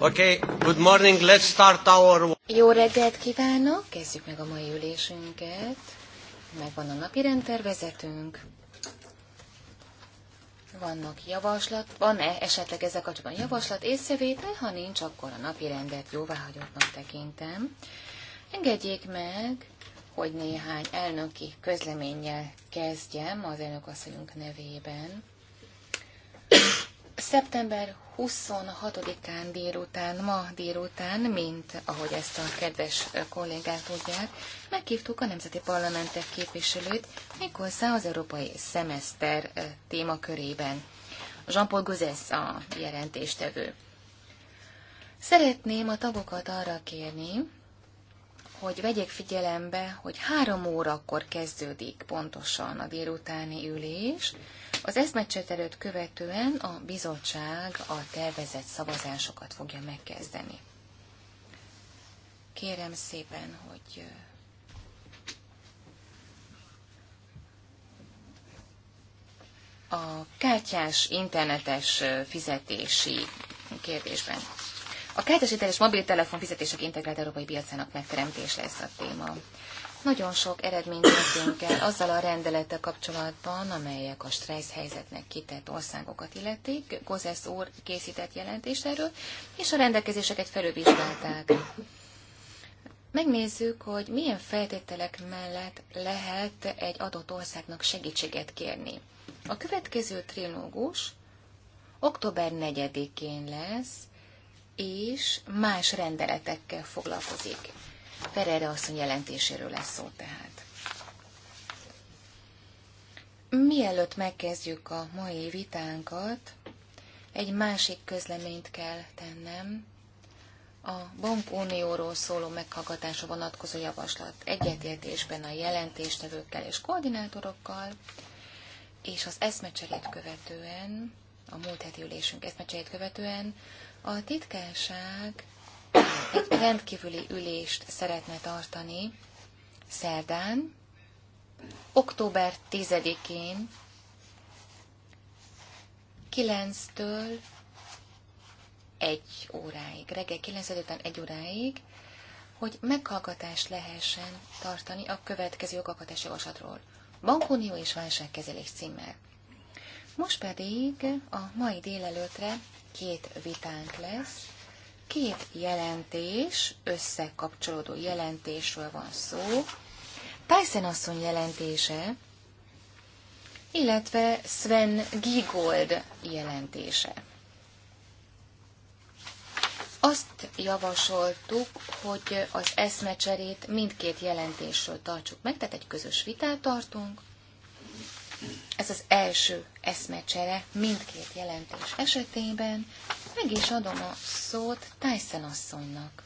Okay, good morning, let's start our... Jó reggelt kívánok, kezdjük meg a mai ülésünket. Megvan a napi rendtervezetünk. Vannak javaslat, van-e esetleg ezzel kapcsolatban javaslat észrevétel? Ha nincs, akkor a napi rendet jóváhagyottnak tekintem. Engedjék meg, hogy néhány elnöki közleménnyel kezdjem az asszonyunk nevében. Szeptember 26-án délután, ma délután, mint ahogy ezt a kedves kollégák tudják, meghívtuk a Nemzeti Parlamentek képviselőt, méghozzá az Európai Szemeszter témakörében. Jean-Paul Gozes a jelentéstevő. Szeretném a tagokat arra kérni, hogy vegyék figyelembe, hogy három órakor kezdődik pontosan a délutáni ülés. Az eszmecset előtt követően a bizottság a tervezett szavazásokat fogja megkezdeni. Kérem szépen, hogy a kártyás internetes fizetési kérdésben a kártyasíteles mobiltelefon fizetések integrált európai piacának megteremtés lesz a téma. Nagyon sok eredményt értünk el azzal a rendelettel kapcsolatban, amelyek a stressz helyzetnek kitett országokat illetik. Gozesz úr készített jelentést erről, és a rendelkezéseket felülvizsgálták. Megnézzük, hogy milyen feltételek mellett lehet egy adott országnak segítséget kérni. A következő trilógus október 4-én lesz, és más rendeletekkel foglalkozik. Ferere asszony jelentéséről lesz szó tehát. Mielőtt megkezdjük a mai vitánkat, egy másik közleményt kell tennem. A bankunióról szóló meghallgatása vonatkozó javaslat egyetértésben a jelentéstevőkkel és koordinátorokkal, és az eszmecserét követően, a múlt heti ülésünk eszmecserét követően a titkárság egy rendkívüli ülést szeretne tartani szerdán, október 10-én 9-től 1 óráig, reggel 9 után 1 óráig, hogy meghallgatást lehessen tartani a következő jogalkotási javaslatról. Bankunió és válságkezelés címmel. Most pedig a mai délelőtre két vitánk lesz. Két jelentés, összekapcsolódó jelentésről van szó. Tyson asszony jelentése, illetve Sven Giegold jelentése. Azt javasoltuk, hogy az eszmecserét mindkét jelentésről tartsuk meg, tehát egy közös vitát tartunk, ez az első eszmecsere mindkét jelentés esetében. Meg is adom a szót Tyson asszonynak.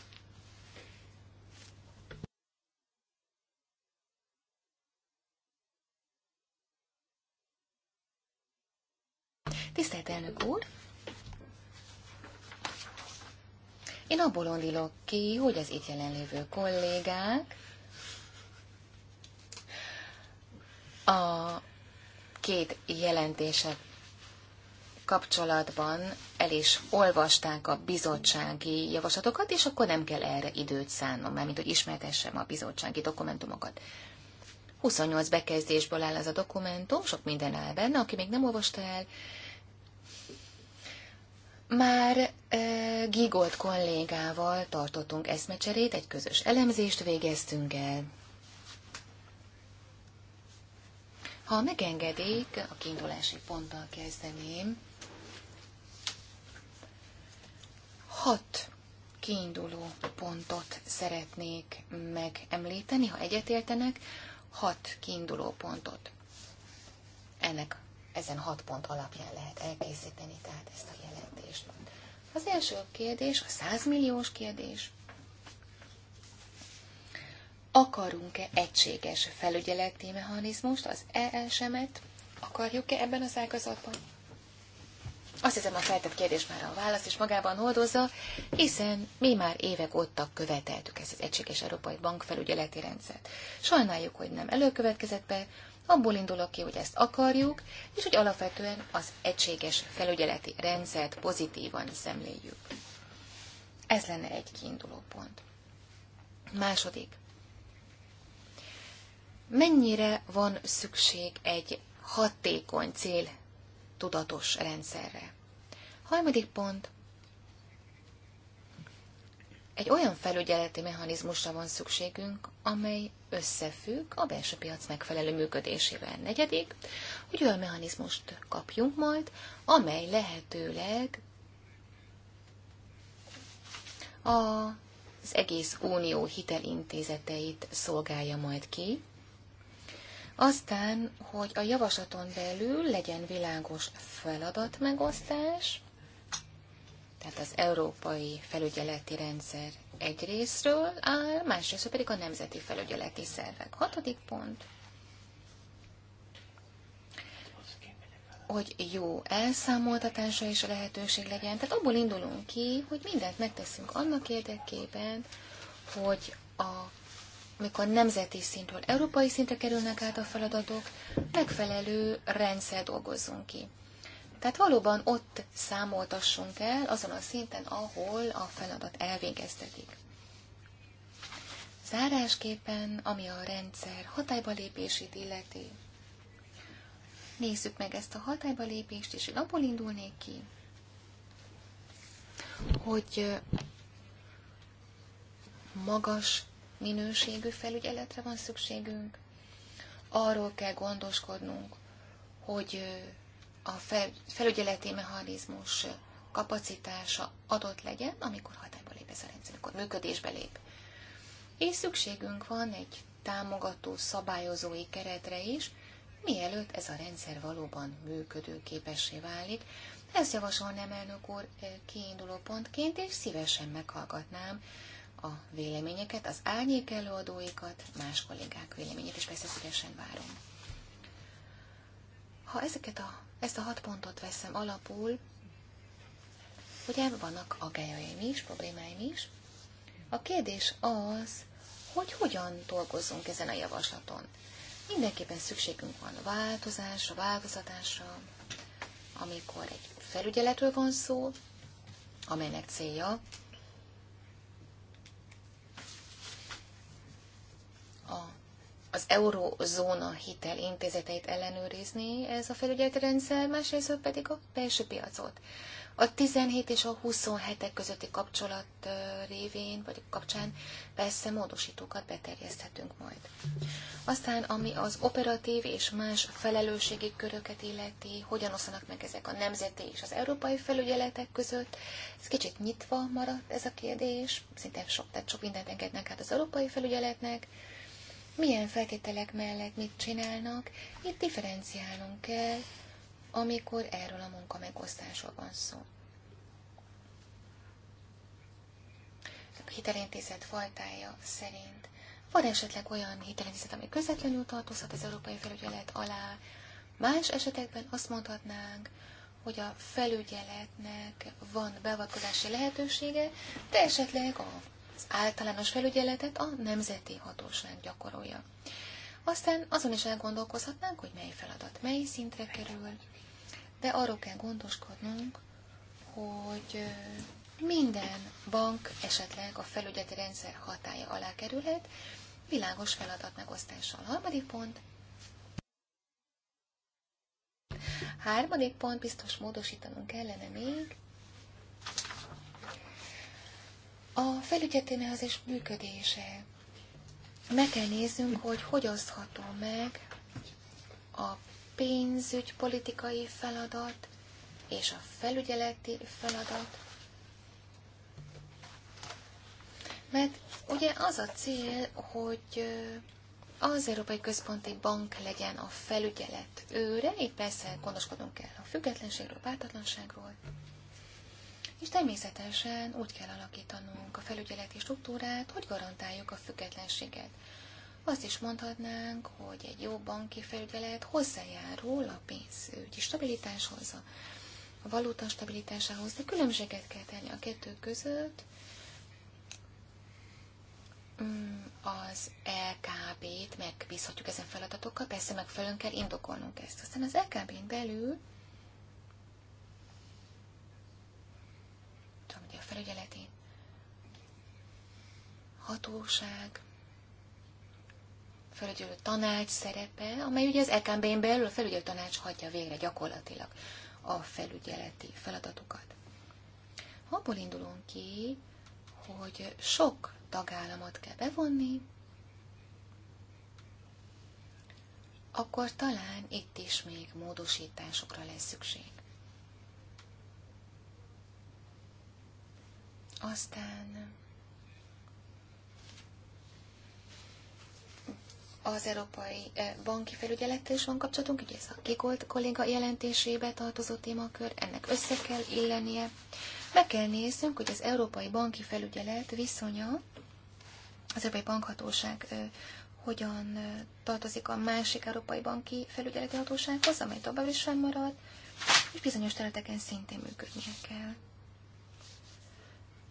Tisztelt elnök úr! Én abból indulok ki, hogy az itt jelenlévő kollégák a két jelentése kapcsolatban el is olvasták a bizottsági javaslatokat, és akkor nem kell erre időt szánnom, mert mint hogy ismertessem a bizottsági dokumentumokat. 28 bekezdésből áll ez a dokumentum, sok minden áll benne, aki még nem olvasta el, már e, Gigolt kollégával tartottunk eszmecserét, egy közös elemzést végeztünk el, Ha megengedik, a kiindulási ponttal kezdeném. Hat kiinduló pontot szeretnék megemlíteni, ha egyetértenek, hat kiinduló pontot. Ennek ezen hat pont alapján lehet elkészíteni tehát ezt a jelentést. Az első kérdés, a százmilliós kérdés, akarunk-e egységes felügyeleti mechanizmust, az esm et akarjuk-e ebben az ágazatban? Azt hiszem, a feltett kérdés már a válasz is magában hordozza, hiszen mi már évek óta követeltük ezt az egységes európai bankfelügyeleti rendszert. Sajnáljuk, hogy nem előkövetkezett be, abból indulok ki, hogy ezt akarjuk, és hogy alapvetően az egységes felügyeleti rendszert pozitívan szemléljük. Ez lenne egy kiinduló pont. Második mennyire van szükség egy hatékony cél tudatos rendszerre. Harmadik pont. Egy olyan felügyeleti mechanizmusra van szükségünk, amely összefügg a belső piac megfelelő működésével. Negyedik, hogy olyan mechanizmust kapjunk majd, amely lehetőleg az egész unió hitelintézeteit szolgálja majd ki, aztán, hogy a javaslaton belül legyen világos feladatmegosztás, tehát az európai felügyeleti rendszer egy részről áll, másrészt pedig a nemzeti felügyeleti szervek. Hatodik pont, hogy jó elszámoltatása is a lehetőség legyen. Tehát abból indulunk ki, hogy mindent megteszünk annak érdekében, hogy a amikor nemzeti szintről európai szintre kerülnek át a feladatok, megfelelő rendszer dolgozzunk ki. Tehát valóban ott számoltassunk el, azon a szinten, ahol a feladat elvégeztetik. Zárásképpen, ami a rendszer hatályba lépését illeti, nézzük meg ezt a hatályba lépést, és én abból indulnék ki, hogy magas minőségű felügyeletre van szükségünk, arról kell gondoskodnunk, hogy a felügyeleti mechanizmus kapacitása adott legyen, amikor hatályba lép ez a rendszer, amikor működésbe lép. És szükségünk van egy támogató szabályozói keretre is, mielőtt ez a rendszer valóban működőképessé válik. Ezt javasolnám elnök úr kiinduló pontként, és szívesen meghallgatnám a véleményeket, az álnyék előadóikat, más kollégák véleményét, és persze szívesen várom. Ha ezeket a, ezt a hat pontot veszem alapul, ugye vannak agályaim is, problémáim is, a kérdés az, hogy hogyan dolgozzunk ezen a javaslaton. Mindenképpen szükségünk van a változásra, változatásra, amikor egy felügyeletről van szó, amelynek célja a, az eurózóna hitel intézeteit ellenőrizni ez a felügyeleti rendszer, másrészt pedig a belső piacot. A 17 és a 27 közötti kapcsolat révén, vagy kapcsán persze módosítókat beterjeszthetünk majd. Aztán, ami az operatív és más felelősségi köröket illeti, hogyan oszlanak meg ezek a nemzeti és az európai felügyeletek között, ez kicsit nyitva maradt ez a kérdés, szinte sok, tehát sok mindent engednek át az európai felügyeletnek, milyen feltételek mellett mit csinálnak, itt differenciálunk kell, amikor erről a munka megosztásról van szó. A hitelintézet fajtája szerint van esetleg olyan hitelintézet, ami közvetlenül tartozhat az európai felügyelet alá, más esetekben azt mondhatnánk, hogy a felügyeletnek van beavatkozási lehetősége, de esetleg a az általános felügyeletet a nemzeti hatóság gyakorolja. Aztán azon is elgondolkozhatnánk, hogy mely feladat mely szintre kerül, de arról kell gondoskodnunk, hogy minden bank esetleg a felügyeleti rendszer hatája alá kerülhet, világos feladat megosztással. Harmadik pont. Harmadik pont biztos módosítanunk kellene még A felügyeleti mechanizmus működése. Meg kell néznünk, hogy hogy osztható meg a pénzügypolitikai feladat és a felügyeleti feladat. Mert ugye az a cél, hogy az Európai Központi Bank legyen a felügyelet őre, így persze gondoskodunk kell a függetlenségről, pártatlanságról és természetesen úgy kell alakítanunk a felügyeleti struktúrát, hogy garantáljuk a függetlenséget. Azt is mondhatnánk, hogy egy jó banki felügyelet hozzájárul a pénzügyi stabilitáshoz, a valóta stabilitásához, de különbséget kell tenni a kettő között. Mm, az LKB-t megbízhatjuk ezen feladatokkal, persze megfelelően kell indokolnunk ezt. Aztán az LKB-n belül vagy a felügyeleti hatóság, felügyelő tanács szerepe, amely ugye az EKB-n belül a felügyelő tanács hagyja végre gyakorlatilag a felügyeleti feladatokat. Abból indulunk ki, hogy sok tagállamot kell bevonni, akkor talán itt is még módosításokra lesz szükség. Aztán az Európai eh, Banki Felügyelettel is van kapcsolatunk, ugye ez a Kikolt kolléga jelentésébe tartozó témakör, ennek össze kell illenie. Meg kell néznünk, hogy az Európai Banki Felügyelet viszonya, az Európai Bankhatóság eh, hogyan eh, tartozik a másik Európai Banki Felügyeleti Hatósághoz, amely továbbra is marad, és bizonyos területeken szintén működnie kell.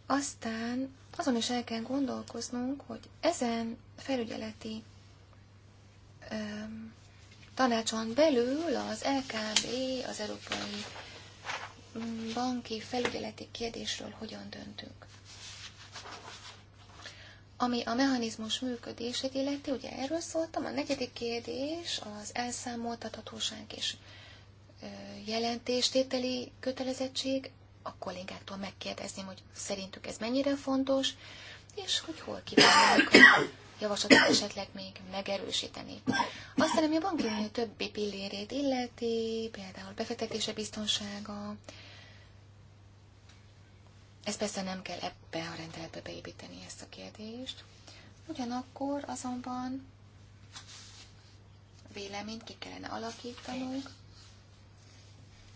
Aztán azon is el kell gondolkoznunk, hogy ezen felügyeleti ö, tanácson belül az LKB, az Európai mm, Banki Felügyeleti Kérdésről hogyan döntünk. Ami a mechanizmus működését illeti, ugye erről szóltam, a negyedik kérdés az elszámoltathatóság és jelentéstételi kötelezettség a kollégáktól megkérdezném, hogy szerintük ez mennyire fontos, és hogy hol kívánják a javaslatot esetleg még megerősíteni. Aztán, ami a bankunió többi pillérét illeti, például befektetése biztonsága, ezt persze nem kell ebbe a rendeletbe beépíteni ezt a kérdést. Ugyanakkor azonban véleményt ki kellene alakítanunk,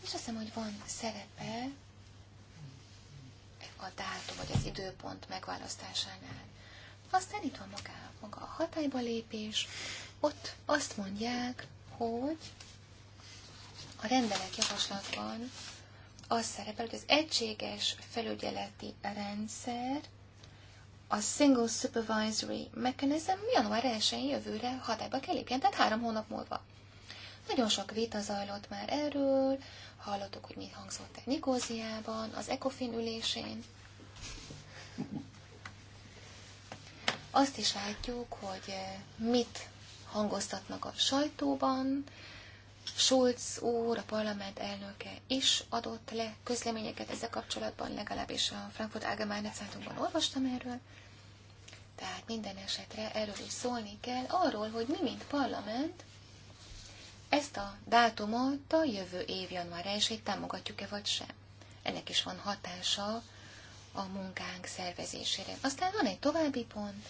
és azt hiszem, hogy van szerepe a dátum vagy az időpont megválasztásánál. Aztán itt van maga, maga a hatályba lépés, ott azt mondják, hogy a rendelet javaslatban az szerepel, hogy az egységes felügyeleti rendszer, a Single Supervisory Mechanism január 1-én jövőre hatályba kell lépjen, tehát három hónap múlva. Nagyon sok vita zajlott már erről, Hallottuk, hogy mi hangzott el Nikóziában, az ECOFIN ülésén. Azt is látjuk, hogy eh, mit hangoztatnak a sajtóban. Schulz úr, a parlament elnöke is adott le közleményeket ezzel kapcsolatban, legalábbis a Frankfurt Allgemeine Zeitungban olvastam erről. Tehát minden esetre erről is szólni kell, arról, hogy mi, mint parlament, ezt a dátumot a jövő év január 1 támogatjuk-e vagy sem. Ennek is van hatása a munkánk szervezésére. Aztán van egy további pont,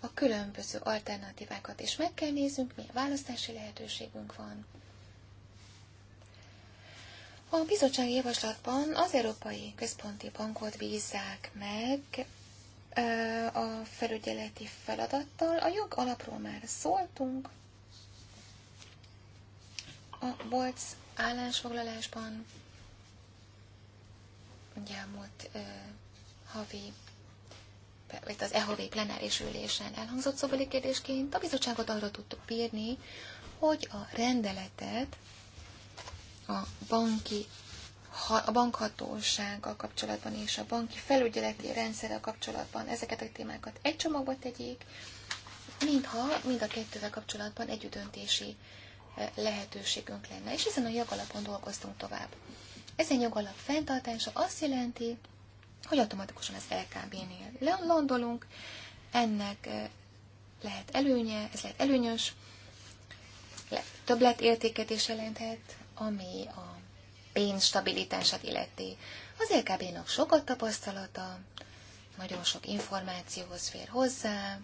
a különböző alternatívákat is meg kell néznünk, milyen választási lehetőségünk van. A bizottsági javaslatban az Európai Központi Bankot bízzák meg a felügyeleti feladattal. A jog alapról már szóltunk. A Bolc állásfoglalásban ugye a múlt uh, havi, vagy az EHV plenáris ülésen elhangzott szobeli kérdésként, a bizottságot arra tudtuk bírni, hogy a rendeletet a banki a bankhatósággal kapcsolatban és a banki felügyeleti rendszerrel kapcsolatban ezeket a témákat egy csomagba tegyék, mintha mind a kettővel kapcsolatban együttöntési eh, lehetőségünk lenne. És ezen a jogalapon dolgoztunk tovább. Ezen jogalap fenntartása azt jelenti, hogy automatikusan az LKB-nél landolunk, ennek eh, lehet előnye, ez lehet előnyös, többletértéket is jelenthet, ami a pénzstabilitását illeti. Az LKB-nak sok tapasztalata, nagyon sok információhoz fér hozzá,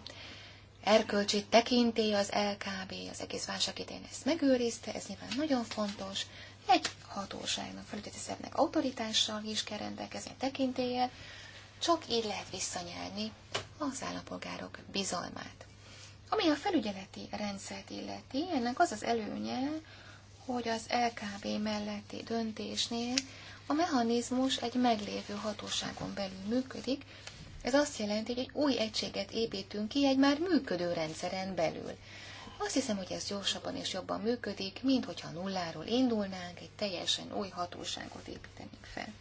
erkölcsi tekintély az LKB, az egész válság idején ezt megőrizte, ez nyilván nagyon fontos. Egy hatóságnak, felügyeleti szervnek autoritással is kell rendelkezni tekintélye, csak így lehet visszanyerni az állampolgárok bizalmát. Ami a felügyeleti rendszert illeti, ennek az az előnye, hogy az LKB melletti döntésnél a mechanizmus egy meglévő hatóságon belül működik, ez azt jelenti, hogy egy új egységet építünk ki egy már működő rendszeren belül. Azt hiszem, hogy ez gyorsabban és jobban működik, mint hogyha nulláról indulnánk, egy teljesen új hatóságot építenénk fel.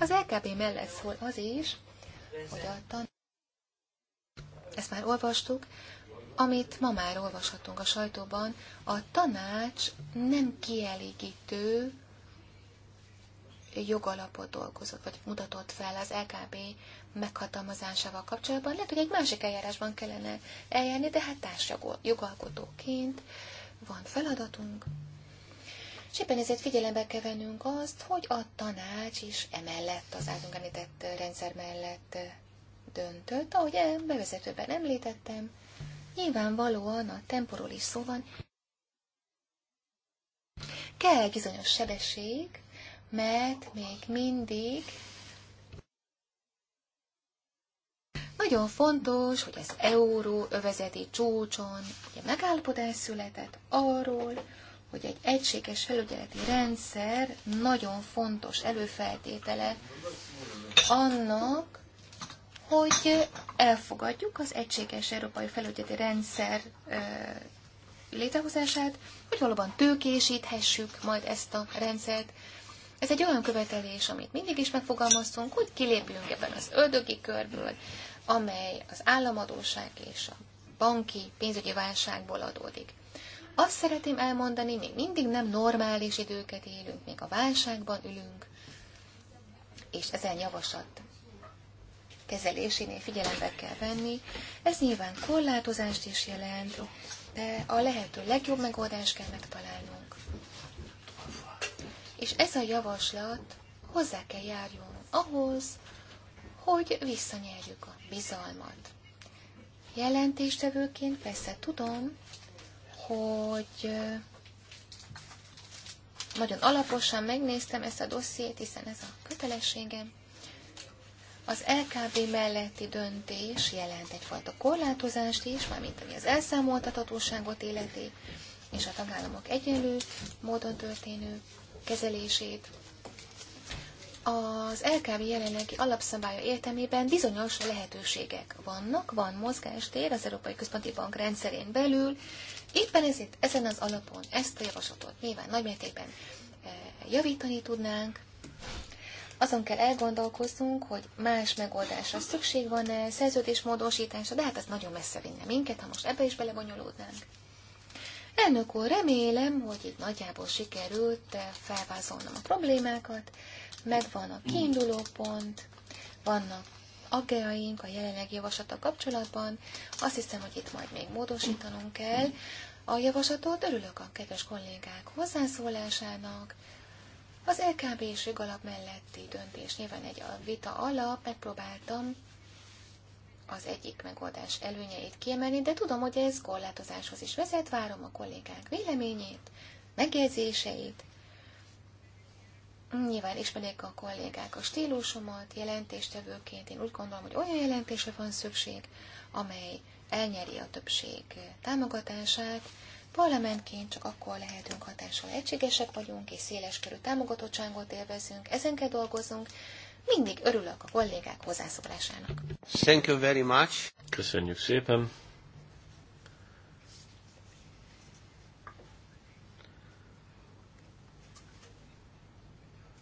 Az LKB mellett szól az is, hogy a tan... Ezt már olvastuk, amit ma már olvashatunk a sajtóban, a tanács nem kielégítő jogalapot dolgozott, vagy mutatott fel az LKB meghatalmazásával kapcsolatban. Lehet, hogy egy másik eljárásban kellene eljárni, de hát jogalkotóként van feladatunk. És éppen ezért figyelembe kell vennünk azt, hogy a tanács is emellett, az általunk említett rendszer mellett döntött, ahogy bevezetőben említettem, Nyilvánvalóan a temporól is szó van. Kell egy bizonyos sebesség, mert még mindig Nagyon fontos, hogy az euró övezeti csúcson ugye megállapodás született arról, hogy egy egységes felügyeleti rendszer nagyon fontos előfeltétele annak, hogy elfogadjuk az egységes európai felügyeleti rendszer létrehozását, hogy valóban tőkésíthessük majd ezt a rendszert. Ez egy olyan követelés, amit mindig is megfogalmaztunk, hogy kilépjünk ebben az ördögi körből, amely az államadóság és a banki pénzügyi válságból adódik. Azt szeretném elmondani, még mindig nem normális időket élünk, még a válságban ülünk, és ezen javaslat kezelésénél figyelembe kell venni. Ez nyilván korlátozást is jelent, de a lehető legjobb megoldást kell megtalálnunk. És ez a javaslat hozzá kell járjon ahhoz, hogy visszanyerjük a bizalmat. Jelentéstevőként persze tudom, hogy nagyon alaposan megnéztem ezt a dossziét, hiszen ez a kötelességem, az LKB melletti döntés jelent egyfajta korlátozást is, valamint ami az elszámoltathatóságot életi, és a tagállamok egyenlő módon történő kezelését. Az LKB jelenlegi alapszabálya értelmében bizonyos lehetőségek vannak, van mozgástér az Európai Központi Bank rendszerén belül. Éppen ezért ezen az alapon ezt a javaslatot nyilván nagymértékben eh, javítani tudnánk, azon kell elgondolkoznunk, hogy más megoldásra szükség van-e, szerződésmódosításra, de hát ez nagyon messze vinne minket, ha most ebbe is belebonyolódnánk. Elnök úr, remélem, hogy itt nagyjából sikerült felvázolnom a problémákat, megvan a kiinduló pont, vannak aggeaink a jelenleg javaslata kapcsolatban, azt hiszem, hogy itt majd még módosítanunk kell. A javaslatot örülök a kedves kollégák hozzászólásának, az LKB és jogalap melletti döntés nyilván egy a vita alap, megpróbáltam az egyik megoldás előnyeit kiemelni, de tudom, hogy ez korlátozáshoz is vezet, várom a kollégák véleményét, megjegyzéseit. Nyilván ismerik a kollégák a stílusomat, jelentéstevőként. Én úgy gondolom, hogy olyan jelentésre van szükség, amely elnyeri a többség támogatását, Parlamentként csak akkor lehetünk hatással egységesek vagyunk, és körű támogatottságot élvezünk, ezen kell dolgozunk. mindig örülök a kollégák hozzászólásának. Thank you very much. Köszönjük szépen.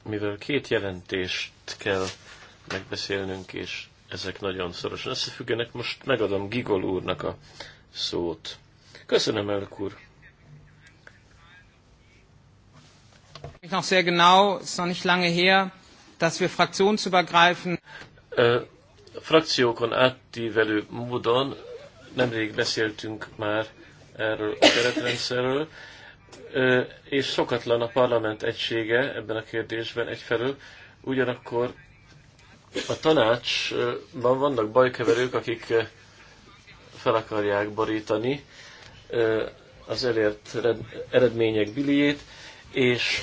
Mivel két jelentést kell megbeszélnünk, és ezek nagyon szorosan összefüggenek, most megadom Gigol úrnak a szót. Köszönöm, elnök úr. noch sehr genau, ist noch nicht lange her, dass wir fraktionsübergreifend frakciókon áttívelő módon nemrég beszéltünk már erről a keretrendszerről, és szokatlan a parlament egysége ebben a kérdésben egyfelől, ugyanakkor a tanácsban vannak bajkeverők, akik fel akarják borítani az elért eredmények biliét, és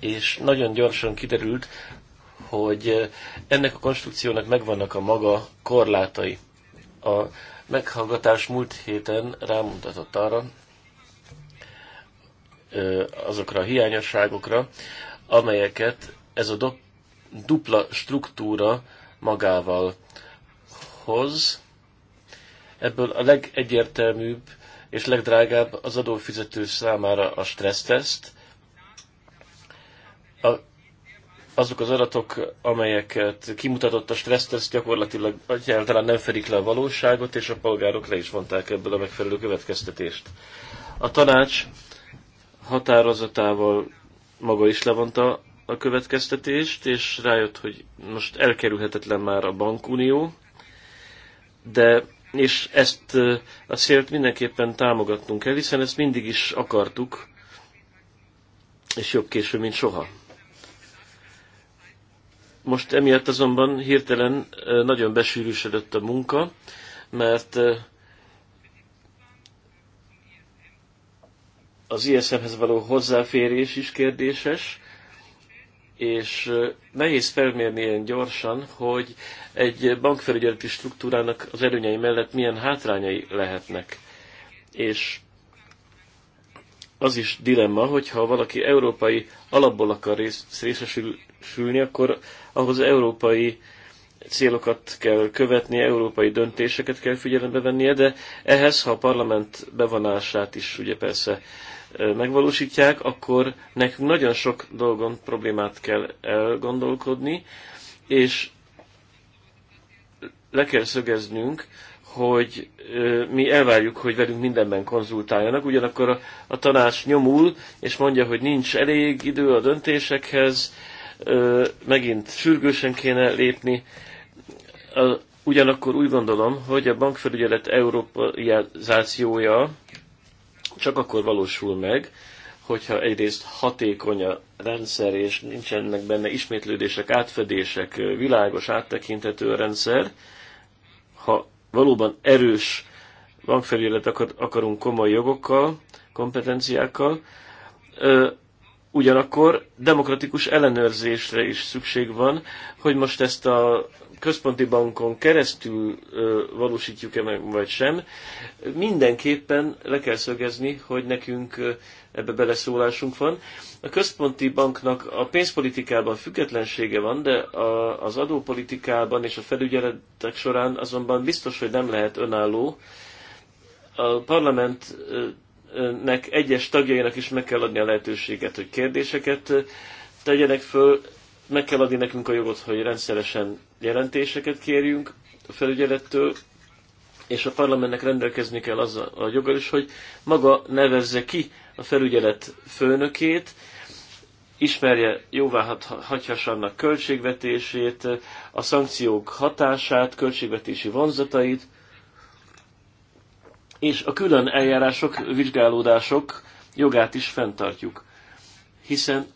és nagyon gyorsan kiderült, hogy ennek a konstrukciónak megvannak a maga korlátai. A meghallgatás múlt héten rámutatott arra, azokra a hiányosságokra, amelyeket ez a dupla struktúra magával hoz, Ebből a legegyértelműbb és legdrágább az adófizető számára a stresszteszt. A, azok az adatok, amelyeket kimutatott a stresszteszt, gyakorlatilag egyáltalán nem fedik le a valóságot, és a polgárok le is vonták ebből a megfelelő következtetést. A tanács határozatával maga is levonta a következtetést, és rájött, hogy most elkerülhetetlen már a bankunió, de és ezt a célt mindenképpen támogatnunk kell, hiszen ezt mindig is akartuk, és jobb késő, mint soha. Most emiatt azonban hirtelen nagyon besűrűsödött a munka, mert az ISM-hez való hozzáférés is kérdéses, és nehéz felmérni ilyen gyorsan, hogy egy bankfelügyeleti struktúrának az előnyei mellett milyen hátrányai lehetnek. És az is dilemma, hogyha valaki európai alapból akar rész, részesülni, akkor ahhoz európai célokat kell követni, európai döntéseket kell figyelembe vennie, de ehhez, ha a parlament bevonását is ugye persze megvalósítják, akkor nekünk nagyon sok dolgon problémát kell elgondolkodni, és le kell szögeznünk, hogy mi elvárjuk, hogy velünk mindenben konzultáljanak, ugyanakkor a, a tanács nyomul, és mondja, hogy nincs elég idő a döntésekhez, megint sürgősen kéne lépni. Ugyanakkor úgy gondolom, hogy a bankfelügyelet európaizációja csak akkor valósul meg, hogyha egyrészt hatékony a rendszer, és nincsenek benne ismétlődések, átfedések, világos, áttekinthető a rendszer, ha valóban erős bankfelügyelet akarunk komoly jogokkal, kompetenciákkal, ugyanakkor demokratikus ellenőrzésre is szükség van, hogy most ezt a központi bankon keresztül valósítjuk-e meg, vagy sem, mindenképpen le kell szögezni, hogy nekünk ebbe beleszólásunk van. A központi banknak a pénzpolitikában függetlensége van, de a, az adópolitikában és a felügyeletek során azonban biztos, hogy nem lehet önálló. A parlamentnek egyes tagjainak is meg kell adni a lehetőséget, hogy kérdéseket tegyenek föl, meg kell adni nekünk a jogot, hogy rendszeresen jelentéseket kérjünk a felügyelettől, és a parlamentnek rendelkezni kell az a, a joggal is, hogy maga nevezze ki a felügyelet főnökét, ismerje, jóvá hagyhassa annak költségvetését, a szankciók hatását, költségvetési vonzatait, és a külön eljárások, vizsgálódások jogát is fenntartjuk. Hiszen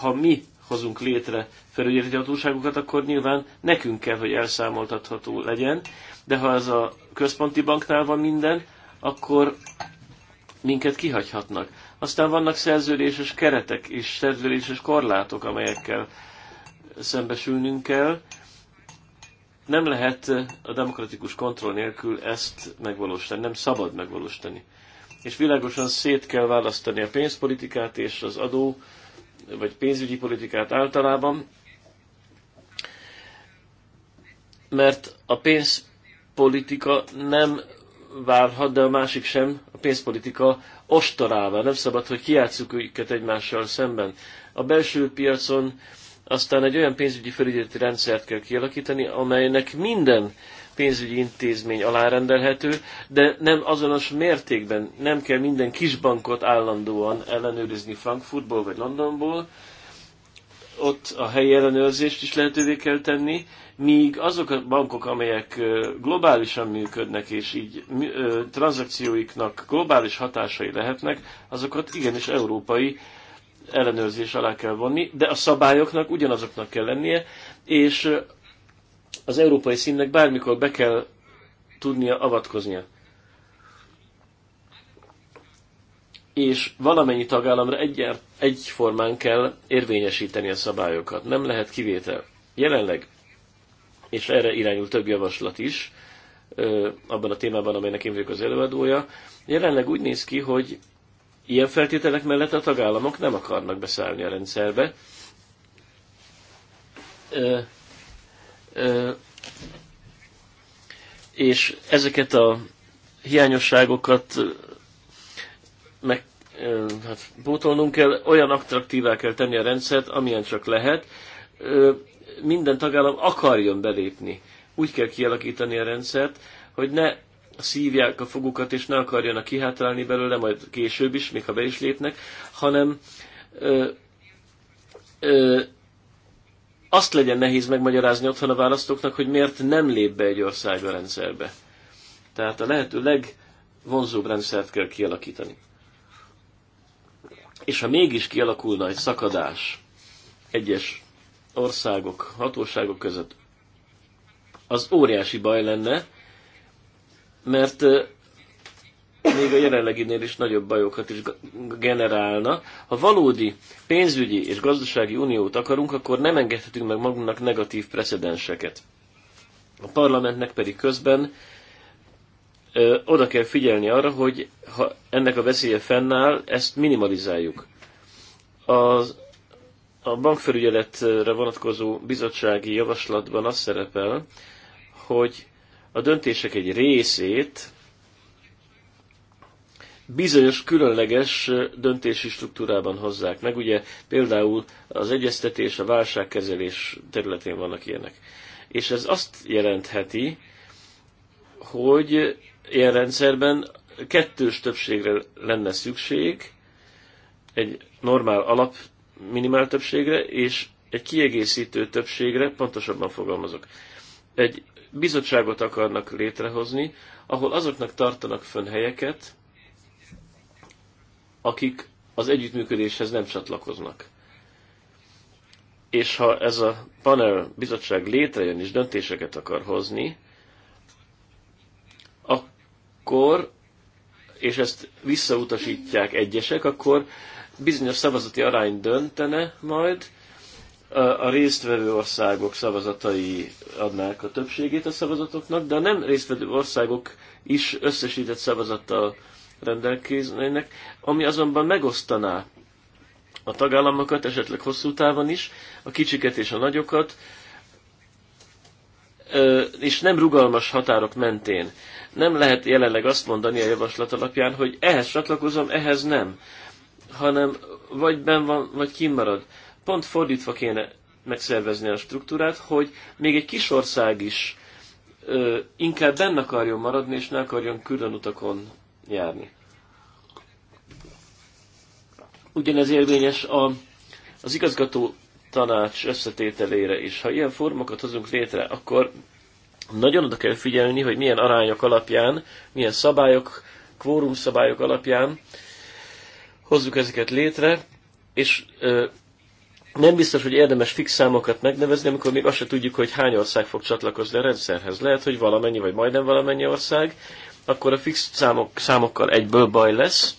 ha mi hozunk létre felügyeleti hatóságokat, akkor nyilván nekünk kell, hogy elszámoltatható legyen, de ha ez a központi banknál van minden, akkor minket kihagyhatnak. Aztán vannak szerződéses keretek és szerződéses korlátok, amelyekkel szembesülnünk kell. Nem lehet a demokratikus kontroll nélkül ezt megvalósítani, nem szabad megvalósítani. És világosan szét kell választani a pénzpolitikát és az adó vagy pénzügyi politikát általában, mert a pénzpolitika nem várhat, de a másik sem, a pénzpolitika ostorává. Nem szabad, hogy kiátszuk őket egymással szemben. A belső piacon aztán egy olyan pénzügyi felügyeleti rendszert kell kialakítani, amelynek minden pénzügyi intézmény alárendelhető, de nem azonos mértékben, nem kell minden kisbankot állandóan ellenőrizni Frankfurtból vagy Londonból, ott a helyi ellenőrzést is lehetővé kell tenni, míg azok a bankok, amelyek globálisan működnek, és így tranzakcióiknak globális hatásai lehetnek, azokat igenis európai ellenőrzés alá kell vonni, de a szabályoknak ugyanazoknak kell lennie, és az európai színnek bármikor be kell tudnia avatkoznia. És valamennyi tagállamra egyár, egyformán kell érvényesíteni a szabályokat. Nem lehet kivétel. Jelenleg, és erre irányul több javaslat is, abban a témában, amelynek én vagyok az előadója, jelenleg úgy néz ki, hogy ilyen feltételek mellett a tagállamok nem akarnak beszállni a rendszerbe és ezeket a hiányosságokat meg hát, bótolnunk kell, olyan attraktívá kell tenni a rendszert, amilyen csak lehet. Minden tagállam akarjon belépni. Úgy kell kialakítani a rendszert, hogy ne szívják a fogukat, és ne akarjanak kihátrálni belőle, majd később is, még ha be is lépnek, hanem ö, ö, azt legyen nehéz megmagyarázni otthon a választóknak, hogy miért nem lép be egy ország a rendszerbe. Tehát a lehető legvonzóbb rendszert kell kialakítani. És ha mégis kialakulna egy szakadás egyes országok, hatóságok között, az óriási baj lenne, mert még a jelenleginél is nagyobb bajokat is generálna. Ha valódi pénzügyi és gazdasági uniót akarunk, akkor nem engedhetünk meg magunknak negatív precedenseket. A parlamentnek pedig közben ö, oda kell figyelni arra, hogy ha ennek a veszélye fennáll, ezt minimalizáljuk. Az, a bankfelügyeletre vonatkozó bizottsági javaslatban az szerepel, hogy a döntések egy részét bizonyos különleges döntési struktúrában hozzák meg. Ugye például az egyeztetés, a válságkezelés területén vannak ilyenek. És ez azt jelentheti, hogy ilyen rendszerben kettős többségre lenne szükség, egy normál alap minimál többségre, és egy kiegészítő többségre, pontosabban fogalmazok. Egy bizottságot akarnak létrehozni, ahol azoknak tartanak fönn helyeket, akik az együttműködéshez nem csatlakoznak. És ha ez a panel bizottság létrejön és döntéseket akar hozni, akkor, és ezt visszautasítják egyesek, akkor bizonyos szavazati arány döntene majd, a résztvevő országok szavazatai adnák a többségét a szavazatoknak, de a nem résztvevő országok is összesített szavazattal rendelkeznének, ami azonban megosztaná a tagállamokat, esetleg hosszú távon is, a kicsiket és a nagyokat, és nem rugalmas határok mentén. Nem lehet jelenleg azt mondani a javaslat alapján, hogy ehhez csatlakozom, ehhez nem, hanem vagy ben van, vagy kimarad. Pont fordítva kéne megszervezni a struktúrát, hogy még egy kis ország is inkább benne akarjon maradni, és ne akarjon külön utakon járni. Ugyanez érvényes a, az igazgató tanács összetételére is. Ha ilyen formokat hozunk létre, akkor nagyon oda kell figyelni, hogy milyen arányok alapján, milyen szabályok, kvórum szabályok alapján hozzuk ezeket létre, és ö, nem biztos, hogy érdemes fix számokat megnevezni, amikor még azt se tudjuk, hogy hány ország fog csatlakozni a rendszerhez. Lehet, hogy valamennyi, vagy majdnem valamennyi ország, akkor a fix számok, számokkal egyből baj lesz.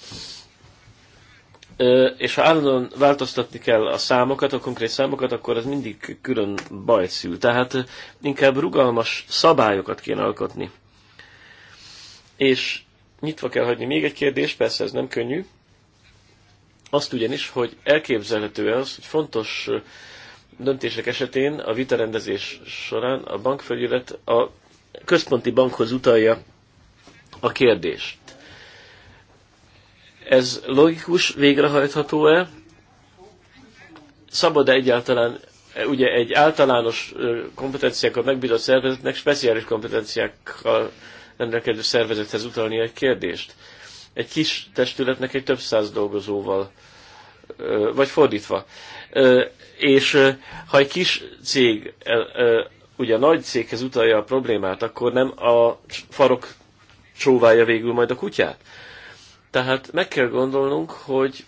És ha állandóan változtatni kell a számokat, a konkrét számokat, akkor ez mindig külön baj szül. Tehát inkább rugalmas szabályokat kéne alkotni. És nyitva kell hagyni még egy kérdés, persze ez nem könnyű. Azt ugyanis, hogy elképzelhető az, hogy fontos döntések esetén a vitarendezés során a bankfelület, a központi bankhoz utalja a kérdést. Ez logikus, végrehajtható-e? Szabad-e egyáltalán ugye egy általános kompetenciákkal megbízott szervezetnek speciális kompetenciákkal rendelkező szervezethez utalni egy kérdést? Egy kis testületnek egy több száz dolgozóval, vagy fordítva. És ha egy kis cég ugye a nagy céghez utalja a problémát, akkor nem a farok csóválja végül majd a kutyát. Tehát meg kell gondolnunk, hogy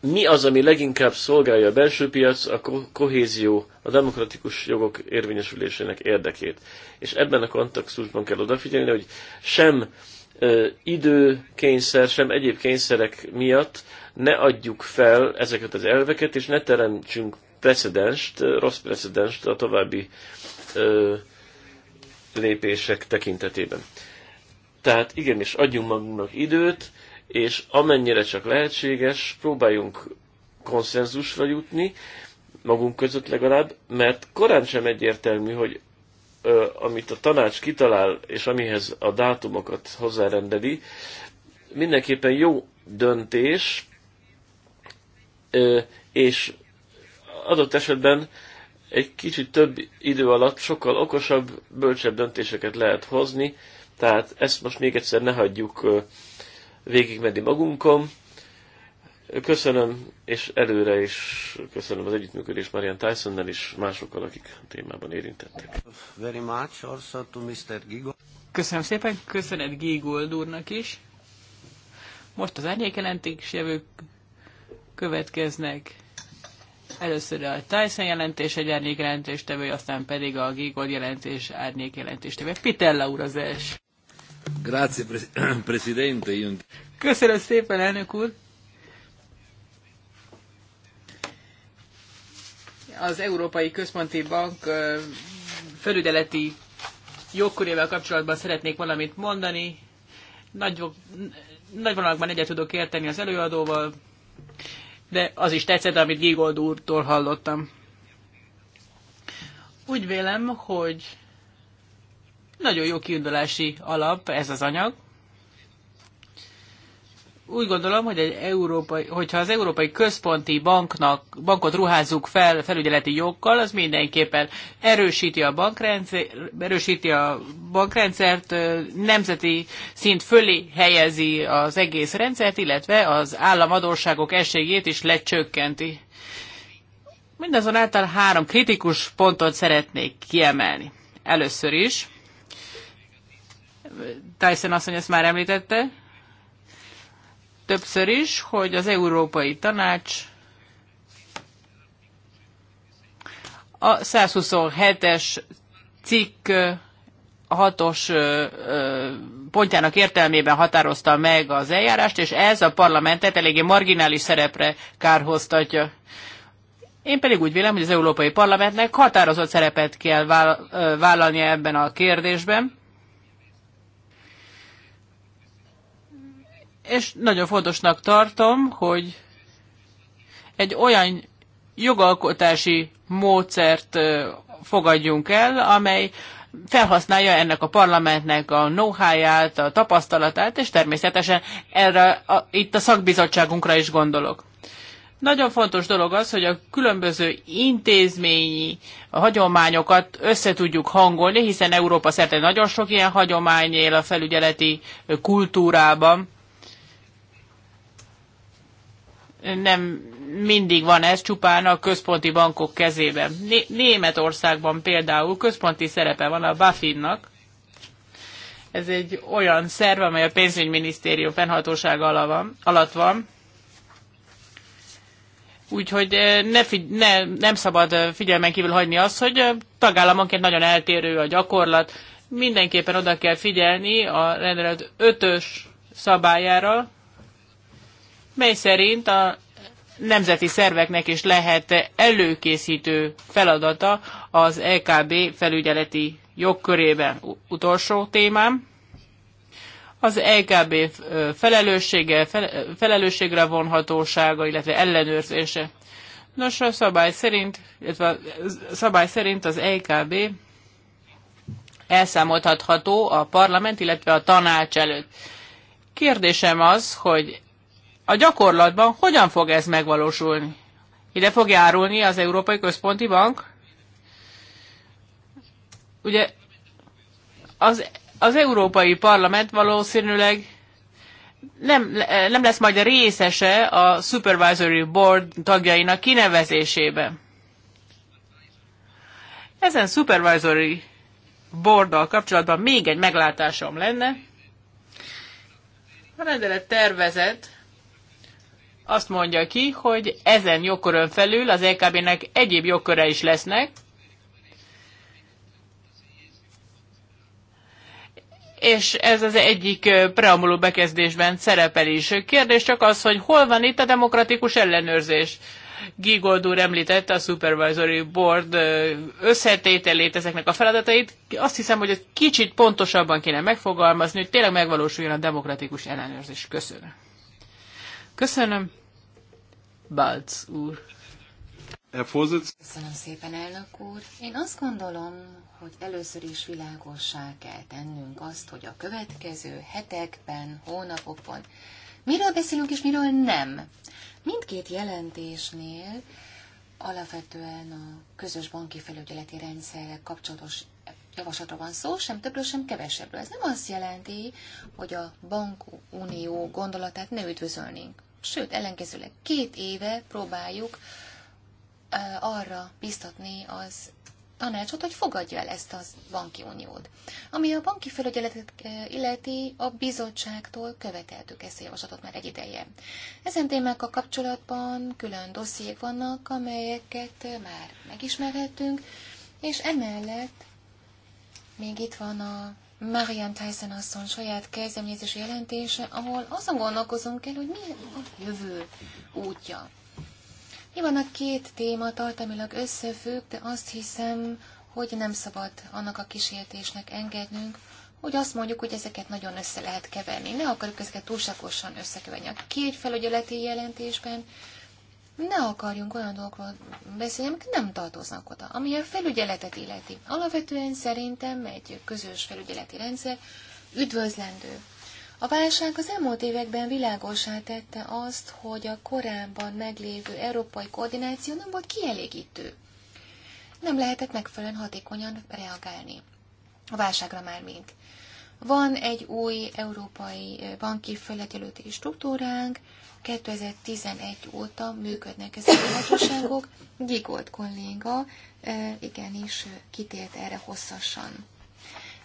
mi az, ami leginkább szolgálja a belső piac, a kohézió, a demokratikus jogok érvényesülésének érdekét. És ebben a kontextusban kell odafigyelni, hogy sem ö, időkényszer, sem egyéb kényszerek miatt ne adjuk fel ezeket az elveket, és ne teremtsünk precedenst, rossz precedenst a további ö, lépések tekintetében. Tehát igenis, adjunk magunknak időt, és amennyire csak lehetséges, próbáljunk konszenzusra jutni, magunk között legalább, mert korán sem egyértelmű, hogy ö, amit a tanács kitalál, és amihez a dátumokat hozzárendeli, mindenképpen jó döntés, ö, és adott esetben egy kicsit több idő alatt sokkal okosabb, bölcsebb döntéseket lehet hozni, tehát ezt most még egyszer ne hagyjuk végigmenni magunkon. Köszönöm, és előre is köszönöm az együttműködést Marian Tysonnel és másokkal, akik a témában érintettek. Very much also to Mr. Köszönöm szépen, köszönet Gigold úrnak is. Most az árnyékjelentés jövők következnek. Először a Tyson jelentés egy árnyékjelentéstevő, aztán pedig a Gigold jelentés árnyékjelentéstevő. Pitella úr az első. Grazie, Presidente. Köszönöm szépen, elnök úr. Az Európai Központi Bank felügyeleti jogkörével kapcsolatban szeretnék valamit mondani. Nagy, nagy vonalakban egyet tudok érteni az előadóval, de az is tetszett, amit Gigold úrtól hallottam. Úgy vélem, hogy nagyon jó kiindulási alap ez az anyag. Úgy gondolom, hogy egy európai, hogyha az Európai Központi Banknak, bankot ruházzuk fel felügyeleti jogkal, az mindenképpen erősíti a, bankrendszer, erősíti a bankrendszert, nemzeti szint fölé helyezi az egész rendszert, illetve az államadóságok esélyét is lecsökkenti. Mindazonáltal három kritikus pontot szeretnék kiemelni. Először is Tyson asszony ezt már említette, többször is, hogy az Európai Tanács a 127-es cikk a hatos pontjának értelmében határozta meg az eljárást, és ez a parlamentet eléggé marginális szerepre kárhoztatja. Én pedig úgy vélem, hogy az Európai Parlamentnek határozott szerepet kell vállalnia ebben a kérdésben. és nagyon fontosnak tartom, hogy egy olyan jogalkotási módszert fogadjunk el, amely felhasználja ennek a parlamentnek a know-how-ját, a tapasztalatát, és természetesen erre a, itt a szakbizottságunkra is gondolok. Nagyon fontos dolog az, hogy a különböző intézményi hagyományokat össze tudjuk hangolni, hiszen Európa szerte nagyon sok ilyen hagyomány él a felügyeleti kultúrában nem mindig van ez, csupán a központi bankok kezében. Németországban például központi szerepe van a Bafinnak. Ez egy olyan szerv, amely a pénzügyminisztérium fennhatósága alatt van. Úgyhogy eh, ne figy- ne, nem szabad eh, figyelmen kívül hagyni azt, hogy eh, tagállamonként nagyon eltérő a gyakorlat. Mindenképpen oda kell figyelni a rendelet ötös szabályára, mely szerint a nemzeti szerveknek is lehet előkészítő feladata az EKB felügyeleti jogkörében. Utolsó témám. Az EKB felelőssége, felelősségre vonhatósága, illetve ellenőrzése. Nos, a szabály szerint, illetve a szabály szerint az EKB elszámoltatható a parlament, illetve a tanács előtt. Kérdésem az, hogy a gyakorlatban hogyan fog ez megvalósulni? Ide fog járulni az Európai Központi Bank? Ugye az, az Európai Parlament valószínűleg nem, nem lesz majd részese a Supervisory Board tagjainak kinevezésébe. Ezen Supervisory board kapcsolatban még egy meglátásom lenne. A rendelet tervezet azt mondja ki, hogy ezen jogkörön felül az LKB-nek e egyéb jogköre is lesznek, és ez az egyik preambuló bekezdésben szerepel is. Kérdés csak az, hogy hol van itt a demokratikus ellenőrzés. Gigold úr említette a Supervisory Board összetételét, ezeknek a feladatait. Azt hiszem, hogy ez kicsit pontosabban kéne megfogalmazni, hogy tényleg megvalósuljon a demokratikus ellenőrzés. Köszönöm. Köszönöm. Balc úr. Köszönöm szépen, elnök úr. Én azt gondolom, hogy először is világossá kell tennünk azt, hogy a következő hetekben, hónapokban miről beszélünk és miről nem. Mindkét jelentésnél alapvetően a közös banki felügyeleti rendszerrel kapcsolatos javaslatra van szó, sem többről, sem kevesebbről. Ez nem azt jelenti, hogy a bankunió gondolatát ne üdvözölnénk sőt, ellenkezőleg két éve próbáljuk arra biztatni az tanácsot, hogy fogadja el ezt a banki uniót. Ami a banki felügyeletet illeti, a bizottságtól követeltük ezt a javaslatot már egy ideje. Ezen témákkal kapcsolatban külön dossziék vannak, amelyeket már megismerhetünk, és emellett még itt van a Marian Tyson asszony saját kezdeményezési jelentése, ahol azon gondolkozunk el, hogy mi a jövő útja. Nyilván a két téma tartalmilag összefügg, de azt hiszem, hogy nem szabad annak a kísértésnek engednünk, hogy azt mondjuk, hogy ezeket nagyon össze lehet keverni. Ne akarjuk ezeket túlságosan összekeverni. A két felügyeleti jelentésben ne akarjunk olyan dolgokról beszélni, amik nem tartoznak oda, ami a felügyeletet illeti. Alapvetően szerintem egy közös felügyeleti rendszer üdvözlendő. A válság az elmúlt években világosá tette azt, hogy a korábban meglévő európai koordináció nem volt kielégítő. Nem lehetett megfelelően hatékonyan reagálni. A válságra már mint. Van egy új európai banki felügyelőti struktúránk, 2011 óta működnek ezek a hatóságok. Gigolt kolléga igenis kitért erre hosszasan.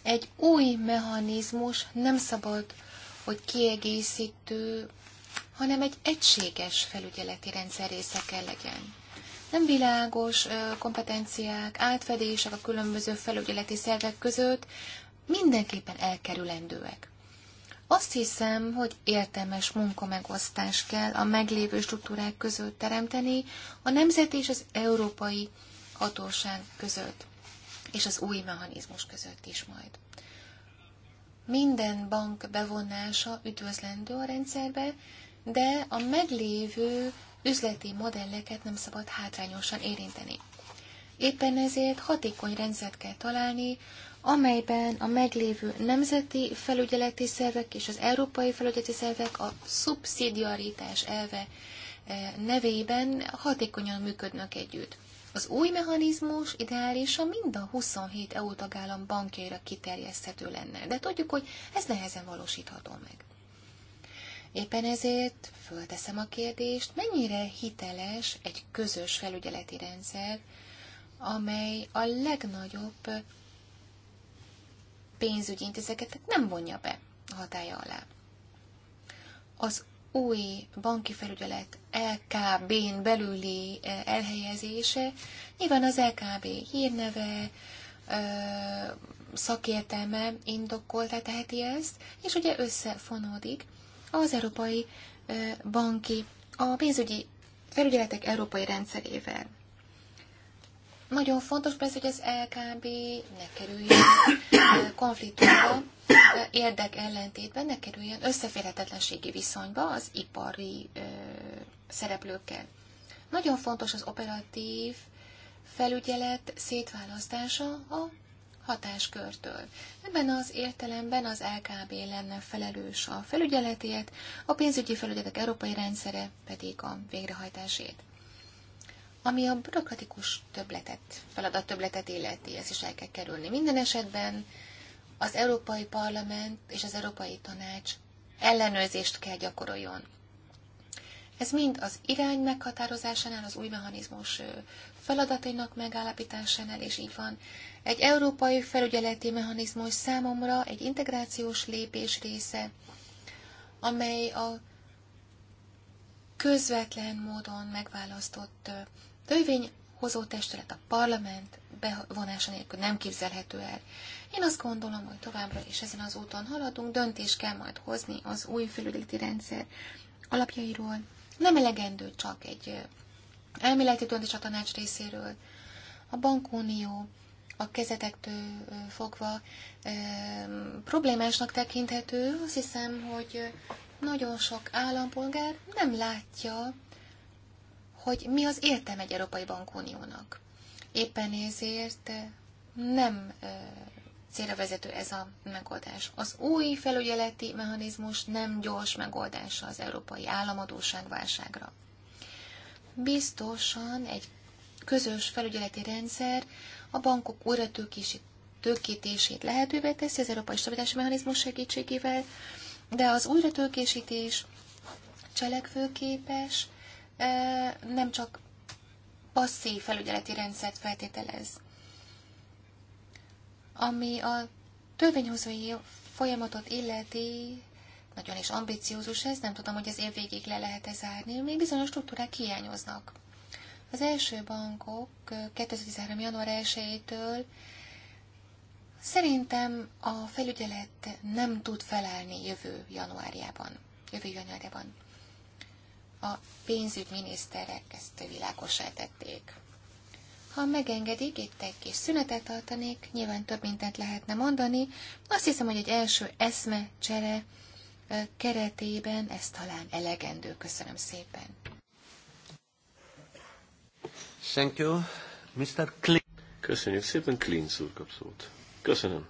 Egy új mechanizmus nem szabad, hogy kiegészítő, hanem egy egységes felügyeleti rendszer része kell legyen. Nem világos kompetenciák, átfedések a különböző felügyeleti szervek között mindenképpen elkerülendőek. Azt hiszem, hogy értelmes munkamegosztás kell a meglévő struktúrák között teremteni, a nemzet és az európai hatóság között, és az új mechanizmus között is majd. Minden bank bevonása üdvözlendő a rendszerbe, de a meglévő üzleti modelleket nem szabad hátrányosan érinteni. Éppen ezért hatékony rendszert kell találni, amelyben a meglévő nemzeti felügyeleti szervek és az európai felügyeleti szervek a szubszidiaritás elve eh, nevében hatékonyan működnek együtt. Az új mechanizmus ideálisan mind a 27 EU tagállam bankjaira kiterjeszthető lenne, de tudjuk, hogy ez nehezen valósítható meg. Éppen ezért fölteszem a kérdést, mennyire hiteles egy közös felügyeleti rendszer, amely a legnagyobb pénzügyi intézeket nem vonja be a hatája alá. Az új banki felügyelet LKB-n belüli e, elhelyezése, nyilván az LKB hírneve, e, szakértelme indokolta teheti ezt, és ugye összefonódik az európai e, banki, a pénzügyi felügyeletek európai rendszerével. Nagyon fontos persze, hogy az LKB ne kerüljön konfliktusba, érdek ellentétben ne kerüljön összeférhetetlenségi viszonyba az ipari ö, szereplőkkel. Nagyon fontos az operatív felügyelet szétválasztása a hatáskörtől. Ebben az értelemben az LKB lenne felelős a felügyeletért, a pénzügyi felügyeletek európai rendszere pedig a végrehajtásért. Ami a bürokratikus töbletet, feladat töbletet életi, ezt is el kell kerülni. Minden esetben az Európai Parlament és az Európai Tanács ellenőrzést kell gyakoroljon. Ez mind az irány meghatározásánál, az új mechanizmus feladatainak megállapításánál, és így van. Egy európai felügyeleti mechanizmus számomra egy integrációs lépés része, amely a közvetlen módon megválasztott törvényhozó testület, a parlament bevonása nélkül nem képzelhető el. Én azt gondolom, hogy továbbra is ezen az úton haladunk, döntés kell majd hozni az új felügyeleti rendszer alapjairól. Nem elegendő csak egy elméleti döntés a tanács részéről. A bankunió a kezetektől fogva e, problémásnak tekinthető. Azt hiszem, hogy nagyon sok állampolgár nem látja hogy mi az értelme egy Európai Bankuniónak. Éppen ezért eh, nem eh, célra vezető ez a megoldás. Az új felügyeleti mechanizmus nem gyors megoldása az európai államadóság válságra. Biztosan egy közös felügyeleti rendszer a bankok újra tőkítését lehetővé teszi az európai stabilitási mechanizmus segítségével, de az tőkésítés cselekvőképes, nem csak passzív felügyeleti rendszert feltételez, ami a törvényhozói folyamatot illeti, nagyon is ambiciózus ez, nem tudom, hogy az év végig le lehet-e zárni, még bizonyos struktúrák hiányoznak. Az első bankok 2013. január 1-től szerintem a felügyelet nem tud felállni jövő januárjában. Jövő januárjában a pénzügyminiszterek ezt világosá tették. Ha megengedik, itt egy kis szünetet tartanék, nyilván több mintet lehetne mondani. Azt hiszem, hogy egy első csere keretében ez talán elegendő. Köszönöm szépen. Thank you, Mr. Clean. Köszönjük szépen, Clean úr kapszót. Köszönöm.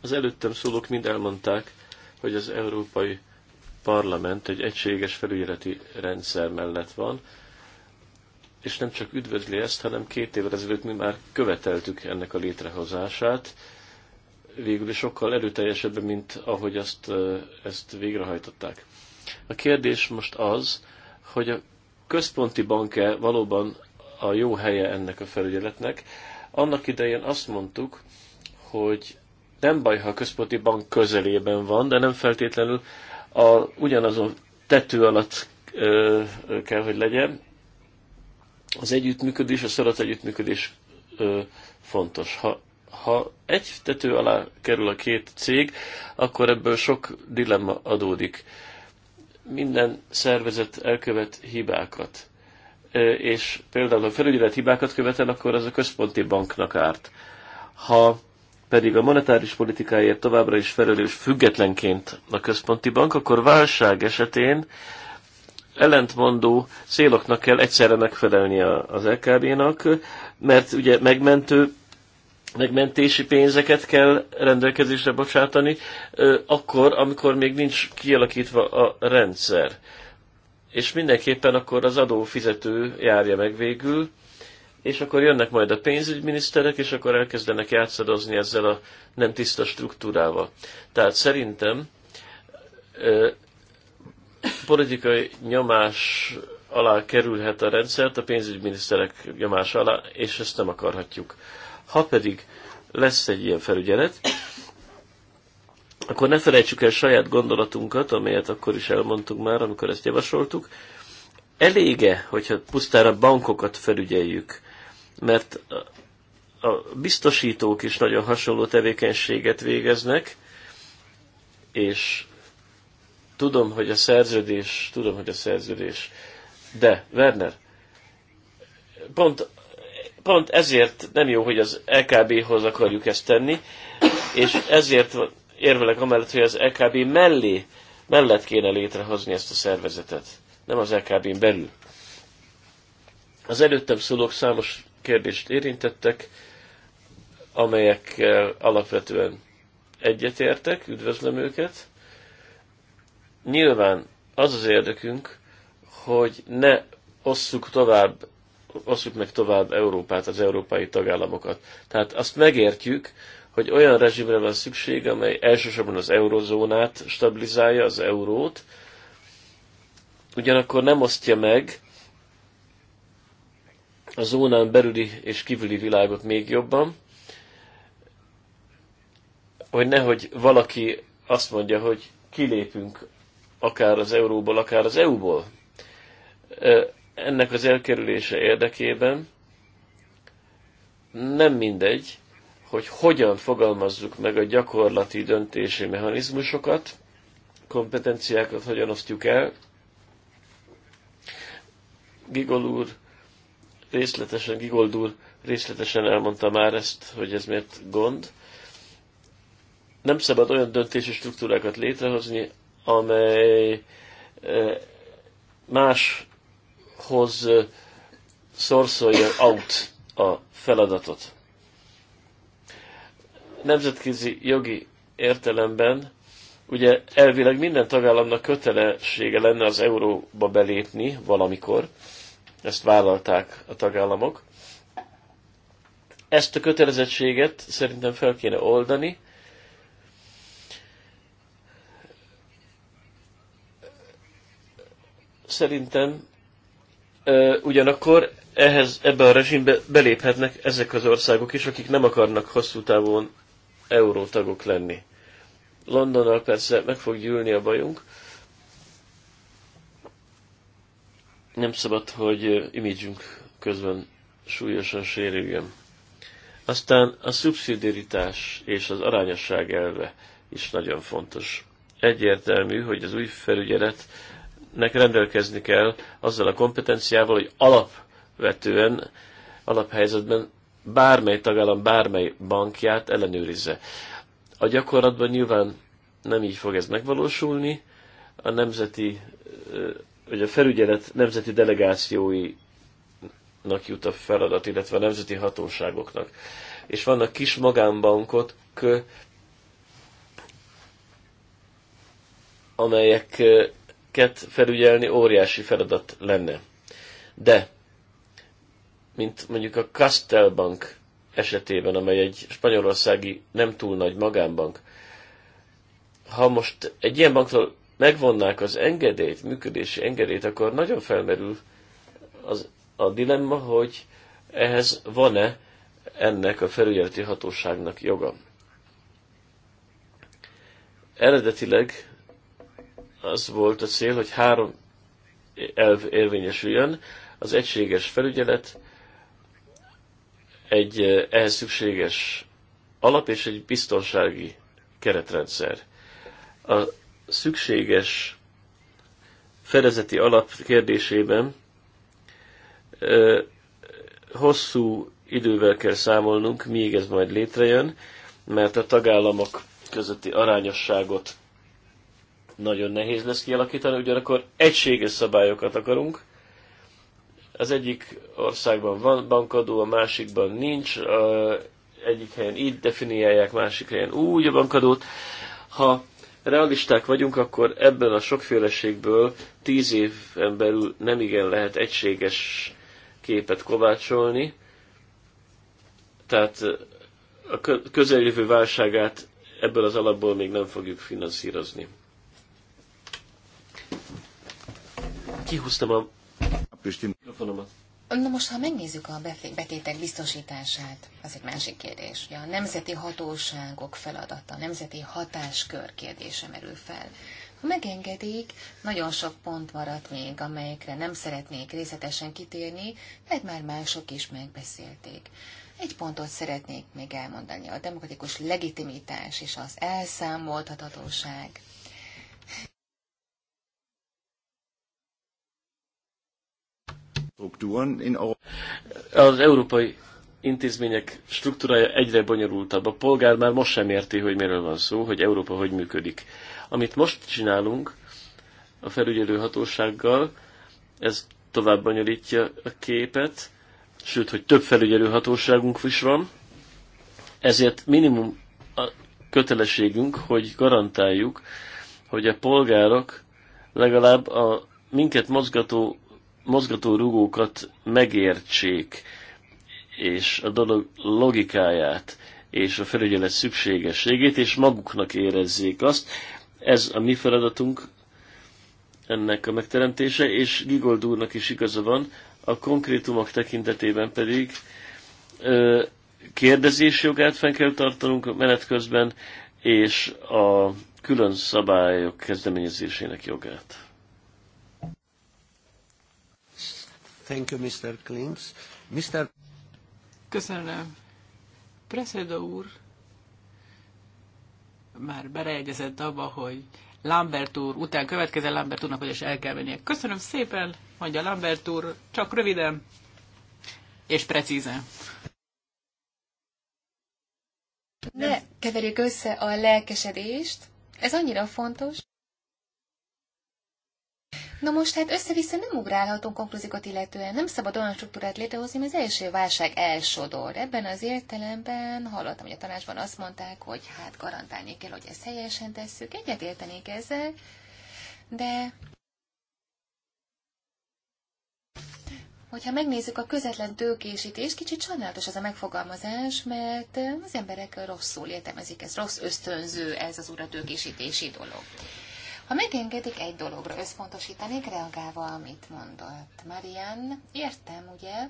Az előttem szólók mind elmondták, hogy az Európai Parlament egy egységes felügyeleti rendszer mellett van, és nem csak üdvözli ezt, hanem két évvel ezelőtt mi már követeltük ennek a létrehozását, végül is sokkal erőteljesebb, mint ahogy azt, ezt végrehajtották. A kérdés most az, hogy a központi banke valóban a jó helye ennek a felügyeletnek. Annak idején azt mondtuk, hogy nem baj, ha a központi bank közelében van, de nem feltétlenül a, ugyanazon tető alatt ö, kell, hogy legyen. Az együttműködés, a szoros együttműködés ö, fontos. Ha, ha egy tető alá kerül a két cég, akkor ebből sok dilemma adódik. Minden szervezet elkövet hibákat, és például, ha felügyelet hibákat követel, akkor az a központi banknak árt. Ha pedig a monetáris politikáért továbbra is felelős függetlenként a központi bank, akkor válság esetén ellentmondó céloknak kell egyszerre megfelelni az LKB-nak, mert ugye megmentő megmentési pénzeket kell rendelkezésre bocsátani, akkor, amikor még nincs kialakítva a rendszer. És mindenképpen akkor az adófizető járja meg végül és akkor jönnek majd a pénzügyminiszterek, és akkor elkezdenek játszadozni ezzel a nem tiszta struktúrával. Tehát szerintem politikai nyomás alá kerülhet a rendszert, a pénzügyminiszterek nyomás alá, és ezt nem akarhatjuk. Ha pedig lesz egy ilyen felügyelet, akkor ne felejtsük el saját gondolatunkat, amelyet akkor is elmondtunk már, amikor ezt javasoltuk. Elége, hogyha pusztára bankokat felügyeljük, mert a biztosítók is nagyon hasonló tevékenységet végeznek, és tudom, hogy a szerződés, tudom, hogy a szerződés, de, Werner, pont, pont ezért nem jó, hogy az EKB-hoz akarjuk ezt tenni, és ezért érvelek amellett, hogy az EKB mellé, mellett kéne létrehozni ezt a szervezetet, nem az EKB-n belül. Az előttem szólók számos kérdést érintettek, amelyekkel alapvetően egyetértek, üdvözlöm őket. Nyilván az az érdekünk, hogy ne osszuk tovább, osszuk meg tovább Európát, az európai tagállamokat. Tehát azt megértjük, hogy olyan rezsimre van szükség, amely elsősorban az eurozónát stabilizálja, az eurót, ugyanakkor nem osztja meg a zónán belüli és kívüli világot még jobban, hogy nehogy valaki azt mondja, hogy kilépünk akár az euróból, akár az EU-ból. Ennek az elkerülése érdekében nem mindegy, hogy hogyan fogalmazzuk meg a gyakorlati döntési mechanizmusokat, kompetenciákat hogyan osztjuk el. Gigol úr részletesen, Gigoldul részletesen elmondta már ezt, hogy ez miért gond. Nem szabad olyan döntési struktúrákat létrehozni, amely e, máshoz e, szorszolja out a feladatot. Nemzetközi jogi értelemben ugye elvileg minden tagállamnak kötelessége lenne az euróba belépni valamikor, ezt vállalták a tagállamok. Ezt a kötelezettséget szerintem fel kéne oldani. Szerintem ugyanakkor ehhez, ebbe a rezsimbe beléphetnek ezek az országok is, akik nem akarnak hosszú távon eurótagok lenni. Londonnal persze meg fog gyűlni a bajunk, nem szabad, hogy imidzsünk közben súlyosan sérüljön. Aztán a szubszidiaritás és az arányosság elve is nagyon fontos. Egyértelmű, hogy az új felügyeletnek rendelkezni kell azzal a kompetenciával, hogy alapvetően, alaphelyzetben bármely tagállam bármely bankját ellenőrizze. A gyakorlatban nyilván nem így fog ez megvalósulni, a nemzeti hogy a felügyelet nemzeti delegációinak jut a feladat, illetve a nemzeti hatóságoknak. És vannak kis magánbankok, amelyeket felügyelni óriási feladat lenne. De, mint mondjuk a Castelbank esetében, amely egy spanyolországi nem túl nagy magánbank, ha most egy ilyen banktól megvonnák az engedélyt, működési engedélyt, akkor nagyon felmerül az, a dilemma, hogy ehhez van-e ennek a felügyeleti hatóságnak joga. Eredetileg az volt a cél, hogy három elv érvényesüljön, az egységes felügyelet, egy eh, ehhez szükséges alap és egy biztonsági keretrendszer. A szükséges fedezeti alap kérdésében hosszú idővel kell számolnunk, míg ez majd létrejön, mert a tagállamok közötti arányosságot nagyon nehéz lesz kialakítani, ugyanakkor egységes szabályokat akarunk. Az egyik országban van bankadó, a másikban nincs, a egyik helyen így definiálják, másik helyen úgy a bankadót. Ha realisták vagyunk, akkor ebben a sokféleségből tíz éven belül nem igen lehet egységes képet kovácsolni. Tehát eh, a közeljövő válságát ebből az alapból még nem fogjuk finanszírozni. Kihúztam a mikrofonomat. Na most, ha megnézzük a betétek biztosítását, az egy másik kérdés. Ugye a nemzeti hatóságok feladata, a nemzeti hatáskör kérdése merül fel. Ha megengedik, nagyon sok pont maradt még, amelyekre nem szeretnék részletesen kitérni, mert már mások is megbeszélték. Egy pontot szeretnék még elmondani, a demokratikus legitimitás és az elszámoltathatóság. Az európai intézmények struktúrája egyre bonyolultabb. A polgár már most sem érti, hogy miről van szó, hogy Európa hogy működik. Amit most csinálunk a felügyelő hatósággal, ez tovább bonyolítja a képet, sőt, hogy több felügyelő hatóságunk is van, ezért minimum a kötelességünk, hogy garantáljuk, hogy a polgárok legalább a minket mozgató mozgató rugókat megértsék, és a dolog logikáját, és a felügyelet szükségességét, és maguknak érezzék azt. Ez a mi feladatunk, ennek a megteremtése, és Gigold úrnak is igaza van, a konkrétumok tekintetében pedig ö, kérdezés jogát fenn kell tartanunk menet közben, és a külön szabályok kezdeményezésének jogát. Thank you, Mr. Mr. Köszönöm. úr már beleegyezett abba, hogy Lambert úr, után következel Lambert úrnak, hogy el kell mennie. Köszönöm szépen, mondja Lambert úr, csak röviden és precízen. Ne keverjük össze a lelkesedést, ez annyira fontos, Na most hát össze-vissza nem ugrálhatunk konklúziókat illetően, nem szabad olyan struktúrát létrehozni, mert az első válság elsodor. Ebben az értelemben hallottam, hogy a tanácsban azt mondták, hogy hát garantálni kell, hogy ezt helyesen tesszük, egyet értenék ezzel, de hogyha megnézzük a közvetlen tőkésítést, kicsit sajnálatos ez a megfogalmazás, mert az emberek rosszul értelmezik, ez rossz ösztönző ez az uratőkésítési dolog. Ha megengedik, egy dologra összpontosítanék, reagálva, amit mondott Marian. Értem, ugye,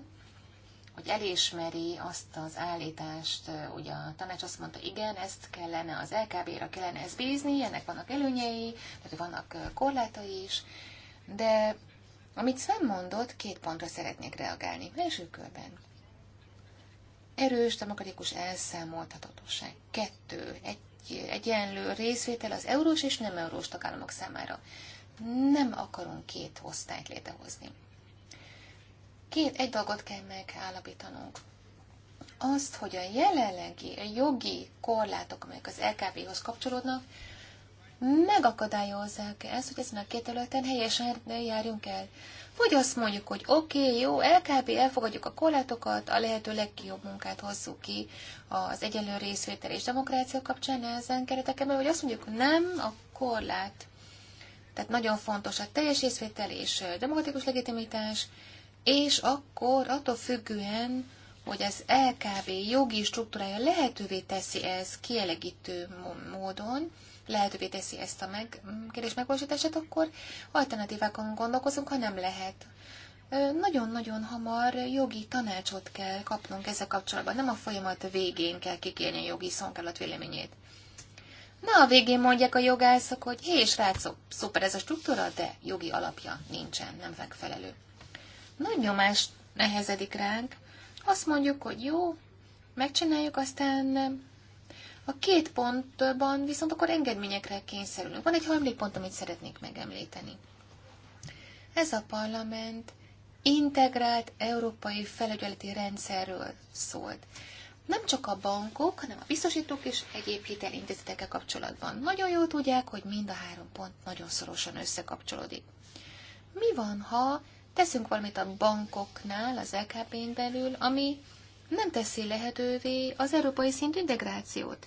hogy elismeri azt az állítást, ugye a tanács azt mondta, igen, ezt kellene, az LKB-ra kellene ezt bízni, ennek vannak előnyei, tehát vannak korlátai is, de amit Sven mondott, két pontra szeretnék reagálni. Első körben. Erős, demokratikus elszámoltatottság. Kettő. Egy egy egyenlő részvétel az eurós és nem eurós tagállamok számára. Nem akarunk két osztályt létehozni. Két, egy dolgot kell megállapítanunk. Azt, hogy a jelenlegi a jogi korlátok, amelyek az LKB-hoz kapcsolódnak, megakadályozzák ezt, hogy ezen a két területen helyesen járjunk el vagy azt mondjuk, hogy oké, okay, jó, LKB, elfogadjuk a korlátokat, a lehető legjobb munkát hozzuk ki az egyenlő részvétel és demokrácia kapcsán ezen kereteken, vagy azt mondjuk, nem, a korlát. Tehát nagyon fontos a teljes részvétel és demokratikus legitimitás, és akkor attól függően, hogy az LKB jogi struktúrája lehetővé teszi ez kielegítő módon, lehetővé teszi ezt a meg, mm, kérdés megvalósítását, akkor alternatívákon gondolkozunk, ha nem lehet. Nagyon-nagyon hamar jogi tanácsot kell kapnunk ezzel kapcsolatban, nem a folyamat végén kell kikérni a jogi szolgálat véleményét. Na, a végén mondják a jogászok, hogy hé, srácok, szuper ez a struktúra, de jogi alapja nincsen, nem megfelelő. Nagy nyomás nehezedik ránk. Azt mondjuk, hogy jó, megcsináljuk, aztán a két pontban viszont akkor engedményekre kényszerülünk. Van egy harmadik pont, amit szeretnék megemlíteni. Ez a parlament integrált európai felügyeleti rendszerről szólt. Nem csak a bankok, hanem a biztosítók és egyéb hitelintézetekkel kapcsolatban. Nagyon jól tudják, hogy mind a három pont nagyon szorosan összekapcsolódik. Mi van, ha teszünk valamit a bankoknál, az LKB-n belül, ami nem teszi lehetővé az európai szintű integrációt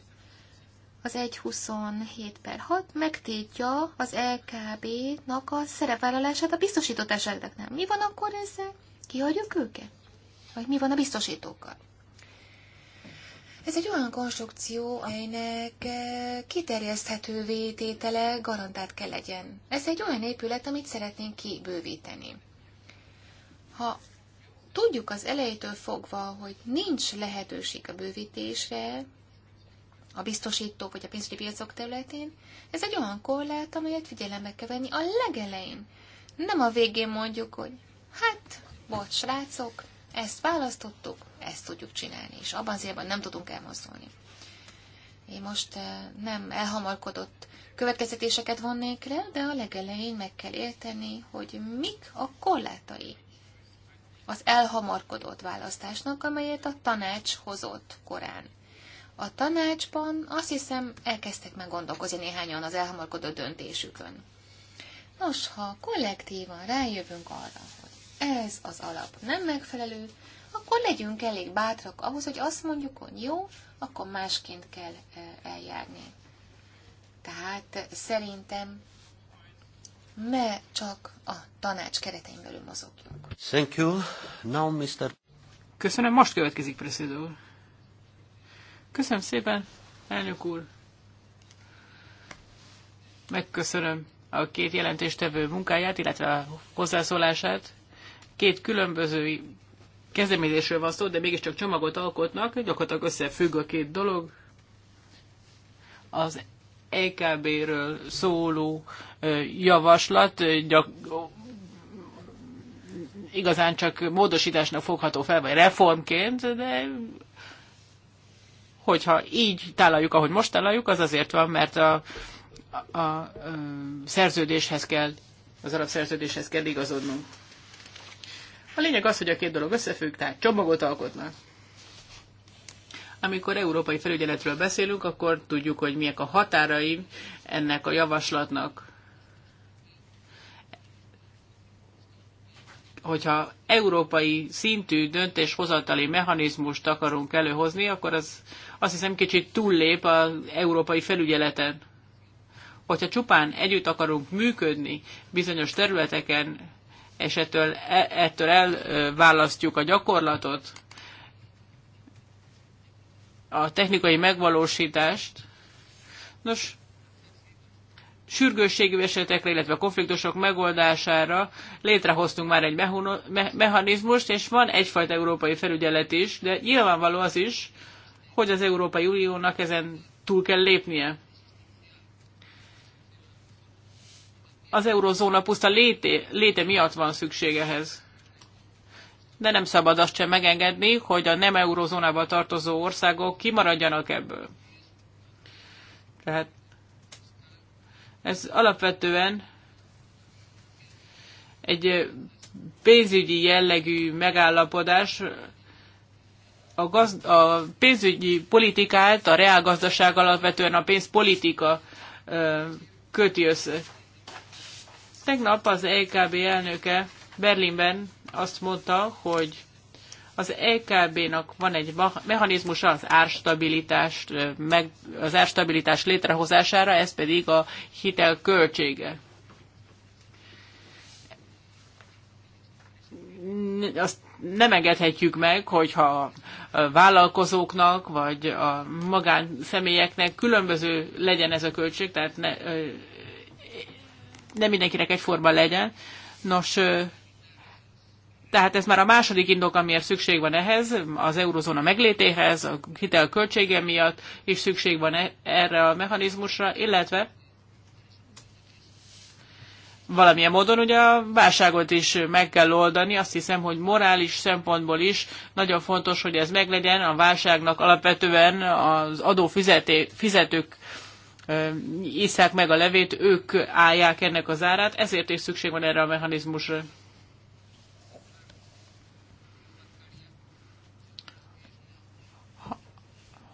az 1.27 per 6 megtiltja az LKB-nak a szerepvállalását a biztosított eseteknél. Mi van akkor ezzel? Kihagyjuk őket? Vagy mi van a biztosítókkal? Ez egy olyan konstrukció, amelynek eh, kiterjeszthető vététele garantált kell legyen. Ez egy olyan épület, amit szeretnénk kibővíteni. Ha tudjuk az elejétől fogva, hogy nincs lehetőség a bővítésre, a biztosítók vagy a pénzügyi piacok területén, ez egy olyan korlát, amelyet figyelembe kell venni a legelején. Nem a végén mondjuk, hogy hát, bocs, srácok, ezt választottuk, ezt tudjuk csinálni, és abban az nem tudunk elmozdulni. Én most eh, nem elhamarkodott következtetéseket vonnék le, de a legelején meg kell érteni, hogy mik a korlátai az elhamarkodott választásnak, amelyet a tanács hozott korán. A tanácsban azt hiszem elkezdtek meg gondolkozni néhányan az elhamarkodó döntésükön. Nos, ha kollektívan rájövünk arra, hogy ez az alap nem megfelelő, akkor legyünk elég bátrak ahhoz, hogy azt mondjuk, hogy jó, akkor másként kell e, eljárni. Tehát szerintem me csak a tanács keretein belül mozogjunk. Thank you. Now, Mr. Köszönöm, most következik, Preszidó úr. Köszönöm szépen, elnök úr. Megköszönöm a két jelentéstevő munkáját, illetve a hozzászólását. Két különböző kezdeményezésről van szó, de mégiscsak csomagot alkotnak, gyakorlatilag összefügg a két dolog. Az EKB-ről szóló javaslat gyak, igazán csak módosításnak fogható fel, vagy reformként, de hogyha így tálaljuk, ahogy most tálaljuk, az azért van, mert a, a, a szerződéshez kell, az arab szerződéshez kell igazodnunk. A lényeg az, hogy a két dolog összefügg, tehát csomagot alkotnak. Amikor európai felügyeletről beszélünk, akkor tudjuk, hogy miek a határai ennek a javaslatnak. hogyha európai szintű döntéshozatali mechanizmust akarunk előhozni, akkor az azt hiszem kicsit túllép az európai felügyeleten. Hogyha csupán együtt akarunk működni bizonyos területeken, és ettől, e, ettől elválasztjuk a gyakorlatot, a technikai megvalósítást, nos, sürgősségű esetekre, illetve konfliktusok megoldására létrehoztunk már egy mechanizmust, és van egyfajta európai felügyelet is, de nyilvánvaló az is, hogy az Európai Uniónak ezen túl kell lépnie. Az eurozóna puszta léte, léte miatt van szükség ehhez. De nem szabad azt sem megengedni, hogy a nem eurozónába tartozó országok kimaradjanak ebből. Tehát ez alapvetően egy pénzügyi jellegű megállapodás, a, gaz, a pénzügyi politikát, a reálgazdaság alapvetően a pénzpolitika köti össze. Tegnap az EKB elnöke Berlinben azt mondta, hogy az EKB-nak van egy mechanizmus az árstabilitás, meg, az árstabilitás létrehozására, ez pedig a hitel költsége. Azt nem engedhetjük meg, hogyha a vállalkozóknak vagy a magánszemélyeknek különböző legyen ez a költség, tehát ne, ne mindenkinek egyforma legyen. Nos, tehát ez már a második indok, amiért szükség van ehhez, az eurozóna meglétéhez, a hitel költsége miatt is szükség van e, erre a mechanizmusra, illetve valamilyen módon ugye a válságot is meg kell oldani. Azt hiszem, hogy morális szempontból is nagyon fontos, hogy ez meglegyen. A válságnak alapvetően az adófizetők iszák meg a levét, ők állják ennek az árát, ezért is szükség van erre a mechanizmusra.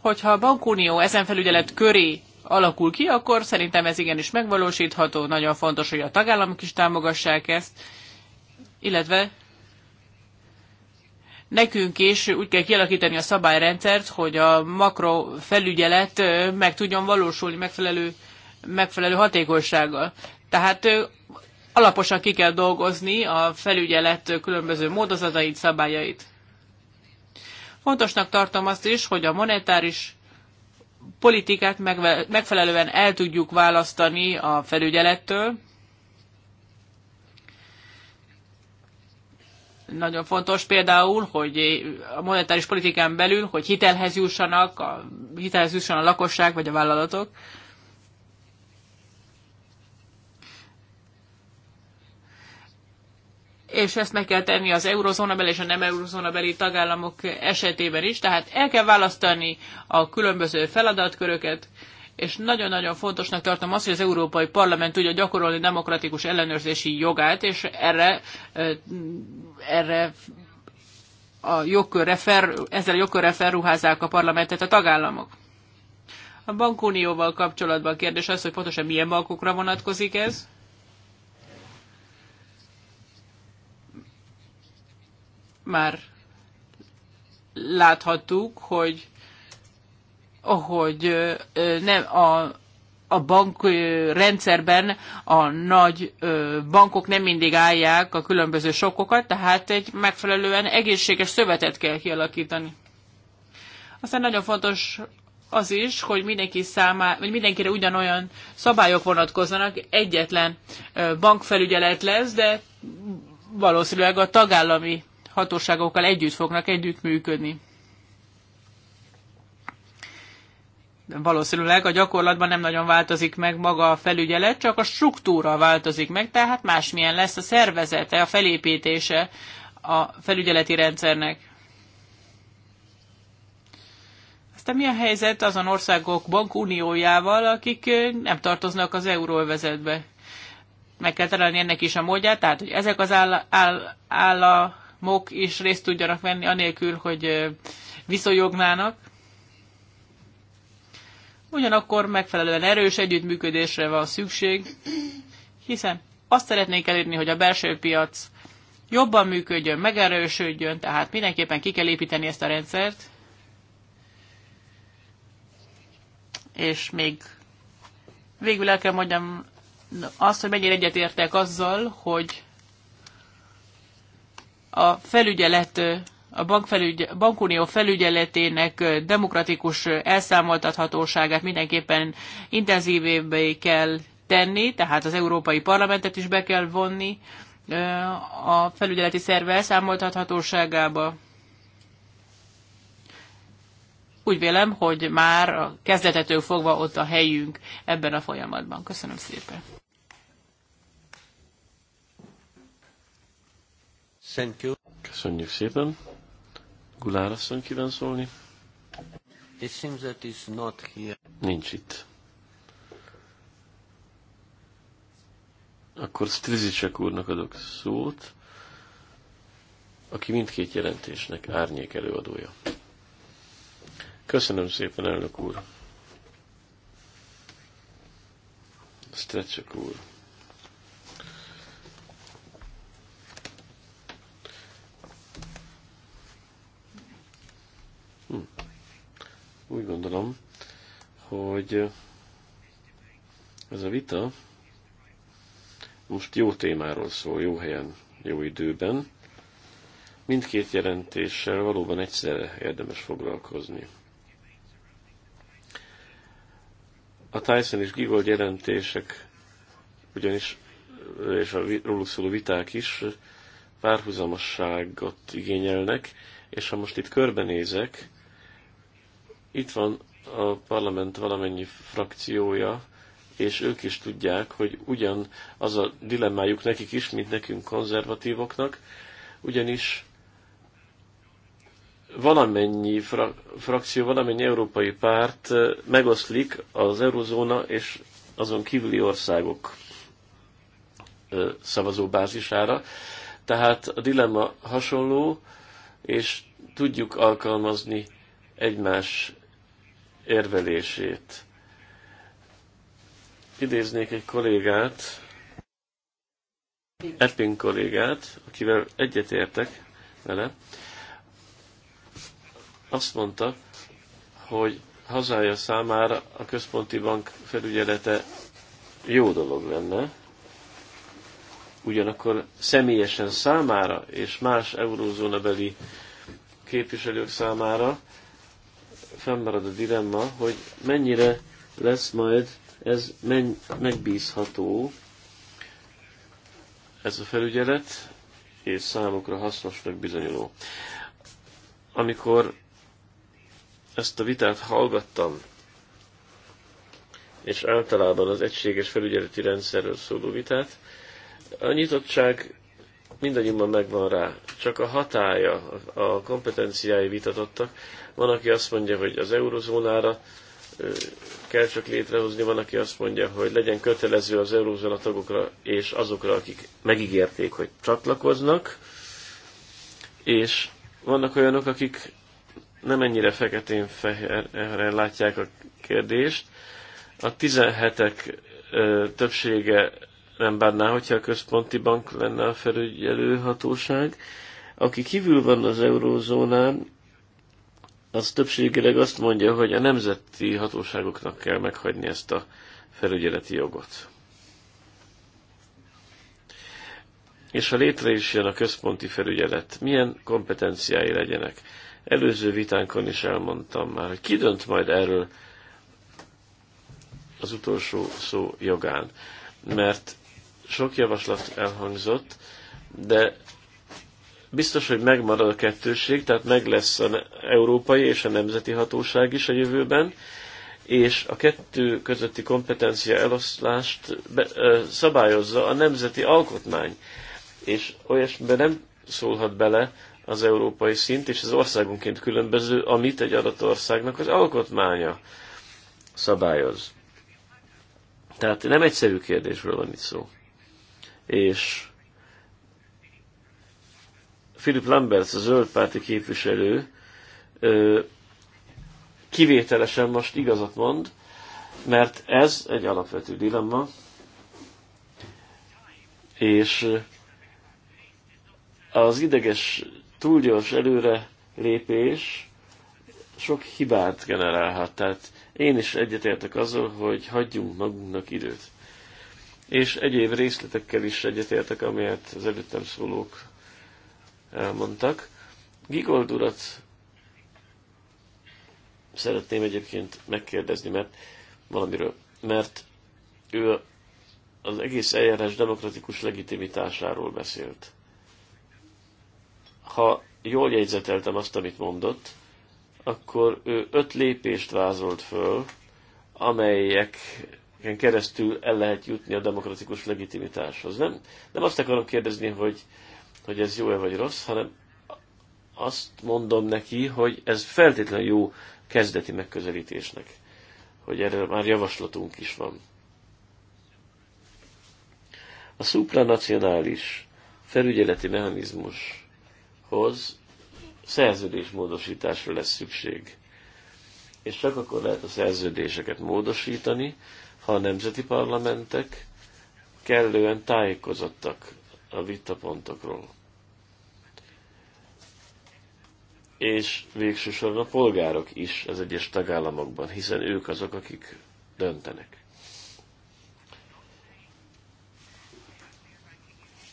hogyha a bankunió ezen felügyelet köré alakul ki, akkor szerintem ez igenis megvalósítható. Nagyon fontos, hogy a tagállamok is támogassák ezt, illetve nekünk is úgy kell kialakítani a szabályrendszert, hogy a makrofelügyelet meg tudjon valósulni megfelelő, megfelelő hatékonysággal. Tehát alaposan ki kell dolgozni a felügyelet különböző módozatait, szabályait. Fontosnak tartom azt is, hogy a monetáris politikát megfelelően el tudjuk választani a felügyelettől. Nagyon fontos például, hogy a monetáris politikán belül, hogy hitelhez jussanak, a, hitelhez jussanak a lakosság vagy a vállalatok. és ezt meg kell tenni az eurozónabeli és a nem eurozónabeli tagállamok esetében is, tehát el kell választani a különböző feladatköröket, és nagyon-nagyon fontosnak tartom azt, hogy az Európai Parlament tudja gyakorolni demokratikus ellenőrzési jogát, és erre, erre a jogkörre fel, ezzel a jogkörre felruházzák a parlamentet a tagállamok. A bankunióval kapcsolatban a kérdés az, hogy pontosan milyen bankokra vonatkozik ez. már láthattuk, hogy hogy nem a, a bankrendszerben rendszerben a nagy bankok nem mindig állják a különböző sokokat, tehát egy megfelelően egészséges szövetet kell kialakítani. Aztán nagyon fontos az is, hogy mindenki számá, vagy mindenkire ugyanolyan szabályok vonatkoznak, egyetlen bankfelügyelet lesz, de valószínűleg a tagállami hatóságokkal együtt fognak együttműködni. De valószínűleg a gyakorlatban nem nagyon változik meg maga a felügyelet, csak a struktúra változik meg, tehát másmilyen lesz a szervezete, a felépítése a felügyeleti rendszernek. Aztán mi a helyzet azon országok bankuniójával, akik nem tartoznak az euróvezetbe? Meg kell találni ennek is a módját, tehát hogy ezek az áll, áll, áll, mok is részt tudjanak venni, anélkül, hogy viszonyognának. Ugyanakkor megfelelően erős együttműködésre van szükség, hiszen azt szeretnék elérni, hogy a belső piac jobban működjön, megerősödjön, tehát mindenképpen ki kell építeni ezt a rendszert, és még végül el kell mondjam azt, hogy mennyire egyetértek azzal, hogy a felügyelet a bankfelügy, bankunió felügyeletének demokratikus elszámoltathatóságát mindenképpen intenzívébbé kell tenni, tehát az Európai Parlamentet is be kell vonni a felügyeleti szerve elszámoltathatóságába. Úgy vélem, hogy már a kezdetetől fogva ott a helyünk ebben a folyamatban. Köszönöm szépen. Thank you. Köszönjük szépen. Gulár asszony kíván szólni. It seems that is not here. Nincs itt. Akkor Strizicek úrnak adok szót, aki mindkét jelentésnek árnyék előadója. Köszönöm szépen, elnök úr. Strecek úr. Úgy gondolom, hogy ez a vita most jó témáról szól, jó helyen, jó időben. Mindkét jelentéssel valóban egyszerre érdemes foglalkozni. A Tyson és Gigold jelentések ugyanis, és a róluk szóló viták is párhuzamosságot igényelnek, és ha most itt körbenézek, itt van a parlament valamennyi frakciója, és ők is tudják, hogy ugyan az a dilemmájuk nekik is, mint nekünk konzervatívoknak, ugyanis valamennyi fra- frakció, valamennyi európai párt megoszlik az eurozóna és azon kívüli országok szavazóbázisára. Tehát a dilemma hasonló, és tudjuk alkalmazni egymás érvelését. Idéznék egy kollégát, Epping kollégát, akivel egyetértek vele. Azt mondta, hogy hazája számára a központi bank felügyelete jó dolog lenne, ugyanakkor személyesen számára és más eurózónabeli képviselők számára fennmarad a dilemma, hogy mennyire lesz majd ez menny- megbízható, ez a felügyelet, és számukra hasznosnak bizonyuló. Amikor ezt a vitát hallgattam, és általában az egységes felügyeleti rendszerről szóló vitát, a nyitottság mindannyiunkban megvan rá, csak a hatája, a kompetenciái vitatottak, van, aki azt mondja, hogy az eurozónára kell csak létrehozni, van, aki azt mondja, hogy legyen kötelező az eurózóna tagokra és azokra, akik megígérték, hogy csatlakoznak, és vannak olyanok, akik nem ennyire feketén-fehéren látják a kérdést. A 17-ek többsége nem bánná, hogyha a központi bank lenne a felügyelő hatóság. Aki kívül van az eurózónán, az többségileg azt mondja, hogy a nemzeti hatóságoknak kell meghagyni ezt a felügyeleti jogot. És ha létre is jön a központi felügyelet, milyen kompetenciái legyenek? Előző vitánkon is elmondtam már, hogy ki dönt majd erről az utolsó szó jogán. Mert sok javaslat elhangzott, de biztos, hogy megmarad a kettőség, tehát meg lesz az európai és a nemzeti hatóság is a jövőben, és a kettő közötti kompetencia eloszlást be, ö, szabályozza a nemzeti alkotmány, és olyasmiben nem szólhat bele az európai szint, és az országunként különböző, amit egy adott országnak az alkotmánya szabályoz. Tehát nem egyszerű kérdésről van itt szó. És Philip Lambert, a zöld párti képviselő kivételesen most igazat mond, mert ez egy alapvető dilemma, és az ideges, túlgyors előre lépés sok hibát generálhat. Tehát én is egyetértek azzal, hogy hagyjunk magunknak időt. És egyéb részletekkel is egyetértek, amelyet az előttem szólók elmondtak. Gigold urat szeretném egyébként megkérdezni, mert valamiről, mert ő az egész eljárás demokratikus legitimitásáról beszélt. Ha jól jegyzeteltem azt, amit mondott, akkor ő öt lépést vázolt föl, amelyeken keresztül el lehet jutni a demokratikus legitimitáshoz. Nem, nem azt akarom kérdezni, hogy hogy ez jó-e vagy rossz, hanem azt mondom neki, hogy ez feltétlenül jó kezdeti megközelítésnek, hogy erre már javaslatunk is van. A szupranacionális felügyeleti mechanizmushoz szerződésmódosításra lesz szükség. És csak akkor lehet a szerződéseket módosítani, ha a nemzeti parlamentek kellően tájékozottak a vitapontokról. És végsősorban a polgárok is az egyes tagállamokban, hiszen ők azok, akik döntenek.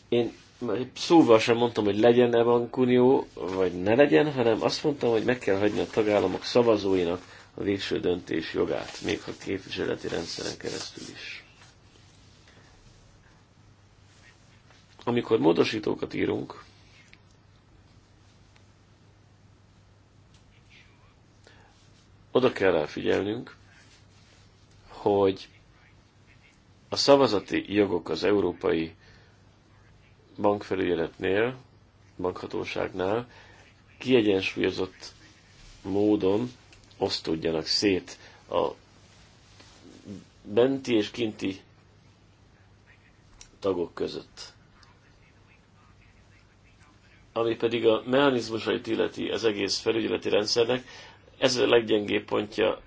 Én szóval sem mondtam, hogy legyen-e bankunió, vagy ne legyen, hanem azt mondtam, hogy meg kell hagyni a tagállamok szavazóinak a végső döntés jogát, még ha képviseleti rendszeren keresztül is. Amikor módosítókat írunk, oda kell rá figyelnünk, hogy a szavazati jogok az Európai Bankfelügyeletnél, bankhatóságnál kiegyensúlyozott módon osztódjanak szét a benti és kinti tagok között ami pedig a mechanizmusait illeti az egész felügyeleti rendszernek, ez a leggyengébb pontja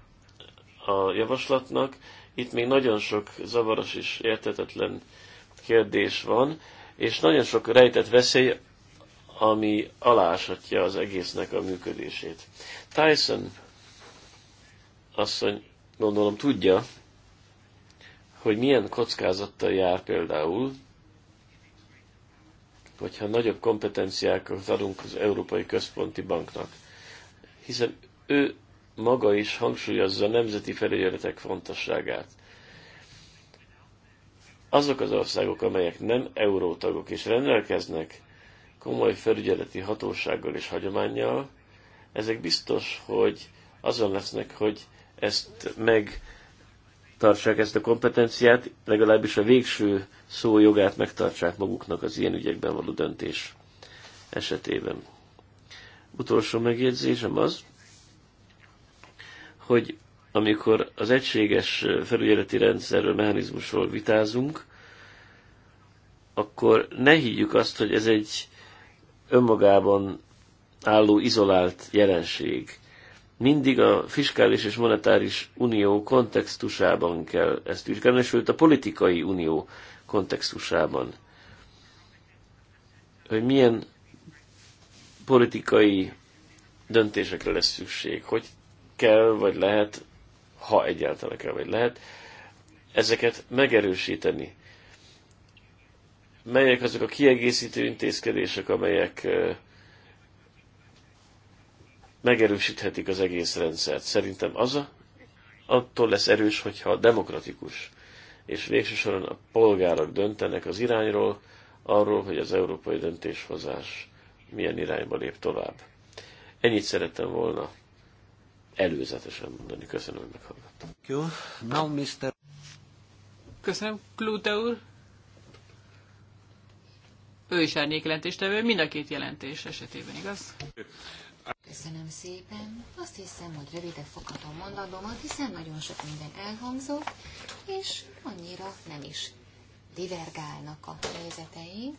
a javaslatnak. Itt még nagyon sok zavaros és értetetlen kérdés van, és nagyon sok rejtett veszély, ami aláshatja az egésznek a működését. Tyson asszony gondolom tudja, hogy milyen kockázattal jár például hogyha nagyobb kompetenciákat adunk az Európai Központi Banknak, hiszen ő maga is hangsúlyozza a nemzeti felügyeletek fontosságát. Azok az országok, amelyek nem eurótagok és rendelkeznek komoly felügyeleti hatósággal és hagyományjal, ezek biztos, hogy azon lesznek, hogy ezt meg megtartsák ezt a kompetenciát, legalábbis a végső szó jogát megtartsák maguknak az ilyen ügyekben való döntés esetében. Utolsó megjegyzésem az, hogy amikor az egységes felügyeleti rendszerről, mechanizmusról vitázunk, akkor ne higgyük azt, hogy ez egy önmagában álló, izolált jelenség mindig a fiskális és monetáris unió kontextusában kell ezt vizsgálni, sőt a politikai unió kontextusában. Hogy milyen politikai döntésekre lesz szükség, hogy kell vagy lehet, ha egyáltalán kell vagy lehet, ezeket megerősíteni. Melyek azok a kiegészítő intézkedések, amelyek uh, megerősíthetik az egész rendszert. Szerintem az a, attól lesz erős, hogyha demokratikus, és végső soron a polgárok döntenek az irányról, arról, hogy az európai döntéshozás milyen irányba lép tovább. Ennyit szerettem volna előzetesen mondani. Köszönöm, hogy meghallgattam. Jó. Now, Mr. Köszönöm, Klute úr. Ő is árnyék jelentéstevő, mind a két jelentés esetében, igaz? Köszönöm szépen. Azt hiszem, hogy rövidebb foghatom mondatomat, hiszen nagyon sok minden elhangzott, és annyira nem is divergálnak a nézeteink.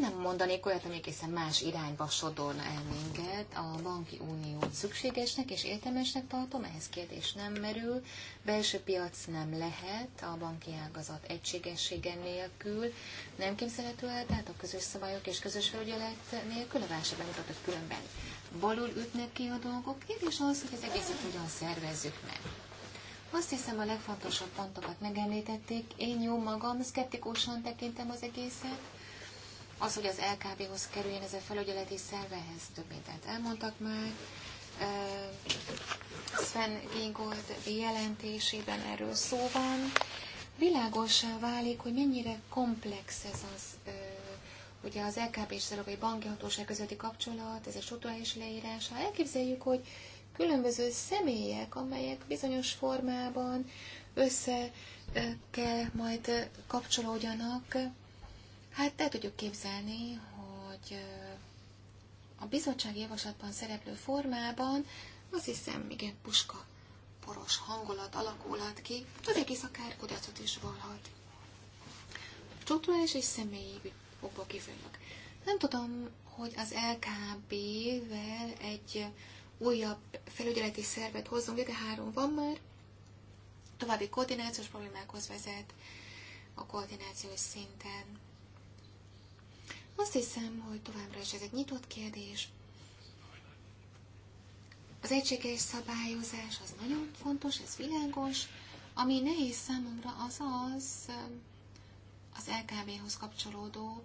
Nem mondanék olyat, ami egészen más irányba sodorna el minket. A banki uniót szükségesnek és értelmesnek tartom, ehhez kérdés nem merül. Belső piac nem lehet a banki ágazat egységessége nélkül. Nem képzelhető el, tehát a közös szabályok és közös felügyelet nélkül a válságban mutatott különben. Balul ütnek ki a dolgok, és az, hogy az egészet hogyan szervezzük meg. Azt hiszem a legfontosabb pontokat megemlítették. Én jó magam szkeptikusan tekintem az egészet. Az, hogy az LKB-hoz kerüljön ez a felügyeleti szervehez, több mindent elmondtak már. Sven Gingold jelentésében erről szó van. Világossá válik, hogy mennyire komplex ez az, ugye az LKB és Európai Banki Hatóság közötti kapcsolat, ez a struktúrális leírása. Elképzeljük, hogy különböző személyek, amelyek bizonyos formában össze kell majd kapcsolódjanak. Hát el tudjuk képzelni, hogy a bizottsági javaslatban szereplő formában azt hiszem, igen, puska poros hangulat alakulhat ki, az egész akár kudarcot is valhat. Struktúrális és személyi okból kifolyólag. Nem tudom, hogy az LKB-vel egy újabb felügyeleti szervet hozzunk létre, három van már, további koordinációs problémákhoz vezet a koordinációs szinten. Azt hiszem, hogy továbbra is ez egy nyitott kérdés. Az egységes szabályozás az nagyon fontos, ez világos. Ami nehéz számomra az az, az LKB-hoz kapcsolódó,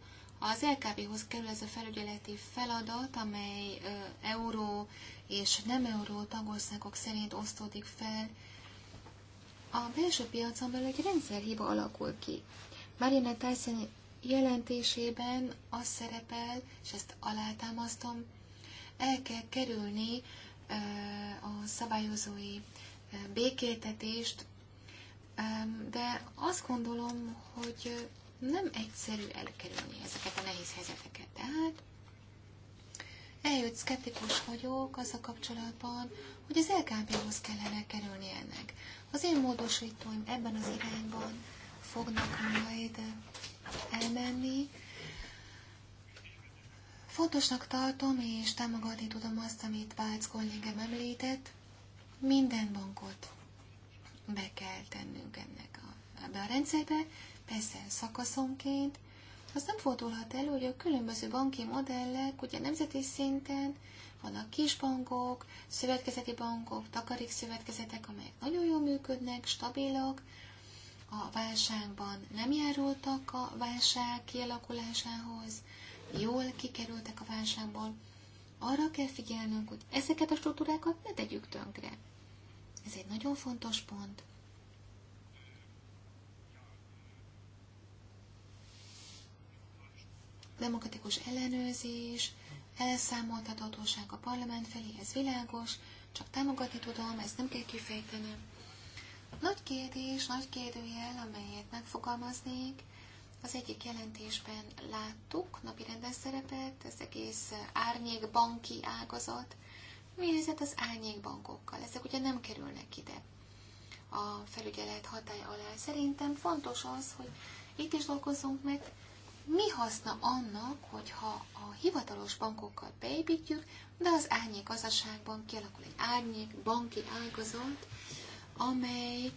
az LKB-hoz kerül ez a felügyeleti feladat, amely euró és nem euró tagországok szerint osztódik fel. A belső piacon belül egy rendszerhiba alakul ki. Marina Tyson jelentésében az szerepel, és ezt alátámasztom, el kell kerülni a szabályozói békéltetést, de azt gondolom, hogy nem egyszerű elkerülni ezeket a nehéz helyzeteket. Tehát eljött szkeptikus vagyok az a kapcsolatban, hogy az LKB-hoz kellene kerülni ennek. Az én módosítóim ebben az irányban fognak majd elmenni. Fontosnak tartom és támogatni tudom azt, amit Válc kollégám említett, minden bankot be kell tennünk ennek a, ebbe a rendszerbe, persze szakaszonként, az nem fordulhat elő, hogy a különböző banki modellek, ugye nemzeti szinten vannak kisbankok, szövetkezeti bankok, takarik szövetkezetek, amelyek nagyon jól működnek, stabilak, a válságban nem járultak a válság kialakulásához, jól kikerültek a válságból. Arra kell figyelnünk, hogy ezeket a struktúrákat ne tegyük tönkre. Ez egy nagyon fontos pont. demokratikus ellenőrzés, elszámoltathatóság a parlament felé, ez világos, csak támogatni tudom, ezt nem kell kifejteni. Nagy kérdés, nagy kérdőjel, amelyet megfogalmaznék, az egyik jelentésben láttuk, napi rendes szerepet, ez egész árnyékbanki ágazat. Mi helyzet az árnyékbankokkal? Ezek ugye nem kerülnek ide a felügyelet hatály alá. Szerintem fontos az, hogy itt is dolgozzunk meg, mi haszna annak, hogyha a hivatalos bankokat beépítjük, de az árnyék gazdaságban kialakul egy árnyék banki ágazat, amely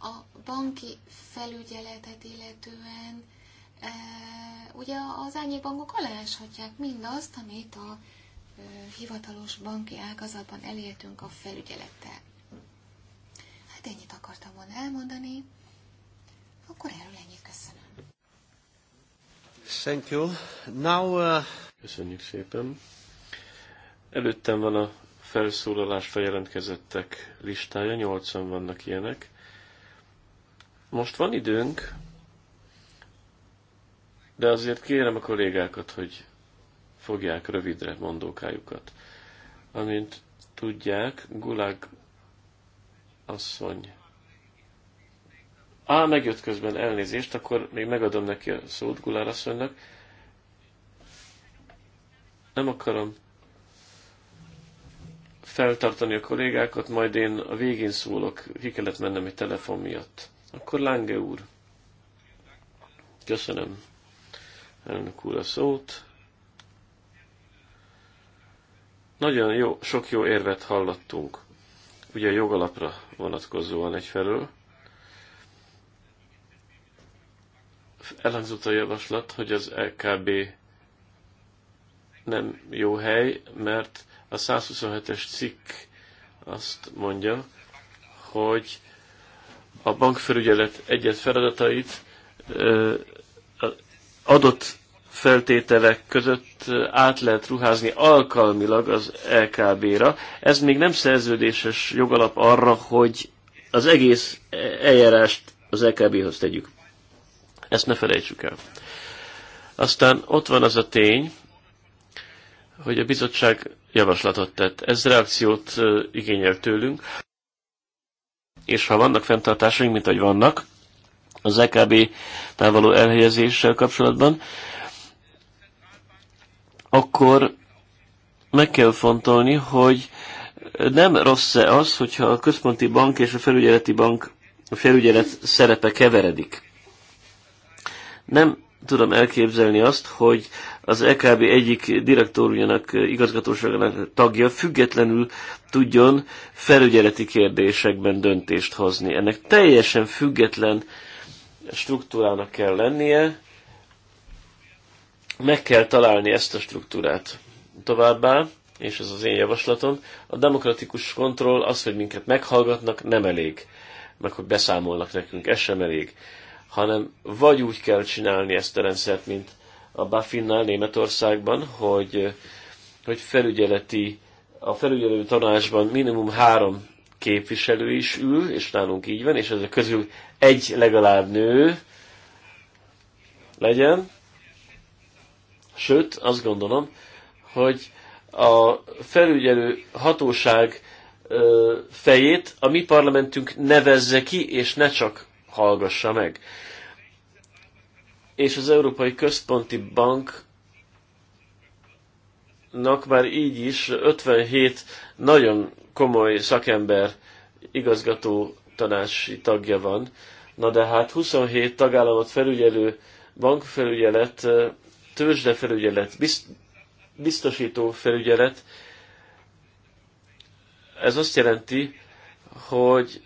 a banki felügyeletet illetően e, ugye az árnyék bankok aláshatják mindazt, amit a e, hivatalos banki ágazatban elértünk a felügyelettel. Hát ennyit akartam volna elmondani, akkor erről ennyit Thank you. Now, uh... Köszönjük szépen. Előttem van a felszólalásra jelentkezettek listája, 80 vannak ilyenek. Most van időnk, de azért kérem a kollégákat, hogy fogják rövidre mondókájukat. Amint tudják, Gulag asszony Á, megjött közben elnézést, akkor még megadom neki a szót Gulár asszonynak. Nem akarom feltartani a kollégákat, majd én a végén szólok, ki kellett mennem egy telefon miatt. Akkor Lange úr. Köszönöm elnök úr a szót. Nagyon jó, sok jó érvet hallottunk. Ugye a jogalapra vonatkozóan egyfelől, elhangzott a javaslat, hogy az LKB nem jó hely, mert a 127-es cikk azt mondja, hogy a bankfelügyelet egyet feladatait adott feltételek között át lehet ruházni alkalmilag az LKB-ra. Ez még nem szerződéses jogalap arra, hogy az egész e-, eljárást az LKB-hoz tegyük. Ezt ne felejtsük el. Aztán ott van az a tény, hogy a bizottság javaslatot tett. Ez reakciót igényel tőlünk, és ha vannak fenntartásaink, mint ahogy vannak, az EKB távoló elhelyezéssel kapcsolatban, akkor meg kell fontolni, hogy nem rossz-e az, hogyha a központi bank és a felügyeleti bank a felügyelet szerepe keveredik. Nem tudom elképzelni azt, hogy az LKB e egyik direktorjának igazgatóságának tagja függetlenül tudjon felügyeleti kérdésekben döntést hozni. Ennek teljesen független struktúrának kell lennie, meg kell találni ezt a struktúrát. Továbbá, és ez az én javaslatom, a demokratikus kontroll az, hogy minket meghallgatnak, nem elég. Meg hogy beszámolnak nekünk, ez sem elég hanem vagy úgy kell csinálni ezt a rendszert, mint a Buffinnál Németországban, hogy, hogy felügyeleti, a felügyelő tanácsban minimum három képviselő is ül, és nálunk így van, és ezek közül egy legalább nő legyen. Sőt, azt gondolom, hogy a felügyelő hatóság fejét a mi parlamentünk nevezze ki, és ne csak hallgassa meg. És az Európai Központi Bank nak már így is 57 nagyon komoly szakember igazgató tanácsi tagja van. Na de hát 27 tagállamot felügyelő bankfelügyelet, tőzsdefelügyelet, biztosító felügyelet, ez azt jelenti, hogy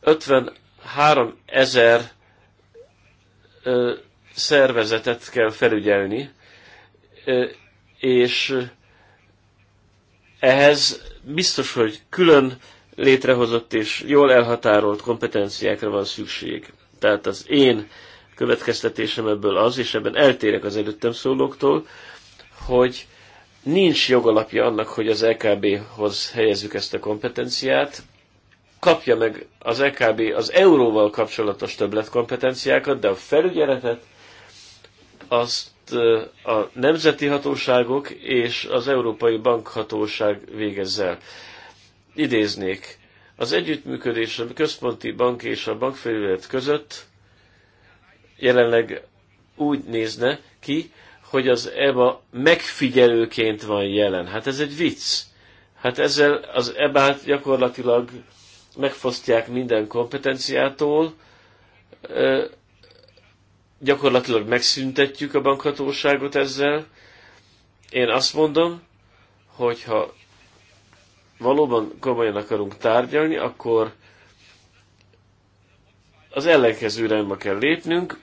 50 3000 szervezetet kell felügyelni, és ehhez biztos, hogy külön létrehozott és jól elhatárolt kompetenciákra van szükség. Tehát az én következtetésem ebből az, és ebben eltérek az előttem szólóktól, hogy nincs jogalapja annak, hogy az LKB-hoz helyezzük ezt a kompetenciát, kapja meg az EKB az euróval kapcsolatos többletkompetenciákat, de a felügyeletet azt a nemzeti hatóságok és az Európai Bankhatóság végezzel. Idéznék, az együttműködés a központi bank és a bankfelület között jelenleg úgy nézne ki, hogy az EBA megfigyelőként van jelen. Hát ez egy vicc. Hát ezzel az EBA-t gyakorlatilag megfosztják minden kompetenciától, gyakorlatilag megszüntetjük a bankhatóságot ezzel. Én azt mondom, hogy ha valóban komolyan akarunk tárgyalni, akkor az ellenkező irányba kell lépnünk,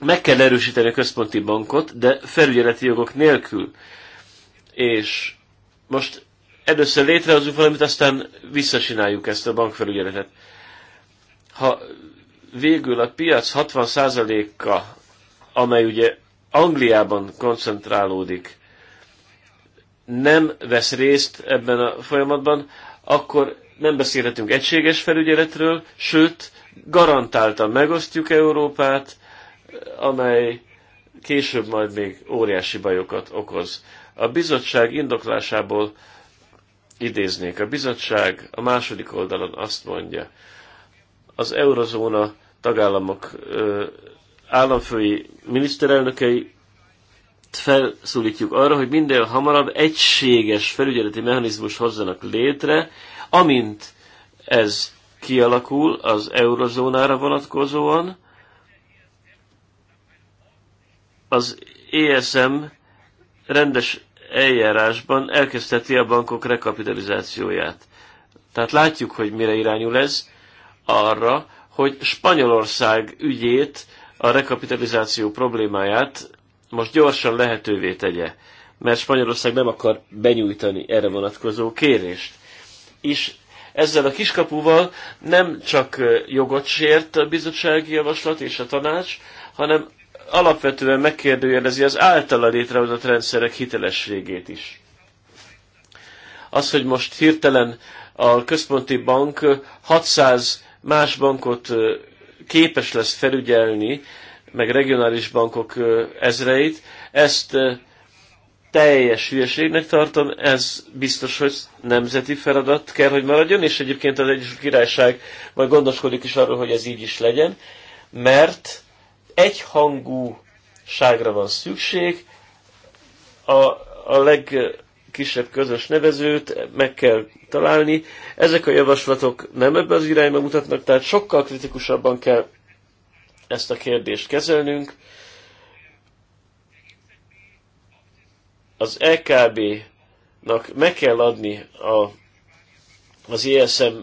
meg kell erősíteni a központi bankot, de felügyeleti jogok nélkül. És most először létrehozunk valamit, aztán visszasináljuk ezt a bankfelügyeletet. Ha végül a piac 60%-a, amely ugye Angliában koncentrálódik, nem vesz részt ebben a folyamatban, akkor nem beszélhetünk egységes felügyeletről, sőt, garantáltan megosztjuk Európát, amely később majd még óriási bajokat okoz. A bizottság indoklásából idéznék. A bizottság a második oldalon azt mondja, az eurozóna tagállamok államfői miniszterelnökei felszólítjuk arra, hogy minden hamarabb egységes felügyeleti mechanizmus hozzanak létre, amint ez kialakul az eurozónára vonatkozóan, az ESM rendes eljárásban elkezdheti a bankok rekapitalizációját. Tehát látjuk, hogy mire irányul ez, arra, hogy Spanyolország ügyét, a rekapitalizáció problémáját most gyorsan lehetővé tegye, mert Spanyolország nem akar benyújtani erre vonatkozó kérést. És ezzel a kiskapuval nem csak jogot sért a bizottsági javaslat és a tanács, hanem alapvetően megkérdőjelezi az általa létrehozott rendszerek hitelességét is. Az, hogy most hirtelen a központi bank 600 más bankot képes lesz felügyelni, meg regionális bankok ezreit, ezt teljes hülyeségnek tartom, ez biztos, hogy nemzeti feladat kell, hogy maradjon, és egyébként az Egyesült Királyság majd gondoskodik is arról, hogy ez így is legyen, mert egyhangúságra van szükség, a, a legkisebb közös nevezőt meg kell találni. Ezek a javaslatok nem ebbe az irányba mutatnak, tehát sokkal kritikusabban kell ezt a kérdést kezelnünk. Az LKB-nak e meg kell adni a, az ESM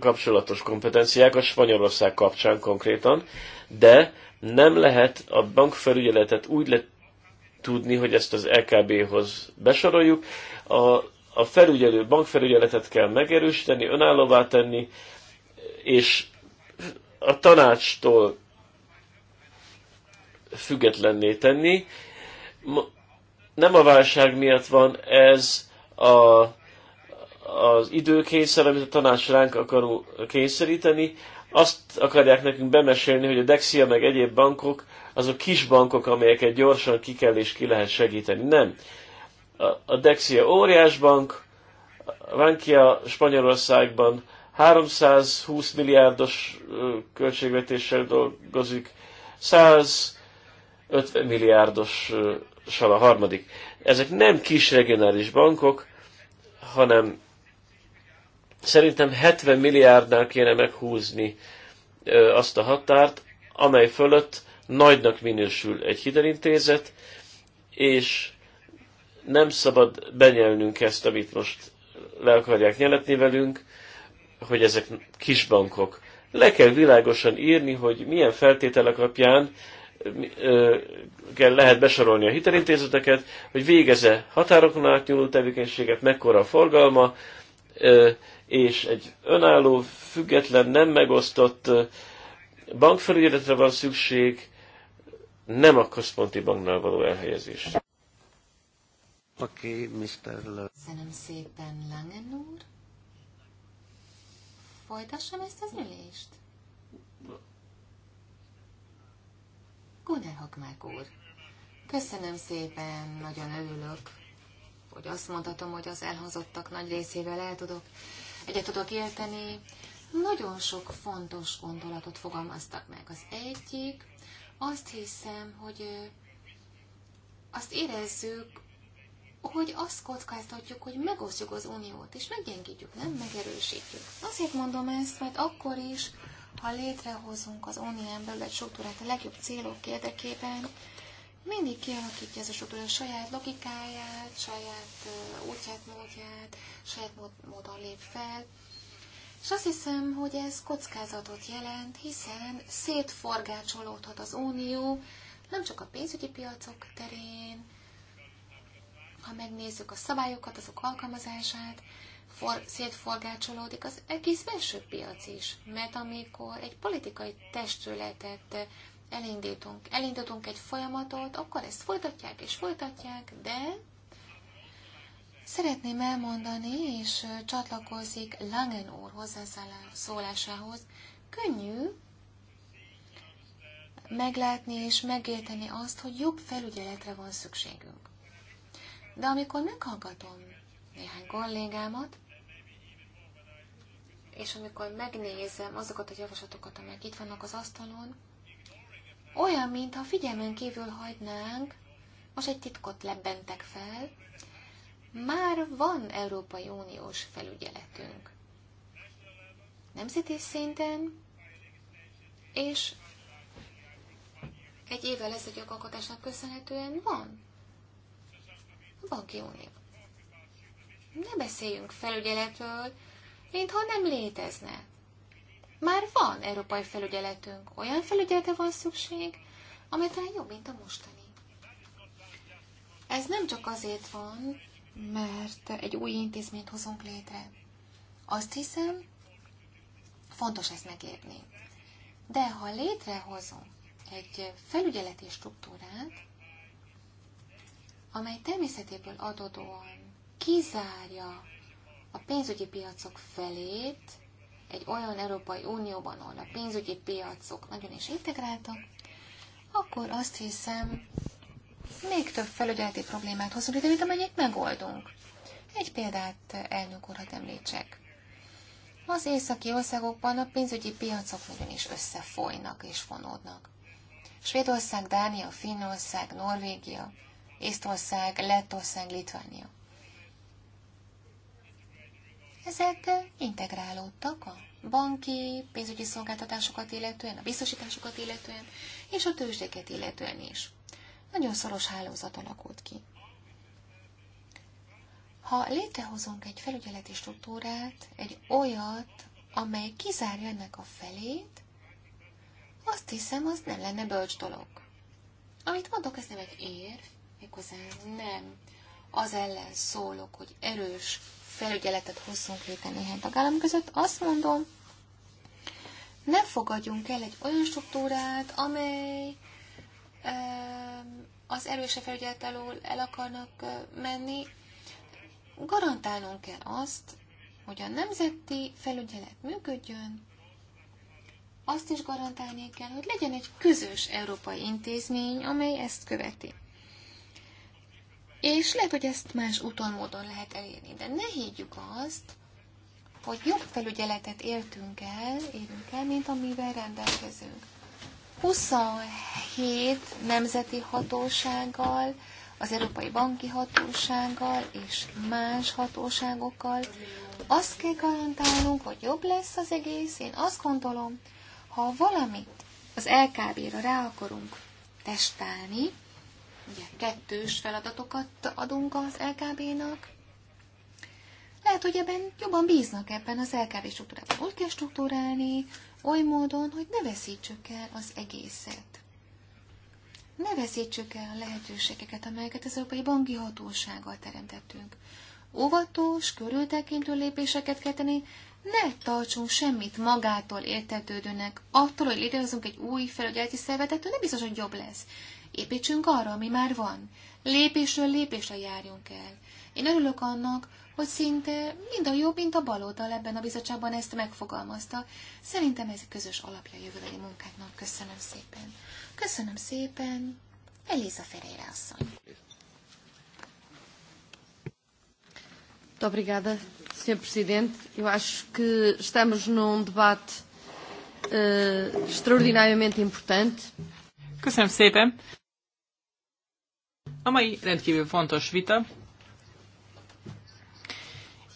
kapcsolatos kompetenciákat Spanyolország kapcsán konkrétan, de nem lehet a bankfelügyeletet úgy le tudni, hogy ezt az LKB-hoz besoroljuk. A, a felügyelő bankfelügyeletet kell megerősíteni, önállóvá tenni, és a tanácstól függetlenné tenni. Nem a válság miatt van ez a, az időkényszer, amit a tanács ránk akar kényszeríteni, azt akarják nekünk bemesélni, hogy a Dexia meg egyéb bankok, azok kis bankok, amelyeket gyorsan ki kell és ki lehet segíteni. Nem. A Dexia óriás bank, a Spanyolországban 320 milliárdos költségvetéssel dolgozik, 150 milliárdos a harmadik. Ezek nem kis regionális bankok, hanem Szerintem 70 milliárdnál kéne meghúzni azt a határt, amely fölött nagynak minősül egy hidelintézet, és nem szabad benyelnünk ezt, amit most le akarják nyeletni velünk, hogy ezek kisbankok. Le kell világosan írni, hogy milyen feltételek alapján kell, lehet besorolni a hitelintézeteket, hogy végeze határokon átnyúló tevékenységet, mekkora a forgalma, és egy önálló, független, nem megosztott bankfelügyeletre van szükség, nem a központi banknál való elhelyezés. Oké, okay, Mr. L- Köszönöm szépen, Langen úr. Folytassam ezt az ülést? Gunnar Hakmák úr. Köszönöm szépen, nagyon örülök, hogy azt mondhatom, hogy az elhozottak nagy részével el tudok egyet tudok érteni. Nagyon sok fontos gondolatot fogalmaztak meg. Az egyik, azt hiszem, hogy azt érezzük, hogy azt kockáztatjuk, hogy megosztjuk az uniót, és meggyengítjük, nem megerősítjük. Azért mondom ezt, mert akkor is, ha létrehozunk az unión belül egy struktúrát a legjobb célok érdekében, mindig kialakítja ez a a saját logikáját, saját útját, módját, saját módon lép fel. És azt hiszem, hogy ez kockázatot jelent, hiszen szétforgácsolódhat az Unió, nem csak a pénzügyi piacok terén, ha megnézzük a szabályokat, azok alkalmazását, for, szétforgácsolódik az egész belső piac is. Mert amikor egy politikai testületet elindítunk, elindítunk egy folyamatot, akkor ezt folytatják és folytatják, de szeretném elmondani, és csatlakozik Langen úr hozzászólásához, könnyű meglátni és megérteni azt, hogy jobb felügyeletre van szükségünk. De amikor meghallgatom néhány kollégámat, és amikor megnézem azokat a javaslatokat, amelyek itt vannak az asztalon, olyan, mintha figyelmen kívül hagynánk, most egy titkot lebbentek fel, már van Európai Uniós felügyeletünk. Nemzeti szinten, és egy évvel ezelőtt jogalkotásnak köszönhetően van. ki Unió. Ne beszéljünk felügyeletről, mintha nem létezne. Már van európai felügyeletünk. Olyan felügyelete van szükség, ami talán jobb, mint a mostani. Ez nem csak azért van, mert egy új intézményt hozunk létre. Azt hiszem, fontos ezt megérni. De ha létrehozunk egy felügyeleti struktúrát, amely természetéből adódóan kizárja a pénzügyi piacok felét, egy olyan Európai Unióban, ahol a pénzügyi piacok nagyon is integráltak, akkor azt hiszem, még több felügyeleti problémát hozunk ide, mint amennyit megoldunk. Egy példát elnök úr, említsek. Az északi országokban a pénzügyi piacok nagyon is összefolynak és vonódnak. Svédország, Dánia, Finnország, Norvégia, Észtország, Lettország, Litvánia ezek integrálódtak a banki, pénzügyi szolgáltatásokat illetően, a biztosításokat illetően, és a tőzsdéket illetően is. Nagyon szoros hálózat alakult ki. Ha létrehozunk egy felügyeleti struktúrát, egy olyat, amely kizárja ennek a felét, azt hiszem, az nem lenne bölcs dolog. Amit mondok, ez nem egy érv, méghozzá nem az ellen szólok, hogy erős felügyeletet hozzunk létre néhány tagállam között, azt mondom, ne fogadjunk el egy olyan struktúrát, amely az erőse felügyelet alól el akarnak menni. Garantálnunk kell azt, hogy a nemzeti felügyelet működjön, azt is garantálni kell, hogy legyen egy közös európai intézmény, amely ezt követi. És lehet, hogy ezt más úton, módon lehet elérni, de ne higgyük azt, hogy jobb felügyeletet értünk el, érünk el, mint amivel rendelkezünk. 27 nemzeti hatósággal, az Európai Banki Hatósággal és más hatóságokkal. Azt kell garantálnunk, hogy jobb lesz az egész. Én azt gondolom, ha valamit az LKB-ra rá akarunk testálni, ugye kettős feladatokat adunk az LKB-nak. Lehet, hogy ebben jobban bíznak ebben az LKB struktúrában. Úgy kell struktúrálni, oly módon, hogy ne veszítsük el az egészet. Ne veszítsük el a lehetőségeket, amelyeket az Európai Banki Hatósággal teremtettünk. Óvatos, körültekintő lépéseket kell tenni, ne tartsunk semmit magától értetődőnek. Attól, hogy létrehozunk egy új felügyeleti ettől nem biztos, hogy jobb lesz. Építsünk arra, ami már van. Lépésről lépésre járjunk el. Én örülök annak, hogy szinte mind a jobb, mint a baloldal ebben a bizottságban ezt megfogalmazta. Szerintem ez egy közös alapja a jövőbeli munkáknak. Köszönöm szépen. Köszönöm szépen. Eliza Ferreira asszony. Obrigada, Sr. Presidente. Eu acho que estamos num debate uh, extraordinariamente importante. Köszönöm szépen. A mai rendkívül fontos vita,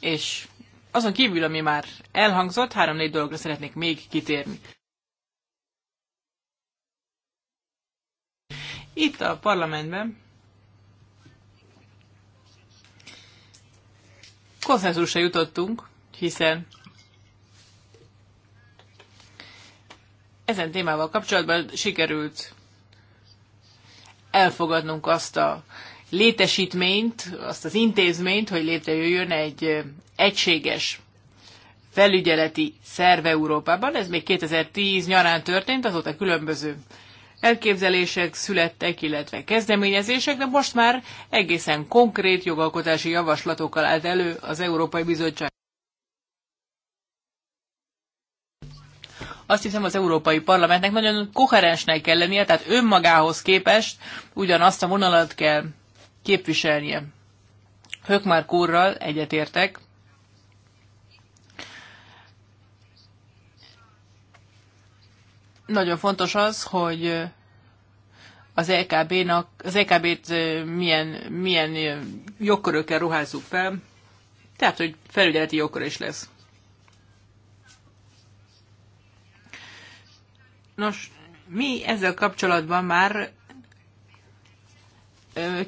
és azon kívül, ami már elhangzott, három-négy dologra szeretnék még kitérni. Itt a parlamentben konszenzusra jutottunk, hiszen ezen témával kapcsolatban sikerült elfogadnunk azt a létesítményt, azt az intézményt, hogy létrejöjjön egy egységes felügyeleti szerv Európában. Ez még 2010 nyarán történt, azóta különböző elképzelések születtek, illetve kezdeményezések, de most már egészen konkrét jogalkotási javaslatokkal állt elő az Európai Bizottság. Azt hiszem az Európai Parlamentnek nagyon koherensnek kell lennie, tehát önmagához képest ugyanazt a vonalat kell képviselnie. Hökmár úrral egyetértek, nagyon fontos az, hogy az LKB-nak, e az LKB-t e milyen, milyen jogkörökkel ruházzuk fel, tehát, hogy felügyeleti jogkör is lesz. Nos, mi ezzel kapcsolatban már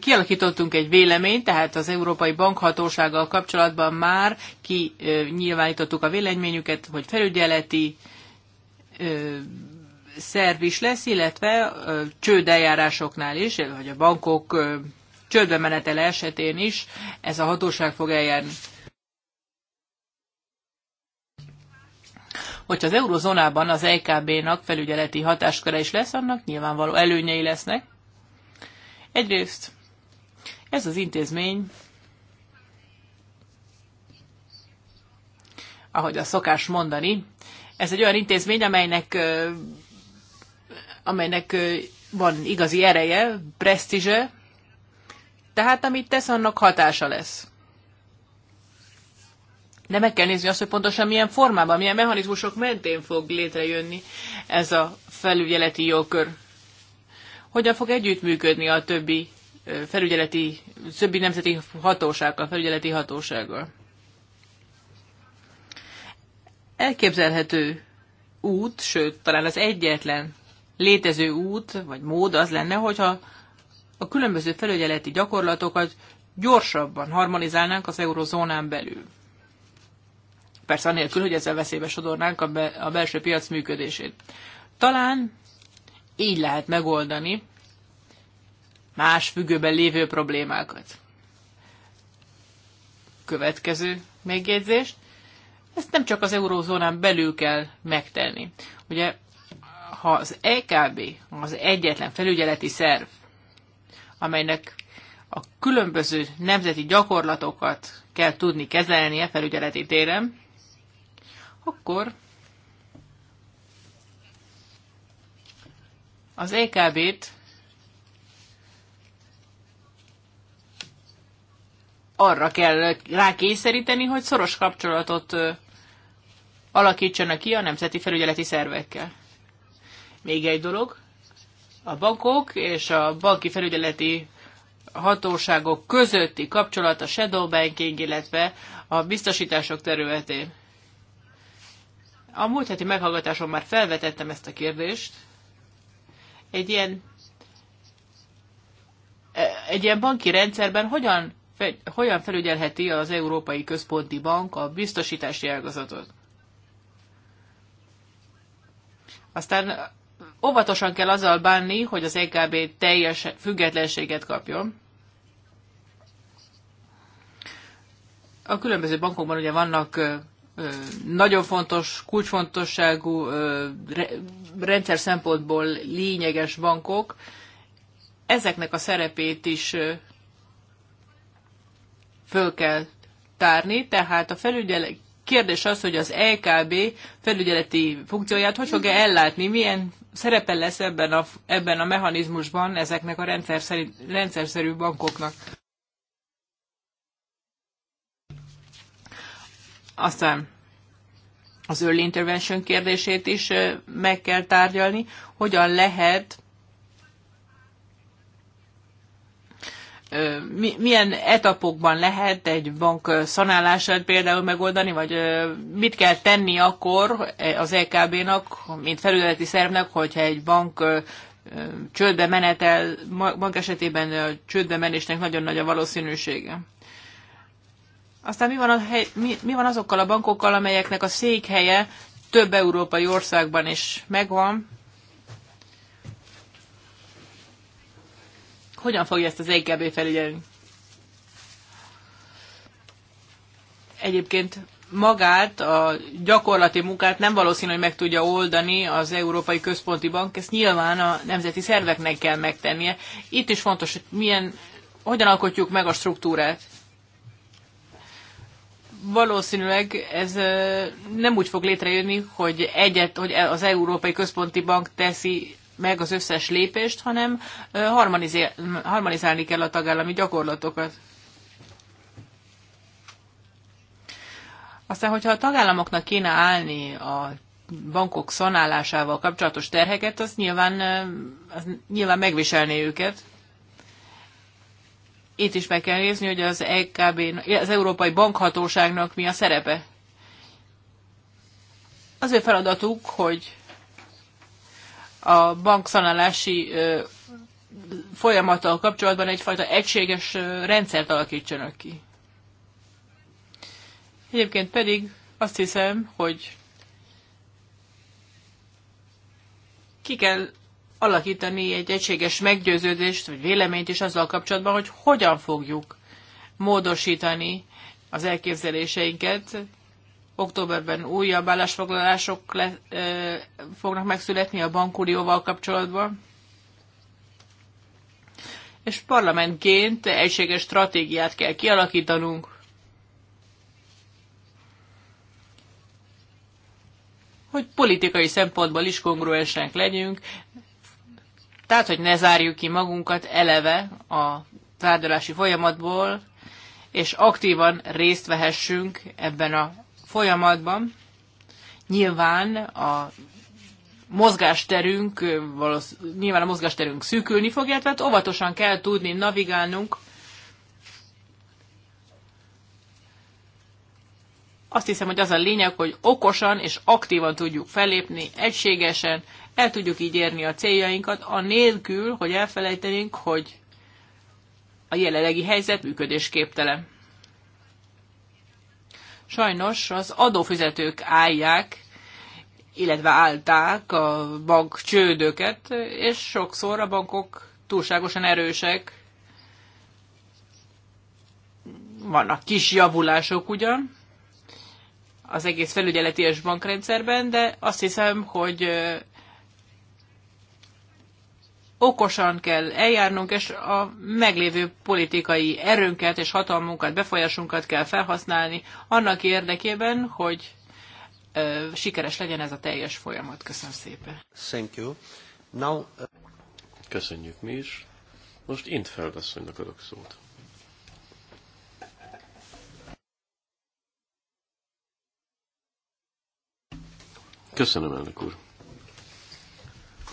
kialakítottunk egy véleményt, tehát az Európai Bankhatósággal kapcsolatban már ki nyilvánítottuk a véleményüket, hogy felügyeleti szerv is lesz, illetve csődeljárásoknál is, vagy a bankok csődbe menetele esetén is ez a hatóság fog eljárni. Hogyha az eurozónában az EKB-nak felügyeleti hatásköre is lesz, annak nyilvánvaló előnyei lesznek. Egyrészt ez az intézmény, ahogy a szokás mondani, ez egy olyan intézmény, amelynek, amelynek van igazi ereje, presztízse, tehát amit tesz, annak hatása lesz de meg kell nézni azt, hogy pontosan milyen formában, milyen mechanizmusok mentén fog létrejönni ez a felügyeleti jogkör. Hogyan fog együttműködni a többi felügyeleti, többi nemzeti hatósággal, felügyeleti hatósággal? Elképzelhető út, sőt, talán az egyetlen létező út, vagy mód az lenne, hogyha a különböző felügyeleti gyakorlatokat gyorsabban harmonizálnánk az eurozónán belül persze anélkül, hogy ezzel veszélybe sodornánk a, be, a belső piac működését. Talán így lehet megoldani más függőben lévő problémákat. Következő megjegyzést. Ezt nem csak az eurózónán belül kell megtenni. Ugye, ha az EKB az egyetlen felügyeleti szerv, amelynek a különböző nemzeti gyakorlatokat kell tudni kezelni a e felügyeleti téren, akkor az EKB-t arra kell rákényszeríteni, hogy szoros kapcsolatot alakítsanak ki a nemzeti felügyeleti szervekkel. Még egy dolog, a bankok és a banki felügyeleti hatóságok közötti kapcsolat a shadow banking, illetve a biztosítások területén. A múlt heti meghallgatáson már felvetettem ezt a kérdést. Egy ilyen, e, egy ilyen banki rendszerben hogyan, hogyan felügyelheti az Európai Központi Bank a biztosítási ágazatot? Aztán óvatosan kell azzal bánni, hogy az EKB teljes függetlenséget kapjon. A különböző bankokban ugye vannak nagyon fontos, kulcsfontosságú, rendszer szempontból lényeges bankok, ezeknek a szerepét is föl kell tárni, tehát a felügyelet kérdés az, hogy az LKB e felügyeleti funkcióját hogy fogja ellátni, milyen szerepe lesz ebben a, ebben a mechanizmusban ezeknek a rendszer szerű bankoknak. Aztán az early intervention kérdését is meg kell tárgyalni, hogyan lehet milyen etapokban lehet egy bank szanálását például megoldani, vagy mit kell tenni akkor az lkb e nak mint felületi szervnek, hogyha egy bank csődbe menetel, bank esetében csődbe menésnek nagyon nagy a valószínűsége. Aztán mi van, a hely, mi, mi van azokkal a bankokkal, amelyeknek a székhelye több európai országban is megvan? Hogyan fogja ezt az EKB felügyelni? Egyébként magát, a gyakorlati munkát nem valószínű, hogy meg tudja oldani az Európai Központi Bank, ezt nyilván a nemzeti szerveknek kell megtennie. Itt is fontos, hogy milyen, hogyan alkotjuk meg a struktúrát valószínűleg ez nem úgy fog létrejönni, hogy egyet, hogy e- az Európai Központi Bank teszi meg az összes lépést, hanem harmonizálni kell a tagállami gyakorlatokat. Aztán, hogyha a tagállamoknak kéne állni a bankok szanálásával kapcsolatos terheket, az nyilván, az nyilván megviselné őket itt is meg kell nézni, hogy az, EKB, az Európai Bankhatóságnak mi a szerepe. Az ő feladatuk, hogy a bankszanálási folyamattal kapcsolatban egyfajta egységes rendszert alakítsanak ki. Egyébként pedig azt hiszem, hogy ki kell alakítani egy egységes meggyőződést, vagy véleményt is azzal kapcsolatban, hogy hogyan fogjuk módosítani az elképzeléseinket. Októberben újabb állásfoglalások le, e, fognak megszületni a bankunióval kapcsolatban. És parlamentként egységes stratégiát kell kialakítanunk. Hogy politikai szempontból is kongruensek legyünk, tehát, hogy ne zárjuk ki magunkat eleve a tárgyalási folyamatból, és aktívan részt vehessünk ebben a folyamatban. Nyilván a mozgásterünk, valósz, nyilván a mozgásterünk szűkülni fog, tehát óvatosan kell tudni navigálnunk Azt hiszem, hogy az a lényeg, hogy okosan és aktívan tudjuk fellépni, egységesen, el tudjuk így érni a céljainkat, anélkül, hogy elfelejtenénk, hogy a jelenlegi helyzet működésképtelen. Sajnos az adófizetők állják, illetve állták a bank csődöket, és sokszor a bankok túlságosan erősek. Vannak kis javulások ugyan, az egész felügyeleti és bankrendszerben, de azt hiszem, hogy okosan kell eljárnunk, és a meglévő politikai erőnket és hatalmunkat, befolyásunkat kell felhasználni annak érdekében, hogy sikeres legyen ez a teljes folyamat. Köszönöm szépen. Thank you. Now, uh, Köszönjük mi is. Most Intfeld asszonynak adok szót. Köszönöm, elnök úr.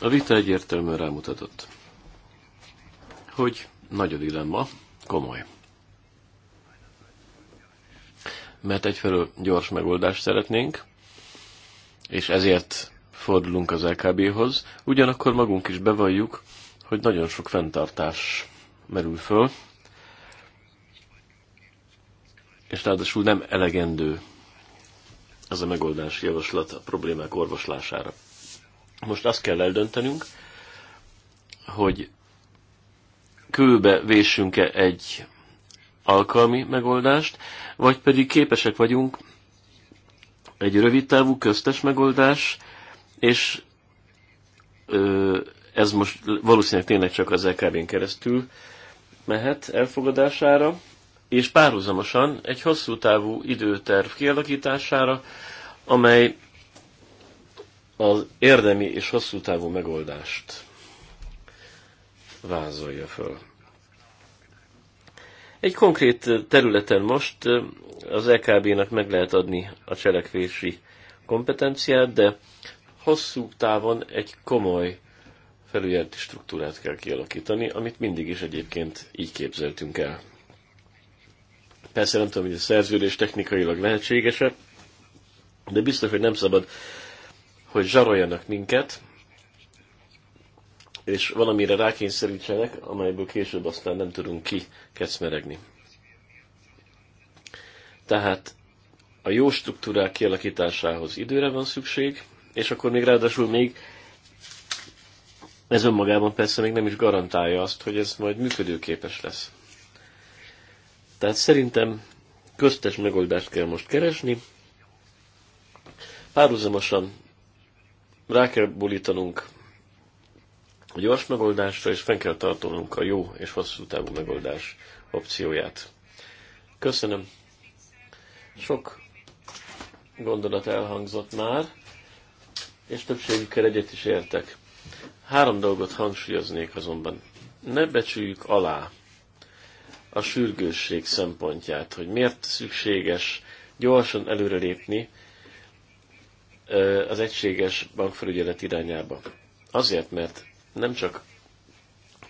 A vita egyértelműen rámutatott, hogy nagy a dilemma, komoly. Mert egyfelől gyors megoldást szeretnénk, és ezért fordulunk az LKB-hoz, ugyanakkor magunk is bevalljuk, hogy nagyon sok fenntartás merül föl, és ráadásul nem elegendő ez a megoldási javaslat a problémák orvoslására. Most azt kell eldöntenünk, hogy kőbe vésünk-e egy alkalmi megoldást, vagy pedig képesek vagyunk egy rövidtávú köztes megoldás, és ö, ez most valószínűleg tényleg csak az LKB-n keresztül mehet elfogadására, és párhuzamosan egy hosszú távú időterv kialakítására, amely az érdemi és hosszú távú megoldást vázolja föl. Egy konkrét területen most az lkb e nak meg lehet adni a cselekvési kompetenciát, de hosszú távon egy komoly felügyeleti struktúrát kell kialakítani, amit mindig is egyébként így képzeltünk el. Persze nem tudom, hogy a szerződés technikailag lehetséges-e, de biztos, hogy nem szabad, hogy zsaroljanak minket, és valamire rákényszerítsenek, amelyből később aztán nem tudunk ki kecmeregni. Tehát a jó struktúrák kialakításához időre van szükség, és akkor még ráadásul még ez önmagában persze még nem is garantálja azt, hogy ez majd működőképes lesz. Tehát szerintem köztes megoldást kell most keresni. Párhuzamosan rá kell bulítanunk a gyors megoldásra, és fenn kell tartanunk a jó és hosszú távú megoldás opcióját. Köszönöm. Sok gondolat elhangzott már, és többségükkel egyet is értek. Három dolgot hangsúlyoznék azonban. Ne becsüljük alá a sürgősség szempontját, hogy miért szükséges gyorsan előrelépni az egységes bankfelügyelet irányába. Azért, mert nem csak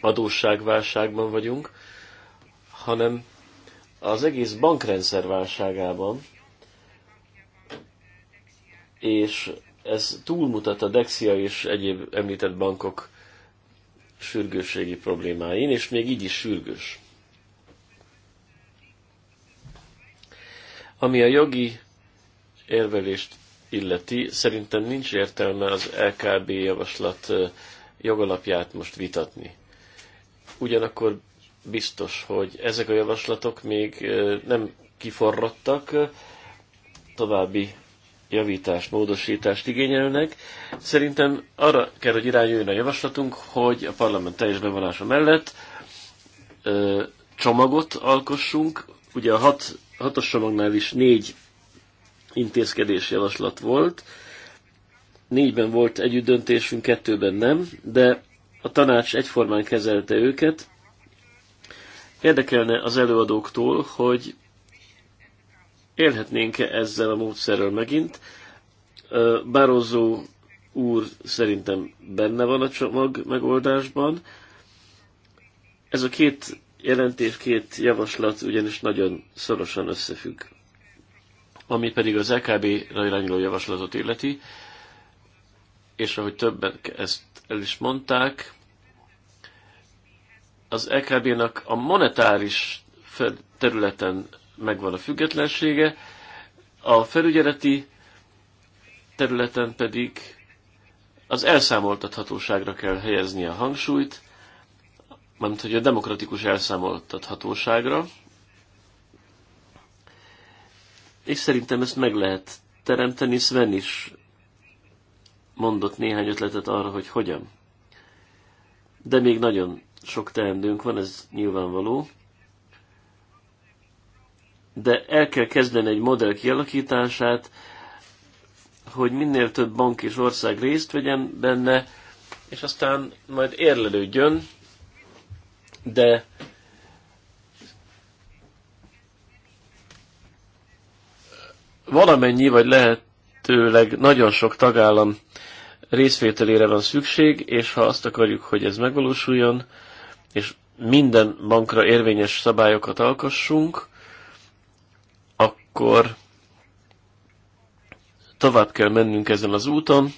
adósságválságban vagyunk, hanem az egész bankrendszer válságában, és ez túlmutat a Dexia és egyéb említett bankok sürgősségi problémáin, és még így is sürgős. Ami a jogi érvelést illeti, szerintem nincs értelme az LKB javaslat jogalapját most vitatni. Ugyanakkor biztos, hogy ezek a javaslatok még nem kiforrottak, további javítást, módosítást igényelnek. Szerintem arra kell, hogy irányuljon a javaslatunk, hogy a parlament teljes bevonása mellett ö, csomagot alkossunk. Ugye a hat hatos csomagnál is négy intézkedés javaslat volt. Négyben volt együtt döntésünk, kettőben nem, de a tanács egyformán kezelte őket. Érdekelne az előadóktól, hogy élhetnénk-e ezzel a módszerrel megint. Bározó úr szerintem benne van a csomag megoldásban. Ez a két jelentés két javaslat ugyanis nagyon szorosan összefügg. Ami pedig az EKB-ra irányuló javaslatot illeti, és ahogy többen ezt el is mondták, az EKB-nak a monetáris területen megvan a függetlensége, a felügyeleti területen pedig az elszámoltathatóságra kell helyezni a hangsúlyt, mármint hogy a demokratikus elszámoltathatóságra, és szerintem ezt meg lehet teremteni. Sven is mondott néhány ötletet arra, hogy hogyan. De még nagyon sok teendőnk van, ez nyilvánvaló. De el kell kezdeni egy modell kialakítását, hogy minél több bank és ország részt vegyen benne, és aztán majd érlelődjön, de valamennyi, vagy lehetőleg nagyon sok tagállam részvételére van szükség, és ha azt akarjuk, hogy ez megvalósuljon, és minden bankra érvényes szabályokat alkossunk, akkor tovább kell mennünk ezen az úton.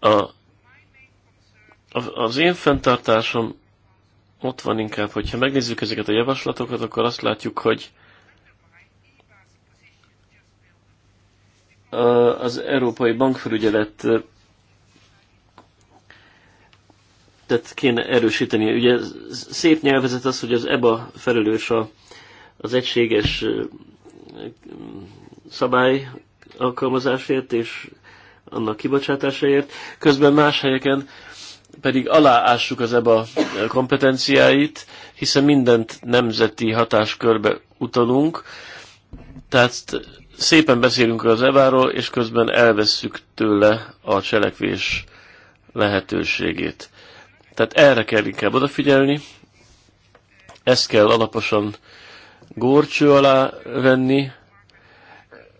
A az én fenntartásom ott van inkább, hogyha megnézzük ezeket a javaslatokat, akkor azt látjuk, hogy az Európai Bankfelügyelet tehát kéne erősíteni. Ugye szép nyelvezet az, hogy az EBA felelős a, az egységes szabály alkalmazásért és annak kibocsátásáért. Közben más helyeken pedig aláássuk az EBA kompetenciáit, hiszen mindent nemzeti hatáskörbe utalunk, tehát szépen beszélünk az EBA-ról, és közben elvesszük tőle a cselekvés lehetőségét. Tehát erre kell inkább odafigyelni, ezt kell alaposan górcső alá venni,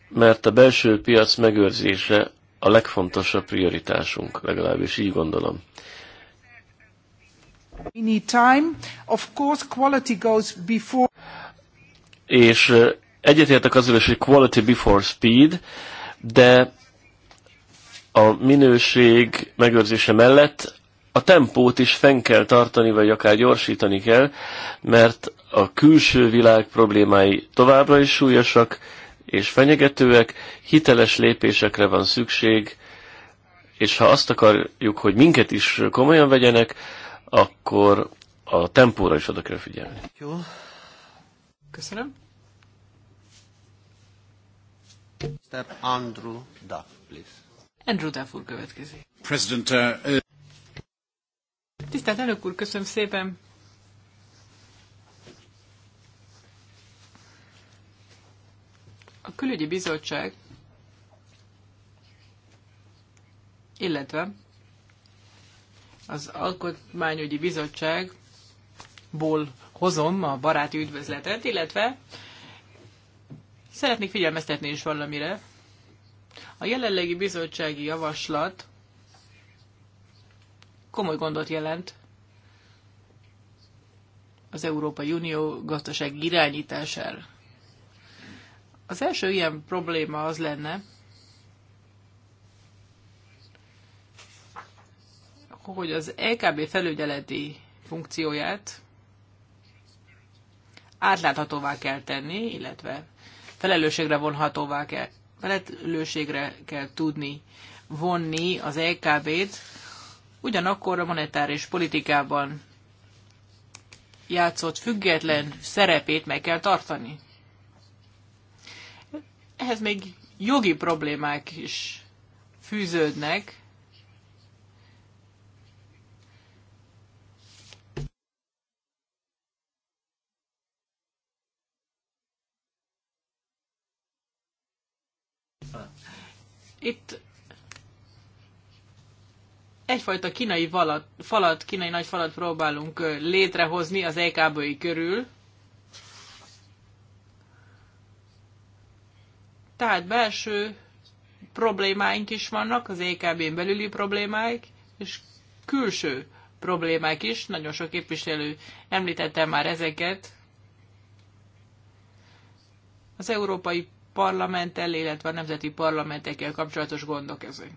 mert a belső piac megőrzése a legfontosabb prioritásunk, legalábbis így gondolom. És egyetértek azzal is, hogy quality before speed, de a minőség megőrzése mellett a tempót is fenn kell tartani, vagy akár gyorsítani kell, mert a külső világ problémái továbbra is súlyosak és fenyegetőek, hiteles lépésekre van szükség, és ha azt akarjuk, hogy minket is komolyan vegyenek, akkor a tempóra is oda kell figyelni. Jó. Köszönöm. Step Andrew Duff, please. Andrew Duff úr következik. President, uh, uh... Tisztelt elnök úr, köszönöm szépen. A külügyi bizottság, illetve az Alkotmányügyi Bizottságból hozom a baráti üdvözletet, illetve szeretnék figyelmeztetni is valamire. A jelenlegi bizottsági javaslat komoly gondot jelent az Európai Unió gazdasági irányítására. Az első ilyen probléma az lenne, hogy az EKB felügyeleti funkcióját átláthatóvá kell tenni, illetve felelősségre vonhatóvá kell, felelősségre kell tudni vonni az EKB-t, ugyanakkor a monetáris politikában játszott független szerepét meg kell tartani. Ehhez még jogi problémák is fűződnek, Itt egyfajta kínai valat, falat, kínai nagy falat próbálunk létrehozni az EKB-i körül. Tehát belső problémáink is vannak, az EKB-n belüli problémáik, és külső problémák is. Nagyon sok képviselő említette már ezeket. Az Európai parlamenttel, illetve a nemzeti parlamentekkel kapcsolatos gondok ezek.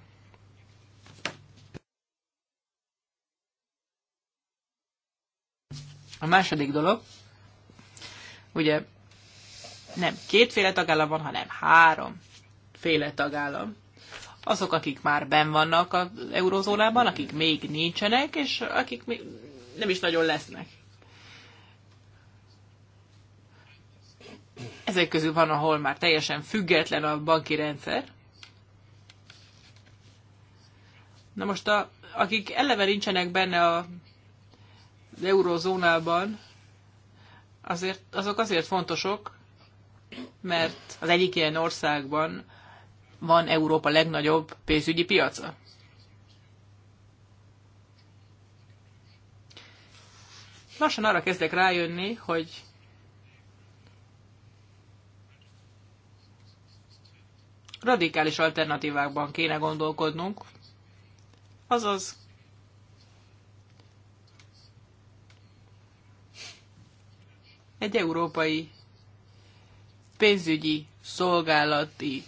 A második dolog, ugye nem kétféle tagállam van, hanem háromféle tagállam. Azok, akik már ben vannak az eurozónában, akik még nincsenek, és akik még nem is nagyon lesznek. ezek közül van, ahol már teljesen független a banki rendszer. Na most, a, akik eleve nincsenek benne a, az eurozónában, azért, azok azért fontosok, mert az egyik ilyen országban van Európa legnagyobb pénzügyi piaca. Lassan arra kezdek rájönni, hogy radikális alternatívákban kéne gondolkodnunk, azaz egy európai pénzügyi szolgálati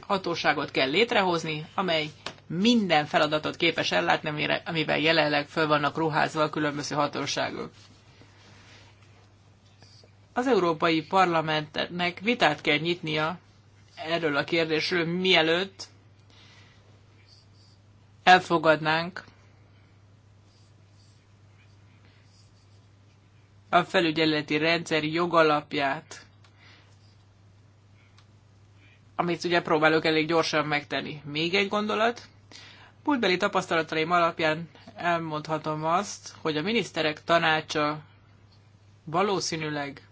hatóságot kell létrehozni, amely minden feladatot képes ellátni, amivel jelenleg föl vannak ruházva a különböző hatóságok. Az Európai Parlamentnek vitát kell nyitnia erről a kérdésről, mielőtt elfogadnánk a felügyeleti rendszer jogalapját, amit ugye próbálok elég gyorsan megtenni. Még egy gondolat. Múltbeli tapasztalataim alapján elmondhatom azt, hogy a miniszterek tanácsa valószínűleg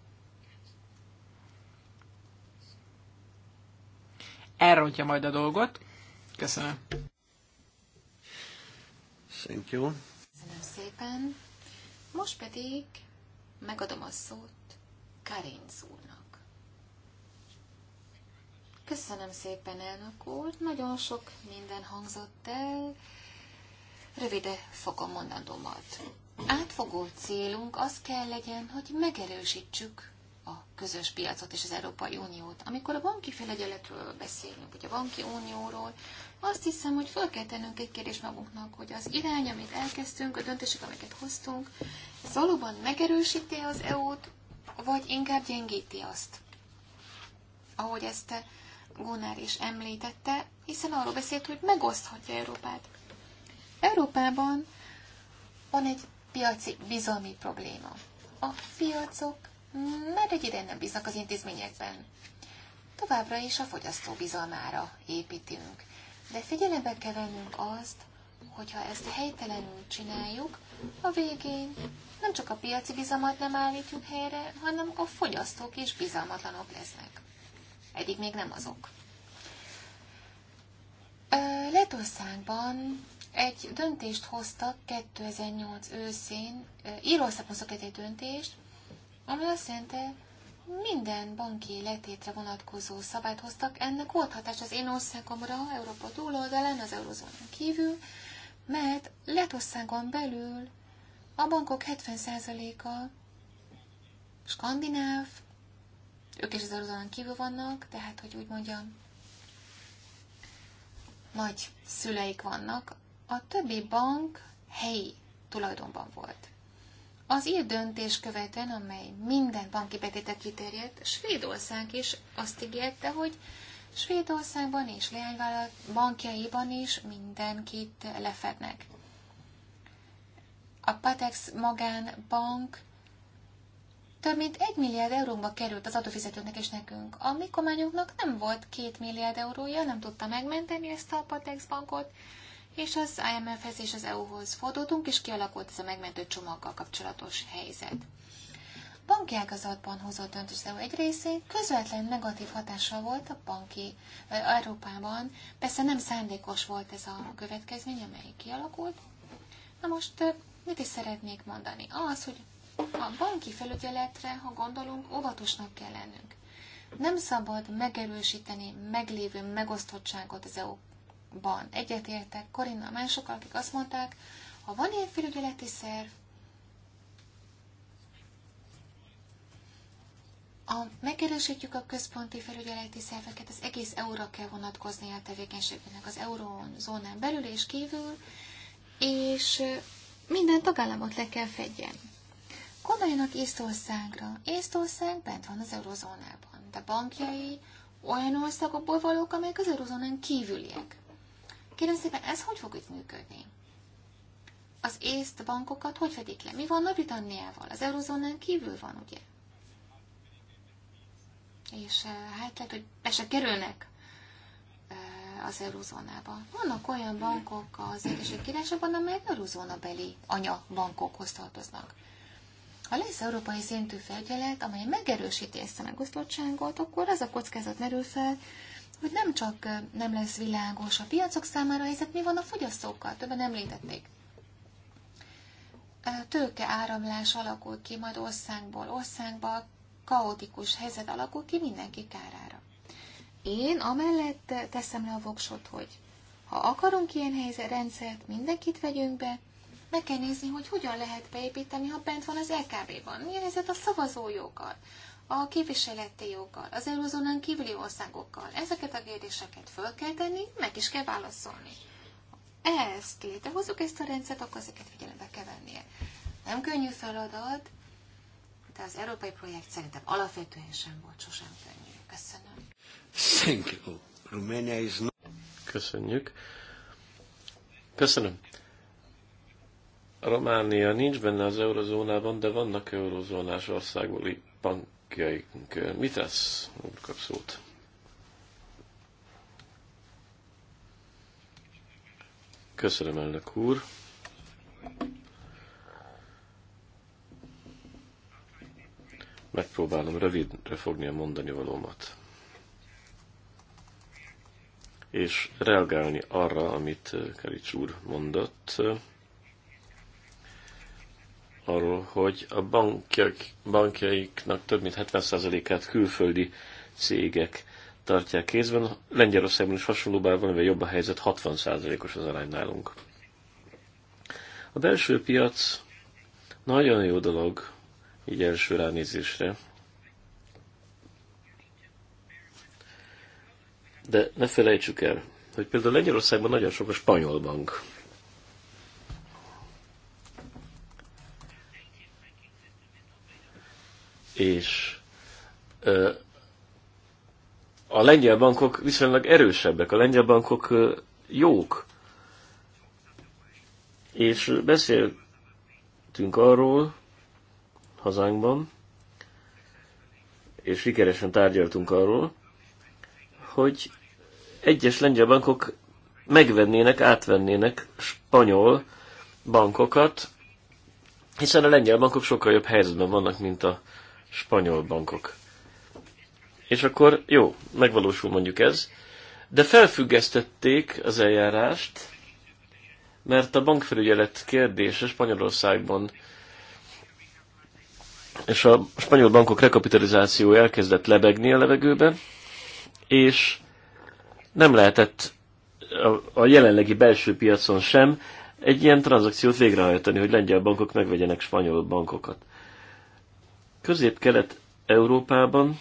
elrontja majd a dolgot. Köszönöm. Thank you. Köszönöm szépen. Most pedig megadom a szót Karin úrnak. Köszönöm szépen, elnök úr. Nagyon sok minden hangzott el. Rövide fogom mondanomat. Átfogó célunk az kell legyen, hogy megerősítsük a közös piacot és az Európai Uniót. Amikor a banki felegyeletről beszélünk, ugye a banki unióról, azt hiszem, hogy fel kell tennünk egy kérdés magunknak, hogy az irány, amit elkezdtünk, a döntések, amiket hoztunk, ez valóban megerősíti az EU-t, vagy inkább gyengíti azt. Ahogy ezt Gunnar is említette, hiszen arról beszélt, hogy megoszthatja Európát. Európában van egy piaci bizalmi probléma. A piacok mert egy ideje nem bíznak az intézményekben. Továbbra is a fogyasztó bizalmára építünk. De figyelembe kell vennünk azt, hogyha ezt helytelenül csináljuk, a végén nem csak a piaci bizalmat nem állítjuk helyre, hanem a fogyasztók is bizalmatlanok lesznek. Eddig még nem azok. Letországban egy döntést hoztak 2008 őszén, Írországban egy döntést, ami azt jelenti, minden banki letétre vonatkozó szabályt hoztak, ennek volt hatás az én országomra, Európa túloldalán, az eurozónán kívül, mert Letországon belül a bankok 70%-a skandináv, ők is az eurozónán kívül vannak, tehát, hogy úgy mondjam, nagy szüleik vannak. A többi bank helyi tulajdonban volt. Az ír döntés követően, amely minden banki betétet kiterjedt, Svédország is azt ígérte, hogy Svédországban és leányvállalat bankjaiban is mindenkit lefednek. A Patex magánbank több mint egy milliárd euróba került az adófizetőnek és nekünk. A mi nem volt két milliárd eurója, nem tudta megmenteni ezt a Patex bankot, és az IMF-hez és az EU-hoz fordultunk, és kialakult ez a megmentő csomaggal kapcsolatos helyzet. Banki ágazatban hozott döntés az EU egy részén közvetlen negatív hatása volt a banki Európában. Persze nem szándékos volt ez a következmény, amely kialakult. Na most mit is szeretnék mondani? Az, hogy a banki felügyeletre, ha gondolunk, óvatosnak kell lennünk. Nem szabad megerősíteni meglévő megosztottságot az EU ban egyetértek Korinna, másokkal, akik azt mondták, ha van ilyen felügyeleti szerv, A, megerősítjük a központi felügyeleti szerveket, az egész euróra kell vonatkozni a tevékenységének az eurózónán belül és kívül, és minden tagállamot le kell fedjen. Gondoljanak Észtországra. Észtország bent van az eurózónában, de bankjai olyan országokból valók, amelyek az eurózónán kívüliek. Kérem szépen, ez hogy fog itt működni? Az észt bankokat hogy fedik le? Mi van Nagy-Britanniával? Az eurozónán kívül van, ugye? És eh, hát lehet, hogy be se kerülnek eh, az eurozónába. Vannak olyan bankok az Egyesült Királyságban, amelyek eurozóna beli anya bankokhoz tartoznak. Ha lesz európai szintű felügyelet, amely megerősíti ezt a megosztottságot, akkor az a kockázat merül fel, hogy nem csak nem lesz világos a piacok számára a helyzet, mi van a fogyasztókkal, többen említették. Tőke áramlás alakul ki majd országból országba, kaotikus helyzet alakul ki mindenki kárára. Én amellett teszem le a voksot, hogy ha akarunk ilyen helyzet, rendszert, mindenkit vegyünk be, meg kell nézni, hogy hogyan lehet beépíteni, ha bent van az LKB-ban. Milyen helyzet a szavazójoggal? a képviseleti joggal, az eurozónán kívüli országokkal. Ezeket a kérdéseket föl kell tenni, meg is kell válaszolni. Ezt létrehozzuk ezt a rendszert, akkor ezeket figyelembe kell vennie. Nem könnyű feladat, de az európai projekt szerintem alapvetően sem volt sosem könnyű. Köszönöm. Thank you. Romania is not... Köszönjük. Köszönöm. Románia nincs benne az eurozónában, de vannak eurozónás országban alapjaink. Mit tesz? Úr kap szót. Köszönöm, elnök úr. Megpróbálom rövidre fogni a mondani valómat. És reagálni arra, amit Kerics úr mondott arról, hogy a bankjaik, bankjaiknak több mint 70%-át külföldi cégek tartják kézben. Lengyelországban is hasonló, bár mivel jobb a helyzet, 60%-os az arány nálunk. A belső piac nagyon jó dolog, így első ránézésre. De ne felejtsük el, hogy például Lengyelországban nagyon sok a spanyol bank. és a lengyel bankok viszonylag erősebbek, a lengyel bankok jók. És beszéltünk arról hazánkban, és sikeresen tárgyaltunk arról, hogy egyes lengyel bankok megvennének, átvennének spanyol bankokat, hiszen a lengyel bankok sokkal jobb helyzetben vannak, mint a spanyol bankok. És akkor jó, megvalósul mondjuk ez, de felfüggesztették az eljárást, mert a bankfelügyelet kérdése Spanyolországban és a spanyol bankok rekapitalizációja elkezdett lebegni a levegőbe, és nem lehetett a, a jelenlegi belső piacon sem egy ilyen tranzakciót végrehajtani, hogy lengyel bankok megvegyenek spanyol bankokat. Közép-Kelet-Európában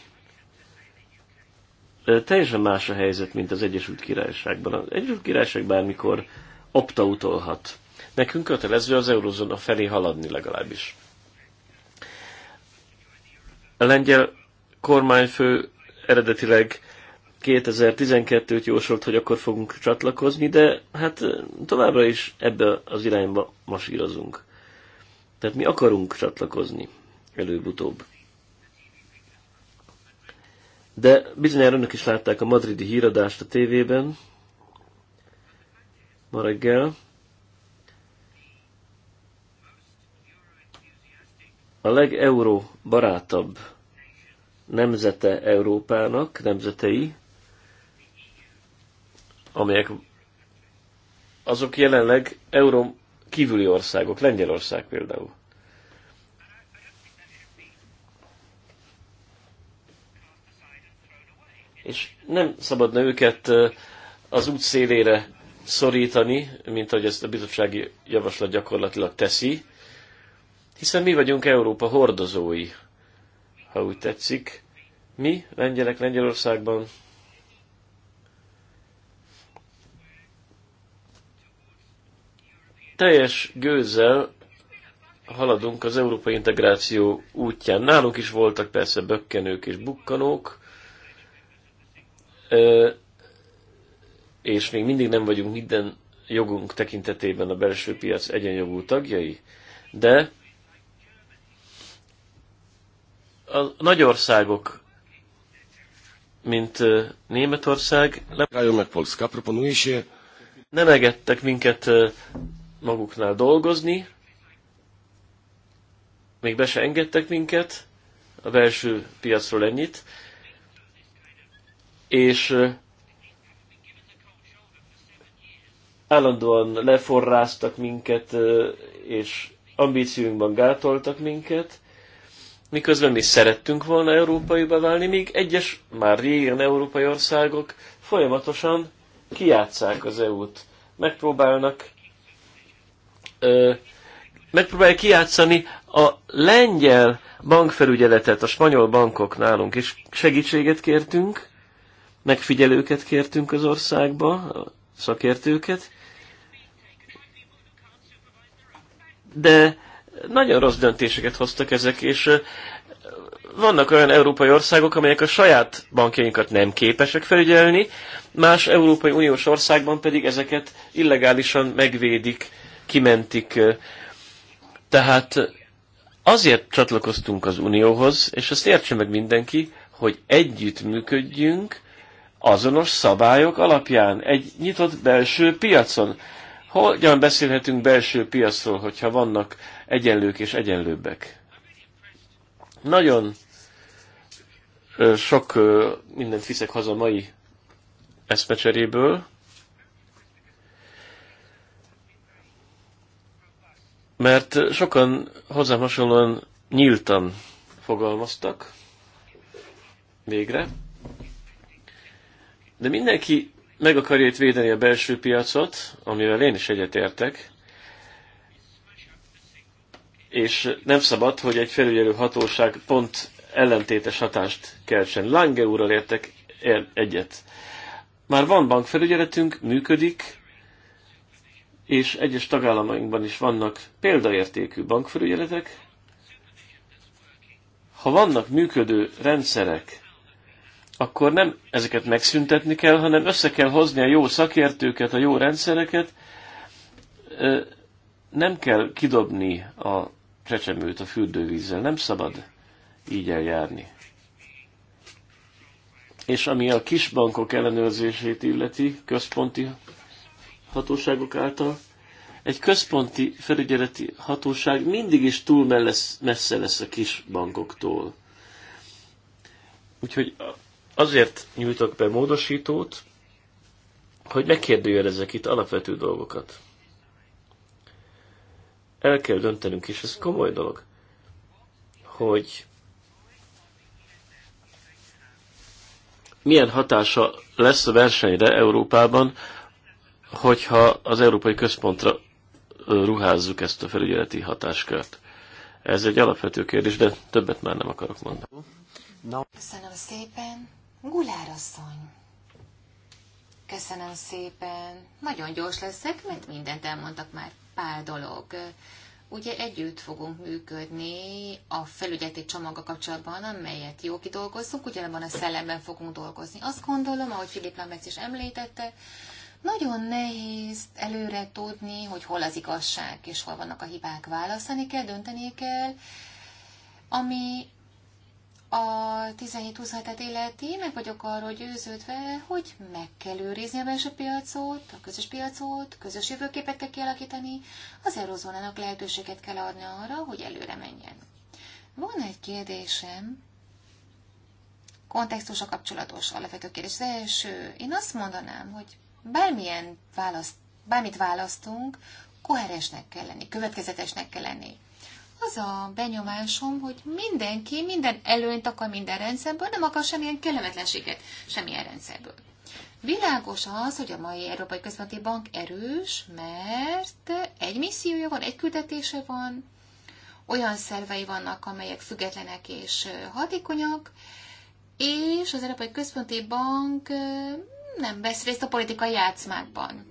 teljesen más a helyzet, mint az Egyesült Királyságban. Az Egyesült Királyság bármikor utolhat, Nekünk kötelező az eurozóna felé haladni legalábbis. A lengyel kormányfő eredetileg 2012-t jósolt, hogy akkor fogunk csatlakozni, de hát továbbra is ebbe az irányba masírozunk. Tehát mi akarunk csatlakozni előbb-utóbb. De bizonyára önök is látták a madridi híradást a tévében ma reggel. A legeuró barátabb nemzete Európának, nemzetei, amelyek azok jelenleg euró kívüli országok, Lengyelország például. és nem szabadna őket az út szélére szorítani, mint ahogy ezt a bizottsági javaslat gyakorlatilag teszi, hiszen mi vagyunk Európa hordozói, ha úgy tetszik. Mi, lengyelek Lengyelországban, teljes gőzzel haladunk az európai integráció útján. Nálunk is voltak persze bökkenők és bukkanók, és még mindig nem vagyunk minden jogunk tekintetében a belső piac egyenjogú tagjai, de a nagy országok, mint Németország, nem, nem egettek minket maguknál dolgozni, még be se engedtek minket, a belső piacról ennyit, és állandóan leforráztak minket, és ambícióinkban gátoltak minket, miközben mi szerettünk volna európaiba válni, míg egyes, már régen európai országok folyamatosan kiátszák az EU-t. Megpróbálnak ö, megpróbálják kiátszani a lengyel bankfelügyeletet, a spanyol bankok nálunk, és segítséget kértünk, megfigyelőket kértünk az országba, szakértőket, de nagyon rossz döntéseket hoztak ezek, és vannak olyan európai országok, amelyek a saját bankjainkat nem képesek felügyelni, más Európai Uniós országban pedig ezeket illegálisan megvédik, kimentik. Tehát azért csatlakoztunk az Unióhoz, és ezt értse meg mindenki, hogy együtt működjünk, azonos szabályok alapján, egy nyitott belső piacon. Hogyan beszélhetünk belső piacról, hogyha vannak egyenlők és egyenlőbbek? Nagyon sok mindent viszek haza mai eszmecseréből, mert sokan hozzám hasonlóan nyíltan fogalmaztak végre. De mindenki meg akarja itt védeni a belső piacot, amivel én is egyetértek, és nem szabad, hogy egy felügyelő hatóság pont ellentétes hatást keltsen. Lange úrral értek egyet. Már van bankfelügyeletünk, működik, és egyes tagállamainkban is vannak példaértékű bankfelügyeletek. Ha vannak működő rendszerek, akkor nem ezeket megszüntetni kell, hanem össze kell hozni a jó szakértőket, a jó rendszereket. Nem kell kidobni a csecsemőt a fürdővízzel, nem szabad így eljárni. És ami a kisbankok ellenőrzését illeti, központi hatóságok által, egy központi felügyeleti hatóság mindig is túl messze lesz a kis bankoktól. Úgyhogy Azért nyújtok be módosítót, hogy megkérdőjelezzek itt alapvető dolgokat. El kell döntenünk, és ez komoly dolog, hogy milyen hatása lesz a versenyre Európában, hogyha az Európai Központra ruházzuk ezt a felügyeleti hatáskört. Ez egy alapvető kérdés, de többet már nem akarok mondani. Köszönöm szépen! asszony. Köszönöm szépen. Nagyon gyors leszek, mert mindent elmondtak már pár dolog. Ugye együtt fogunk működni a felügyeti csomaga kapcsolatban, amelyet jó kidolgozzunk, ugyanabban a szellemben fogunk dolgozni. Azt gondolom, ahogy Filip Lamec is említette, nagyon nehéz előre tudni, hogy hol az igazság és hol vannak a hibák. Választani kell, dönteni kell, ami a 17-27-et illeti, meg vagyok arról győződve, hogy meg kell őrizni a belső piacot, a közös piacot, közös jövőképet kell kialakítani, az eurozónának lehetőséget kell adni arra, hogy előre menjen. Van egy kérdésem, kontextusa kapcsolatos alapvető kérdés. Az első, én azt mondanám, hogy bármilyen választ, bármit választunk, koherensnek kell lenni, következetesnek kell lenni az a benyomásom, hogy mindenki minden előnyt akar minden rendszerből, nem akar semmilyen kellemetlenséget semmilyen rendszerből. Világos az, hogy a mai Európai Központi Bank erős, mert egy missziója van, egy küldetése van, olyan szervei vannak, amelyek függetlenek és hatékonyak, és az Európai Központi Bank nem vesz részt a politikai játszmákban.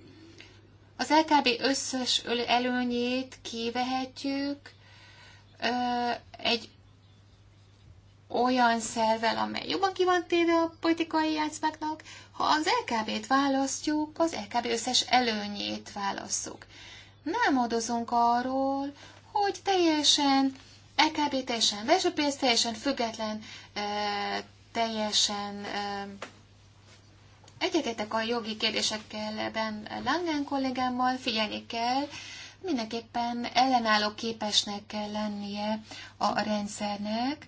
Az LKB összes előnyét kivehetjük, egy olyan szervel, amely jobban ki van téve a politikai játszmáknak, ha az LKB-t választjuk, az LKB összes előnyét válasszuk. Nem adozunk arról, hogy teljesen LKB teljesen versenypénz, teljesen független, teljesen egyetetek a jogi kérdésekkel, ebben Langen kollégámmal figyelni kell, mindenképpen ellenálló képesnek kell lennie a rendszernek.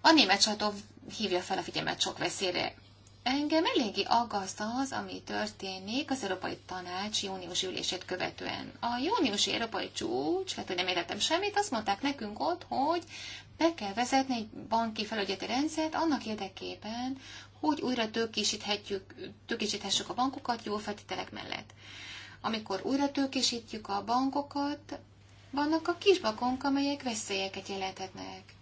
A német sajtó hívja fel a figyelmet sok veszélyre. Engem eléggé aggaszt az, ami történik az Európai Tanács június ülését követően. A júniusi Európai Csúcs, hát hogy nem értettem semmit, azt mondták nekünk ott, hogy be kell vezetni egy banki felügyeti rendszert annak érdekében, hogy újra tökésíthessük a bankokat jó feltételek mellett. Amikor újra tőkésítjük a bankokat, vannak a bankok, amelyek veszélyeket jelenthetnek.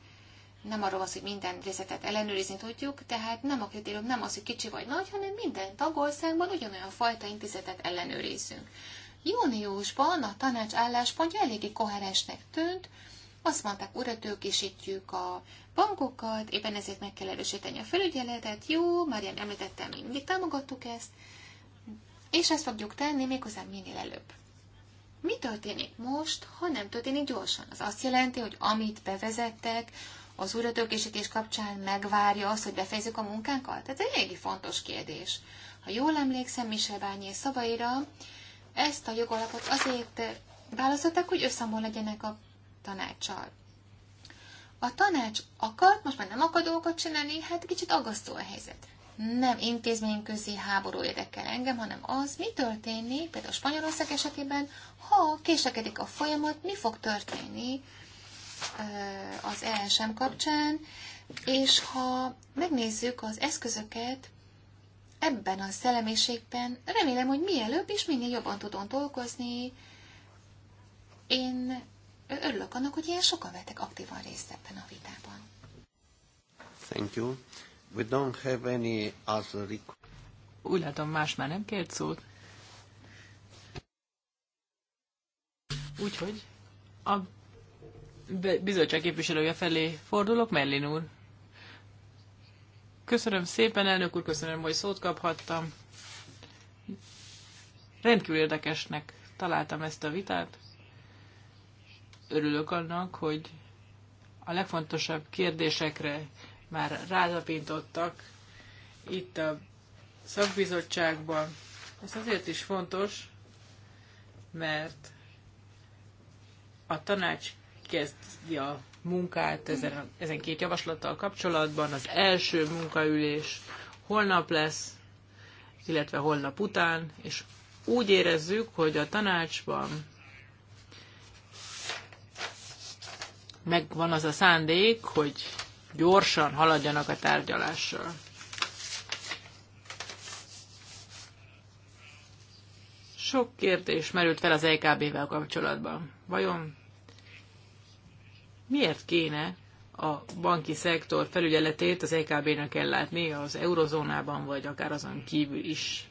Nem arról az, hogy minden részletet ellenőrizni tudjuk, tehát nem a kritérium nem az, hogy kicsi vagy nagy, hanem minden tagországban ugyanolyan fajta intézetet ellenőrizzünk. Júniusban a tanács álláspontja eléggé koherensnek tűnt, azt mondták, ura, tőkésítjük a bankokat, éppen ezért meg kell erősíteni a felügyeletet, jó, már ilyen említettem, mi mindig támogattuk ezt, és ezt fogjuk tenni méghozzá minél előbb. Mi történik most, ha nem történik gyorsan? Az azt jelenti, hogy amit bevezettek, az újratörkésítés kapcsán megvárja azt, hogy befejezzük a munkánkat? Ez egy eléggé fontos kérdés. Ha jól emlékszem Michel Bányé szavaira, ezt a jogalapot azért választották, hogy összamol legyenek a tanácssal. A tanács akart, most már nem akar dolgokat csinálni, hát kicsit aggasztó a helyzet nem intézményközi háború érdekel engem, hanem az, mi történik, például Spanyolország esetében, ha késlekedik a folyamat, mi fog történni az ESM kapcsán, és ha megnézzük az eszközöket ebben a szellemiségben, remélem, hogy mielőbb is minél jobban tudom dolgozni. Én örülök annak, hogy ilyen sokan vettek aktívan részt ebben a vitában. Thank you. We don't have any other Úgy látom, más már nem kért szót. Úgyhogy a bizottság képviselője felé fordulok, Merlin úr. Köszönöm szépen, elnök úr, köszönöm, hogy szót kaphattam. Rendkívül érdekesnek találtam ezt a vitát. Örülök annak, hogy a legfontosabb kérdésekre már rátapintottak itt a szakbizottságban. Ez azért is fontos, mert a tanács kezdi a munkát ezen, ezen két javaslattal kapcsolatban. Az első munkaülés holnap lesz, illetve holnap után, és úgy érezzük, hogy a tanácsban megvan az a szándék, hogy gyorsan haladjanak a tárgyalással. Sok kérdés merült fel az EKB-vel kapcsolatban. Vajon miért kéne a banki szektor felügyeletét az EKB-nek ellátni az eurozónában, vagy akár azon kívül is?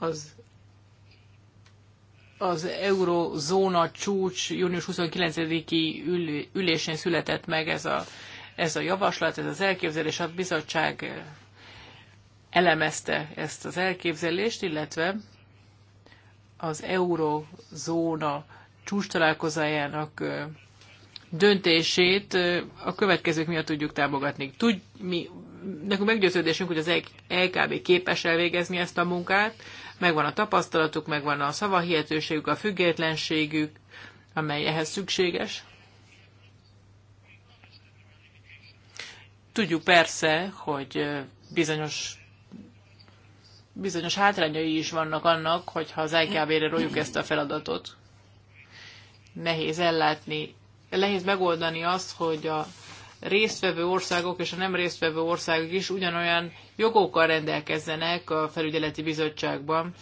Az az eurozóna csúcs június 29-i ülésén született meg ez a, ez a javaslat, ez az elképzelés. A bizottság elemezte ezt az elképzelést, illetve az eurozóna csúcs találkozájának döntését a következők miatt tudjuk támogatni. Tud, mi nekünk meggyőződésünk, hogy az LKB e- e képes elvégezni ezt a munkát, megvan a tapasztalatuk, megvan a szavahihetőségük, a függetlenségük, amely ehhez szükséges. Tudjuk persze, hogy bizonyos, bizonyos hátrányai is vannak annak, hogyha az LKB-re e rójuk ezt a feladatot. Nehéz ellátni, nehéz megoldani azt, hogy a résztvevő országok és a nem résztvevő országok is ugyanolyan jogokkal rendelkezzenek a felügyeleti bizottságban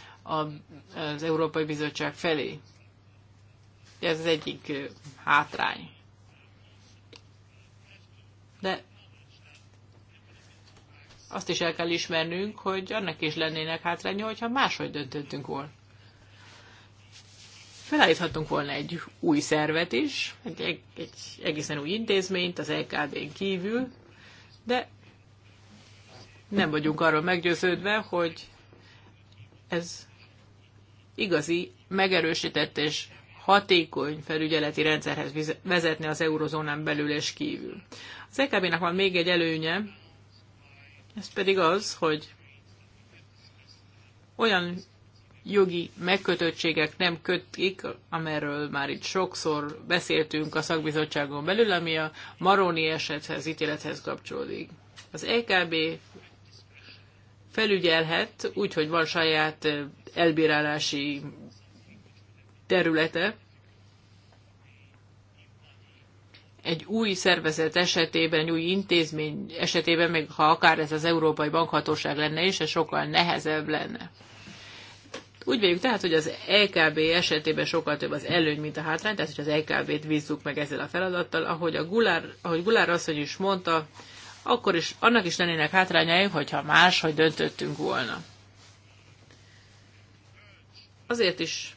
az Európai Bizottság felé. Ez az egyik hátrány. De azt is el kell ismernünk, hogy annak is lennének hátránya, hogyha máshogy döntöttünk volna felállíthatunk volna egy új szervet is, egy, egy egészen új intézményt az lkd n kívül, de nem vagyunk arról meggyőződve, hogy ez igazi, megerősített és hatékony felügyeleti rendszerhez vezetni az eurozónán belül és kívül. Az EKB-nak van még egy előnye, ez pedig az, hogy olyan jogi megkötöttségek nem kötik, amerről már itt sokszor beszéltünk a szakbizottságon belül, ami a Maroni esethez, ítélethez kapcsolódik. Az EKB felügyelhet úgyhogy van saját elbírálási területe. Egy új szervezet esetében, egy új intézmény esetében, még ha akár ez az Európai Bankhatóság lenne is, ez sokkal nehezebb lenne. Úgy véljük tehát, hogy az LKB e esetében sokkal több az előny, mint a hátrány, tehát hogy az LKB-t e bízzuk meg ezzel a feladattal, ahogy a Gulár, ahogy Gulár asszony is mondta, akkor is, annak is lennének hátrányai, hogyha máshogy döntöttünk volna. Azért is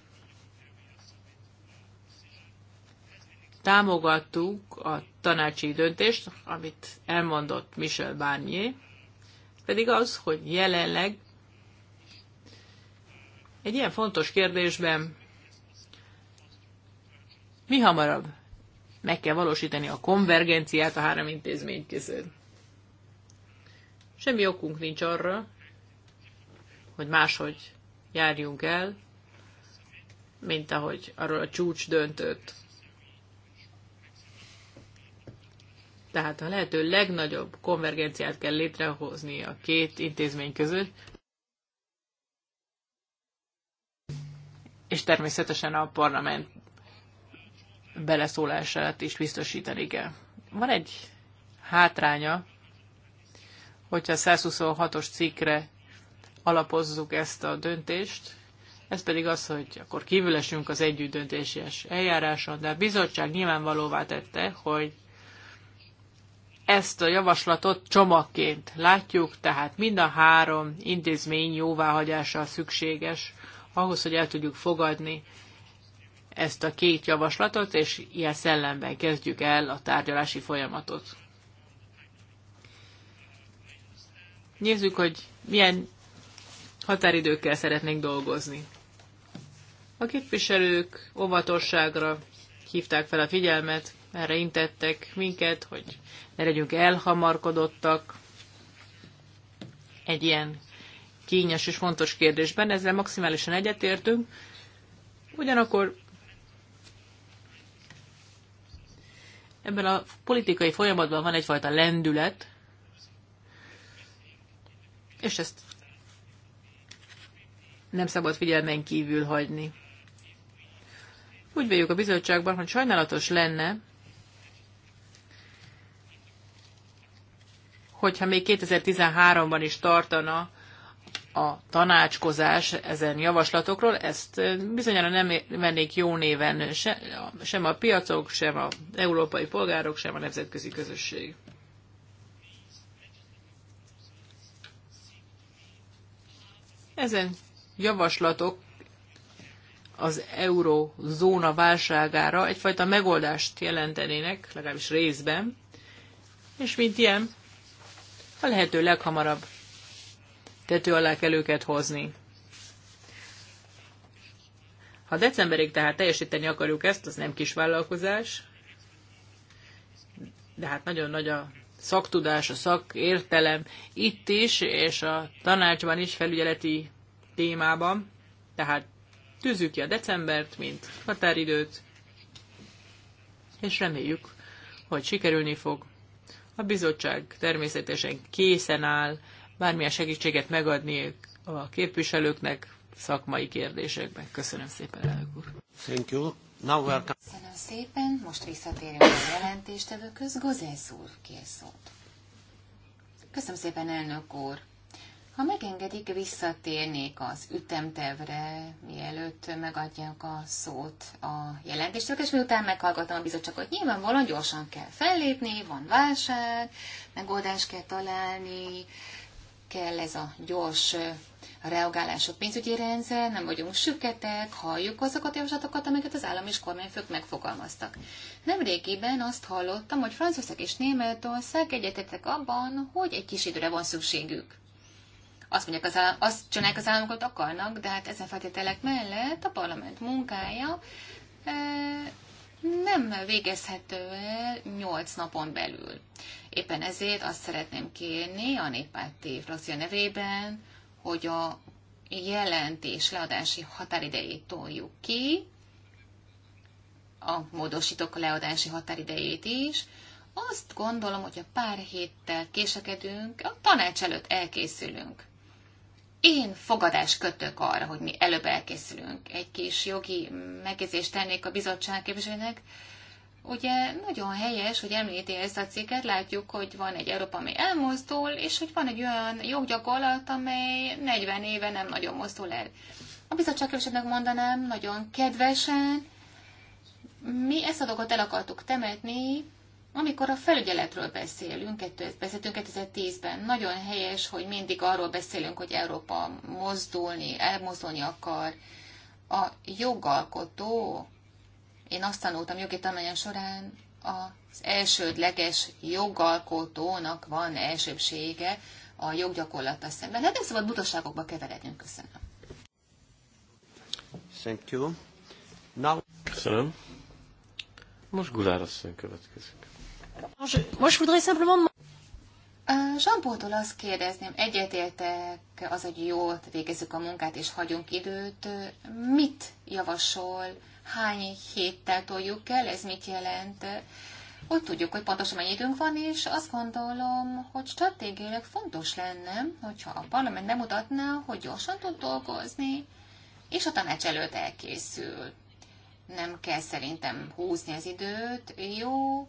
támogattuk a tanácsi döntést, amit elmondott Michel Barnier, pedig az, hogy jelenleg egy ilyen fontos kérdésben mi hamarabb meg kell valósítani a konvergenciát a három intézmény között. Semmi okunk nincs arra, hogy máshogy járjunk el, mint ahogy arról a csúcs döntött. Tehát a lehető legnagyobb konvergenciát kell létrehozni a két intézmény között, és természetesen a parlament beleszólását is biztosítani kell. Van egy hátránya, hogyha 126-os cikkre alapozzuk ezt a döntést, ez pedig az, hogy akkor kívülesünk az együttdöntéses eljáráson, de a bizottság nyilvánvalóvá tette, hogy ezt a javaslatot csomagként látjuk, tehát mind a három intézmény jóváhagyása szükséges ahhoz, hogy el tudjuk fogadni ezt a két javaslatot, és ilyen szellemben kezdjük el a tárgyalási folyamatot. Nézzük, hogy milyen határidőkkel szeretnénk dolgozni. A képviselők óvatosságra hívták fel a figyelmet, erre intettek minket, hogy ne legyünk elhamarkodottak egy ilyen kényes és fontos kérdésben, ezzel maximálisan egyetértünk. Ugyanakkor ebben a politikai folyamatban van egyfajta lendület, és ezt nem szabad figyelmen kívül hagyni. Úgy véljük a bizottságban, hogy sajnálatos lenne, hogyha még 2013-ban is tartana a tanácskozás ezen javaslatokról, ezt bizonyára nem vennék jó néven se, sem a piacok, sem az európai polgárok, sem a nemzetközi közösség. Ezen javaslatok az eurozóna válságára egyfajta megoldást jelentenének, legalábbis részben, és mint ilyen, a lehető leghamarabb tető alá kell őket hozni. Ha decemberig tehát teljesíteni akarjuk ezt, az nem kis vállalkozás, de hát nagyon nagy a szaktudás, a szakértelem itt is, és a tanácsban is felügyeleti témában. Tehát tűzzük ki a decembert, mint határidőt, és reméljük, hogy sikerülni fog. A bizottság természetesen készen áll bármilyen segítséget megadni a képviselőknek szakmai kérdésekben. Köszönöm szépen, elnök úr. Thank you. Now we are... Köszönöm szépen. Most visszatérünk a jelentéstevőköz. Gozesz úr kér szót. Köszönöm szépen, elnök úr. Ha megengedik, visszatérnék az ütemtevre, mielőtt megadják a szót a jelentéstől, és miután meghallgatom a bizottságot, nyilvánvalóan gyorsan kell fellépni, van válság, megoldást kell találni, kell ez a gyors reagálás a pénzügyi rendszer, nem vagyunk süketek, halljuk azokat a javaslatokat, amiket az állam és kormányfők megfogalmaztak. Nemrégiben azt hallottam, hogy Franciaország és Németország egyetettek abban, hogy egy kis időre van szükségük. Azt mondják, az állam, azt csinálják az államok, akarnak, de hát ezen feltételek mellett a parlament munkája nem végezhető el 8 napon belül. Éppen ezért azt szeretném kérni a néppárti frakció nevében, hogy a jelentés leadási határidejét toljuk ki, a módosítók leadási határidejét is. Azt gondolom, hogy a pár héttel késekedünk, a tanács előtt elkészülünk én fogadás kötök arra, hogy mi előbb elkészülünk. Egy kis jogi megjegyzést tennék a bizottság képviselőnek. Ugye nagyon helyes, hogy említi ezt a cikket, látjuk, hogy van egy Európa, ami elmozdul, és hogy van egy olyan joggyakorlat, amely 40 éve nem nagyon mozdul el. A bizottság képviselőnek mondanám nagyon kedvesen, mi ezt a dolgot el akartuk temetni, amikor a felügyeletről beszélünk, beszéltünk 2010-ben, nagyon helyes, hogy mindig arról beszélünk, hogy Európa mozdulni, elmozdulni akar. A jogalkotó, én azt tanultam jogi tanulmányom során, az elsődleges jogalkotónak van elsőbsége a joggyakorlata szemben. Hát nem szabad butaságokba keverednünk. Köszönöm. Thank you. Now... Köszönöm. Most Gulár asszony következik. Jean-Paul-tól azt kérdezném, egyetértek az, hogy jó, végezzük a munkát és hagyunk időt. Mit javasol? Hány héttel toljuk el? Ez mit jelent? Úgy tudjuk, hogy pontosan mennyi időnk van, és azt gondolom, hogy stratégiailag fontos lenne, hogyha a parlament mutatná, hogy gyorsan tud dolgozni, és a tanács előtt elkészül. Nem kell szerintem húzni az időt. Jó,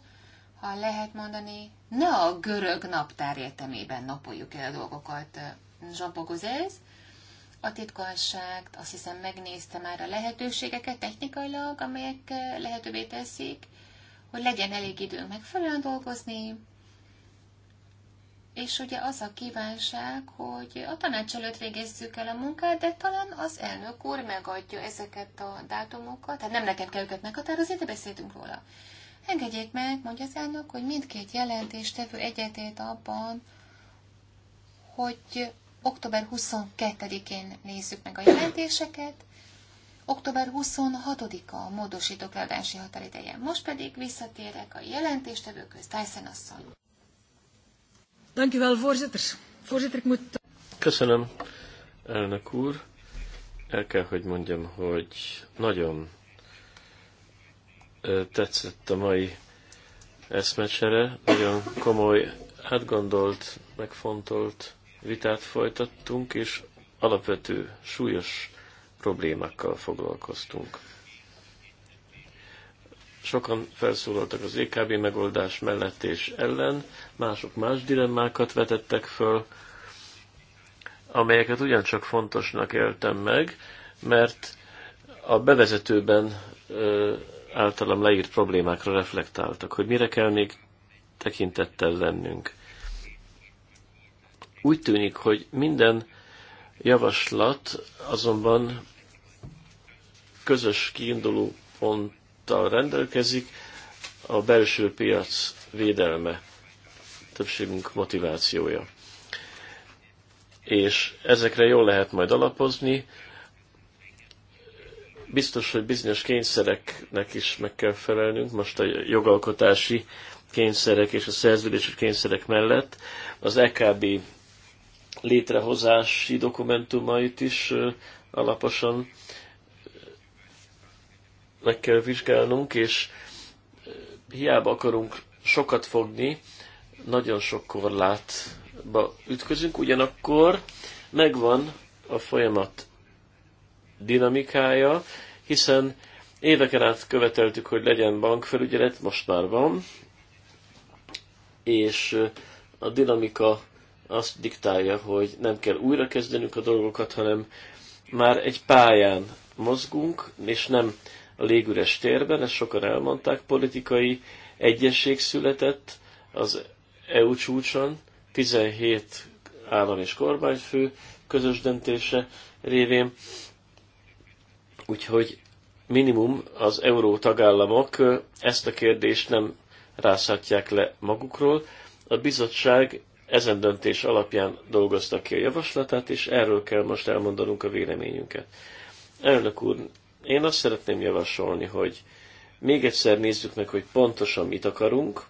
ha lehet mondani, ne a görög naptár értelmében napoljuk el a dolgokat. jean ez. a titkosságot, azt hiszem megnézte már a lehetőségeket technikailag, amelyek eh, lehetővé teszik, hogy legyen elég időnk megfelelően dolgozni, és ugye az a kívánság, hogy a tanács előtt végezzük el a munkát, de talán az elnök úr megadja ezeket a dátumokat, tehát nem nekem kell őket meghatározni, de beszéltünk róla. Engedjék meg, mondja az elnök, hogy mindkét jelentéstevő egyetért abban, hogy október 22-én nézzük meg a jelentéseket, október 26-a a módosítók leadási határideje. Most pedig visszatérek a jelentéstevőköz, Tyson asszony. Dankjewel, voorzitter. Voorzitter, ik moet... Köszönöm, elnök úr. El kell, hogy mondjam, hogy nagyon tetszett a mai eszmecsere. Nagyon komoly, átgondolt, megfontolt vitát folytattunk, és alapvető, súlyos problémákkal foglalkoztunk. Sokan felszólaltak az EKB megoldás mellett és ellen, mások más dilemmákat vetettek föl, amelyeket ugyancsak fontosnak éltem meg, mert a bevezetőben általam leírt problémákra reflektáltak, hogy mire kell még tekintettel lennünk. Úgy tűnik, hogy minden javaslat azonban közös kiinduló ponttal rendelkezik, a belső piac védelme többségünk motivációja. És ezekre jól lehet majd alapozni, Biztos, hogy bizonyos kényszereknek is meg kell felelnünk, most a jogalkotási kényszerek és a szerződési kényszerek mellett. Az EKB létrehozási dokumentumait is alaposan meg kell vizsgálnunk, és hiába akarunk sokat fogni, nagyon sok korlátba ütközünk, ugyanakkor megvan a folyamat dinamikája, hiszen éveken át követeltük, hogy legyen bankfelügyelet, most már van, és a dinamika azt diktálja, hogy nem kell újra kezdenünk a dolgokat, hanem már egy pályán mozgunk, és nem a légüres térben, ezt sokan elmondták, politikai egyesség született az EU csúcson, 17 állam és kormányfő közös döntése révén, Úgyhogy minimum az euró tagállamok ezt a kérdést nem rászhatják le magukról. A bizottság ezen döntés alapján dolgozta ki a javaslatát, és erről kell most elmondanunk a véleményünket. Elnök úr, én azt szeretném javasolni, hogy még egyszer nézzük meg, hogy pontosan mit akarunk,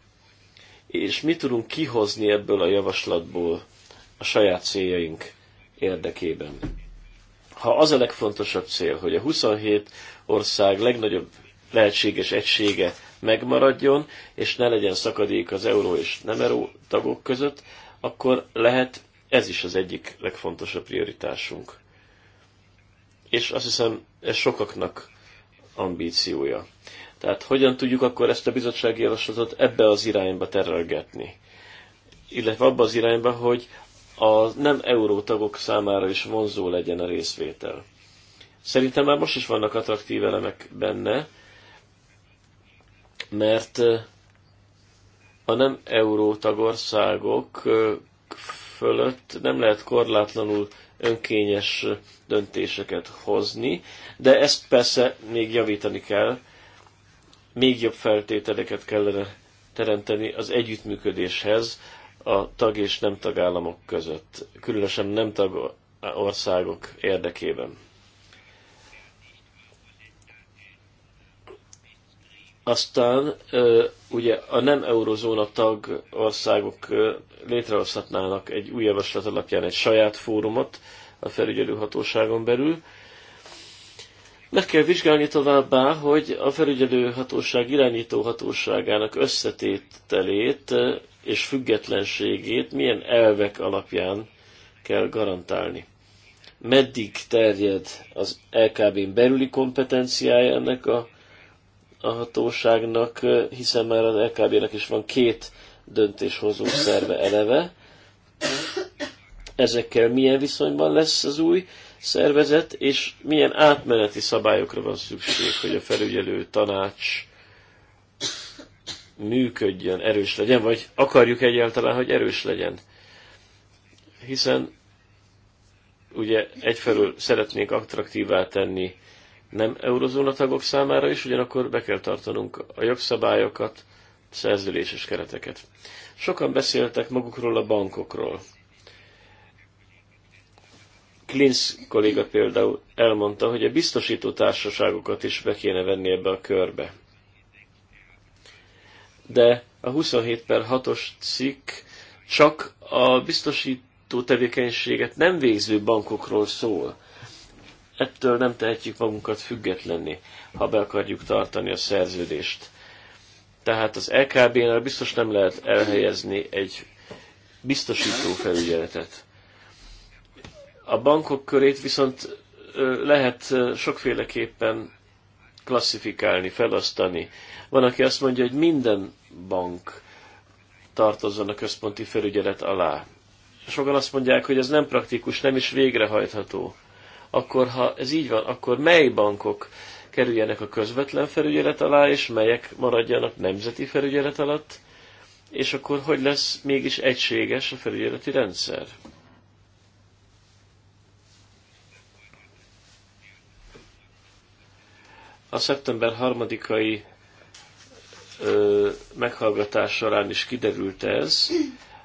és mit tudunk kihozni ebből a javaslatból a saját céljaink érdekében ha az a legfontosabb cél, hogy a 27 ország legnagyobb lehetséges egysége megmaradjon, és ne legyen szakadék az euró és nem euró tagok között, akkor lehet ez is az egyik legfontosabb prioritásunk. És azt hiszem, ez sokaknak ambíciója. Tehát hogyan tudjuk akkor ezt a bizottsági javaslatot ebbe az irányba terelgetni? Illetve abba az irányba, hogy a nem euró tagok számára is vonzó legyen a részvétel. Szerintem már most is vannak attraktív elemek benne, mert a nem euró tagországok fölött nem lehet korlátlanul önkényes döntéseket hozni, de ezt persze még javítani kell, még jobb feltételeket kellene teremteni az együttműködéshez a tag és nem tagállamok között, különösen nem tag országok érdekében. Aztán ugye a nem eurozóna tag országok létrehozhatnának egy új javaslat alapján egy saját fórumot a hatóságon belül. Meg kell vizsgálni továbbá, hogy a hatóság irányító hatóságának összetételét és függetlenségét milyen elvek alapján kell garantálni. Meddig terjed az LKB-n belüli kompetenciája ennek a, a hatóságnak, hiszen már az LKB-nek is van két döntéshozó szerve eleve. Ezekkel milyen viszonyban lesz az új szervezet, és milyen átmeneti szabályokra van szükség, hogy a felügyelő tanács működjön, erős legyen, vagy akarjuk egyáltalán, hogy erős legyen. Hiszen ugye egyfelől szeretnénk attraktívá tenni nem eurozóna tagok számára is, ugyanakkor be kell tartanunk a jogszabályokat, szerződéses kereteket. Sokan beszéltek magukról a bankokról. Klinz kolléga például elmondta, hogy a biztosító társaságokat is be kéne venni ebbe a körbe de a 27 per 6-os cikk csak a biztosító tevékenységet nem végző bankokról szól. Ettől nem tehetjük magunkat függetlenni, ha be akarjuk tartani a szerződést. Tehát az LKB-nál biztos nem lehet elhelyezni egy biztosító felügyeletet. A bankok körét viszont lehet sokféleképpen klasszifikálni, felosztani. Van, aki azt mondja, hogy minden bank tartozzon a központi felügyelet alá. Sokan azt mondják, hogy ez nem praktikus, nem is végrehajtható. Akkor ha ez így van, akkor mely bankok kerüljenek a közvetlen felügyelet alá, és melyek maradjanak nemzeti felügyelet alatt, és akkor hogy lesz mégis egységes a felügyeleti rendszer? A szeptember harmadikai ö, meghallgatás során is kiderült ez,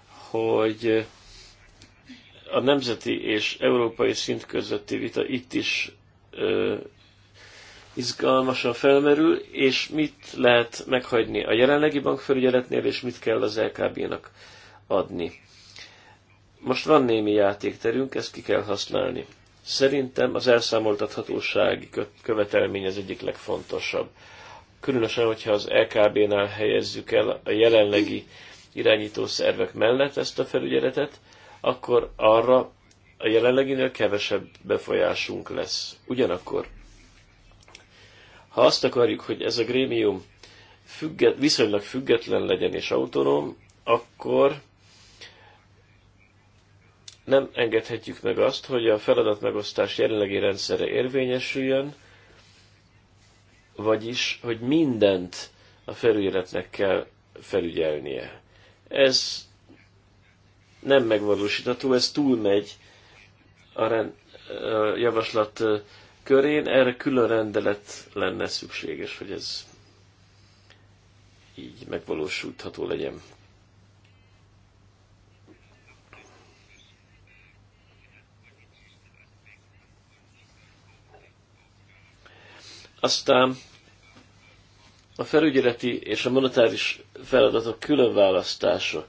hogy a nemzeti és európai szint közötti vita itt is ö, izgalmasan felmerül, és mit lehet meghagyni a jelenlegi bankfelügyeletnél, és mit kell az LKB-nak adni. Most van némi játékterünk, ezt ki kell használni. Szerintem az elszámoltathatósági követelmény az egyik legfontosabb különösen, hogyha az LKB-nál helyezzük el a jelenlegi irányító szervek mellett ezt a felügyeletet, akkor arra a jelenleginél kevesebb befolyásunk lesz. Ugyanakkor, ha azt akarjuk, hogy ez a grémium függet, viszonylag független legyen és autonóm, akkor nem engedhetjük meg azt, hogy a feladatmegosztás jelenlegi rendszere érvényesüljön, vagyis, hogy mindent a felügyeletnek kell felügyelnie. Ez nem megvalósítható, ez túlmegy a, rend, a javaslat körén, erre külön rendelet lenne szükséges, hogy ez így megvalósítható legyen. Aztán a felügyeleti és a monetáris feladatok különválasztása.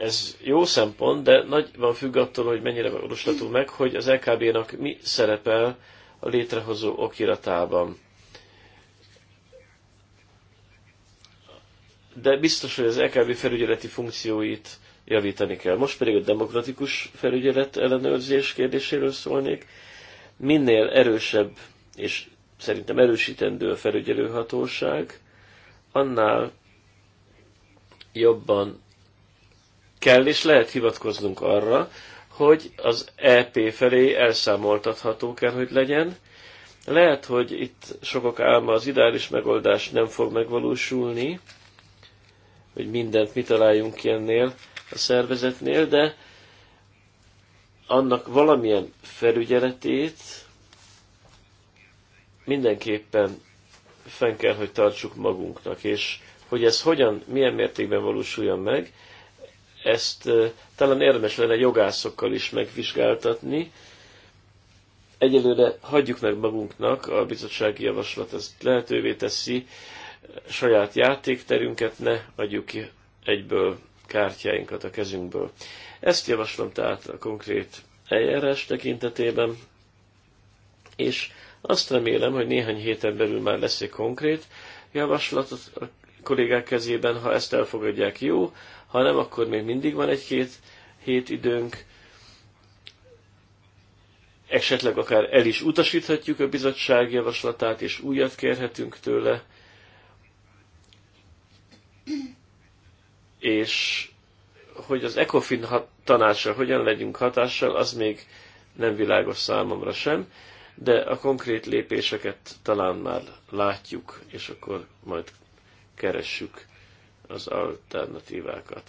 Ez jó szempont, de van függ attól, hogy mennyire valósítható meg, hogy az LKB-nak mi szerepel a létrehozó okiratában. De biztos, hogy az LKB felügyeleti funkcióit javítani kell. Most pedig a demokratikus felügyelet ellenőrzés kérdéséről szólnék. Minél erősebb és szerintem erősítendő a felügyelőhatóság, annál jobban kell és lehet hivatkoznunk arra, hogy az EP felé elszámoltatható kell, hogy legyen. Lehet, hogy itt sokak álma az ideális megoldás nem fog megvalósulni, hogy mindent mi találjunk ki ennél a szervezetnél, de annak valamilyen felügyeletét mindenképpen fenn kell, hogy tartsuk magunknak, és hogy ez hogyan, milyen mértékben valósuljon meg, ezt talán érdemes lenne jogászokkal is megvizsgáltatni. Egyelőre hagyjuk meg magunknak, a bizottsági javaslat ezt lehetővé teszi, saját játékterünket ne adjuk ki egyből kártyáinkat a kezünkből. Ezt javaslom tehát a konkrét eljárás tekintetében, és azt remélem, hogy néhány héten belül már lesz egy konkrét javaslat a kollégák kezében, ha ezt elfogadják, jó, ha nem, akkor még mindig van egy-két hét időnk, esetleg akár el is utasíthatjuk a bizottság javaslatát, és újat kérhetünk tőle, és hogy az ECOFIN tanácsra hogyan legyünk hatással, az még nem világos számomra sem de a konkrét lépéseket talán már látjuk, és akkor majd keressük az alternatívákat.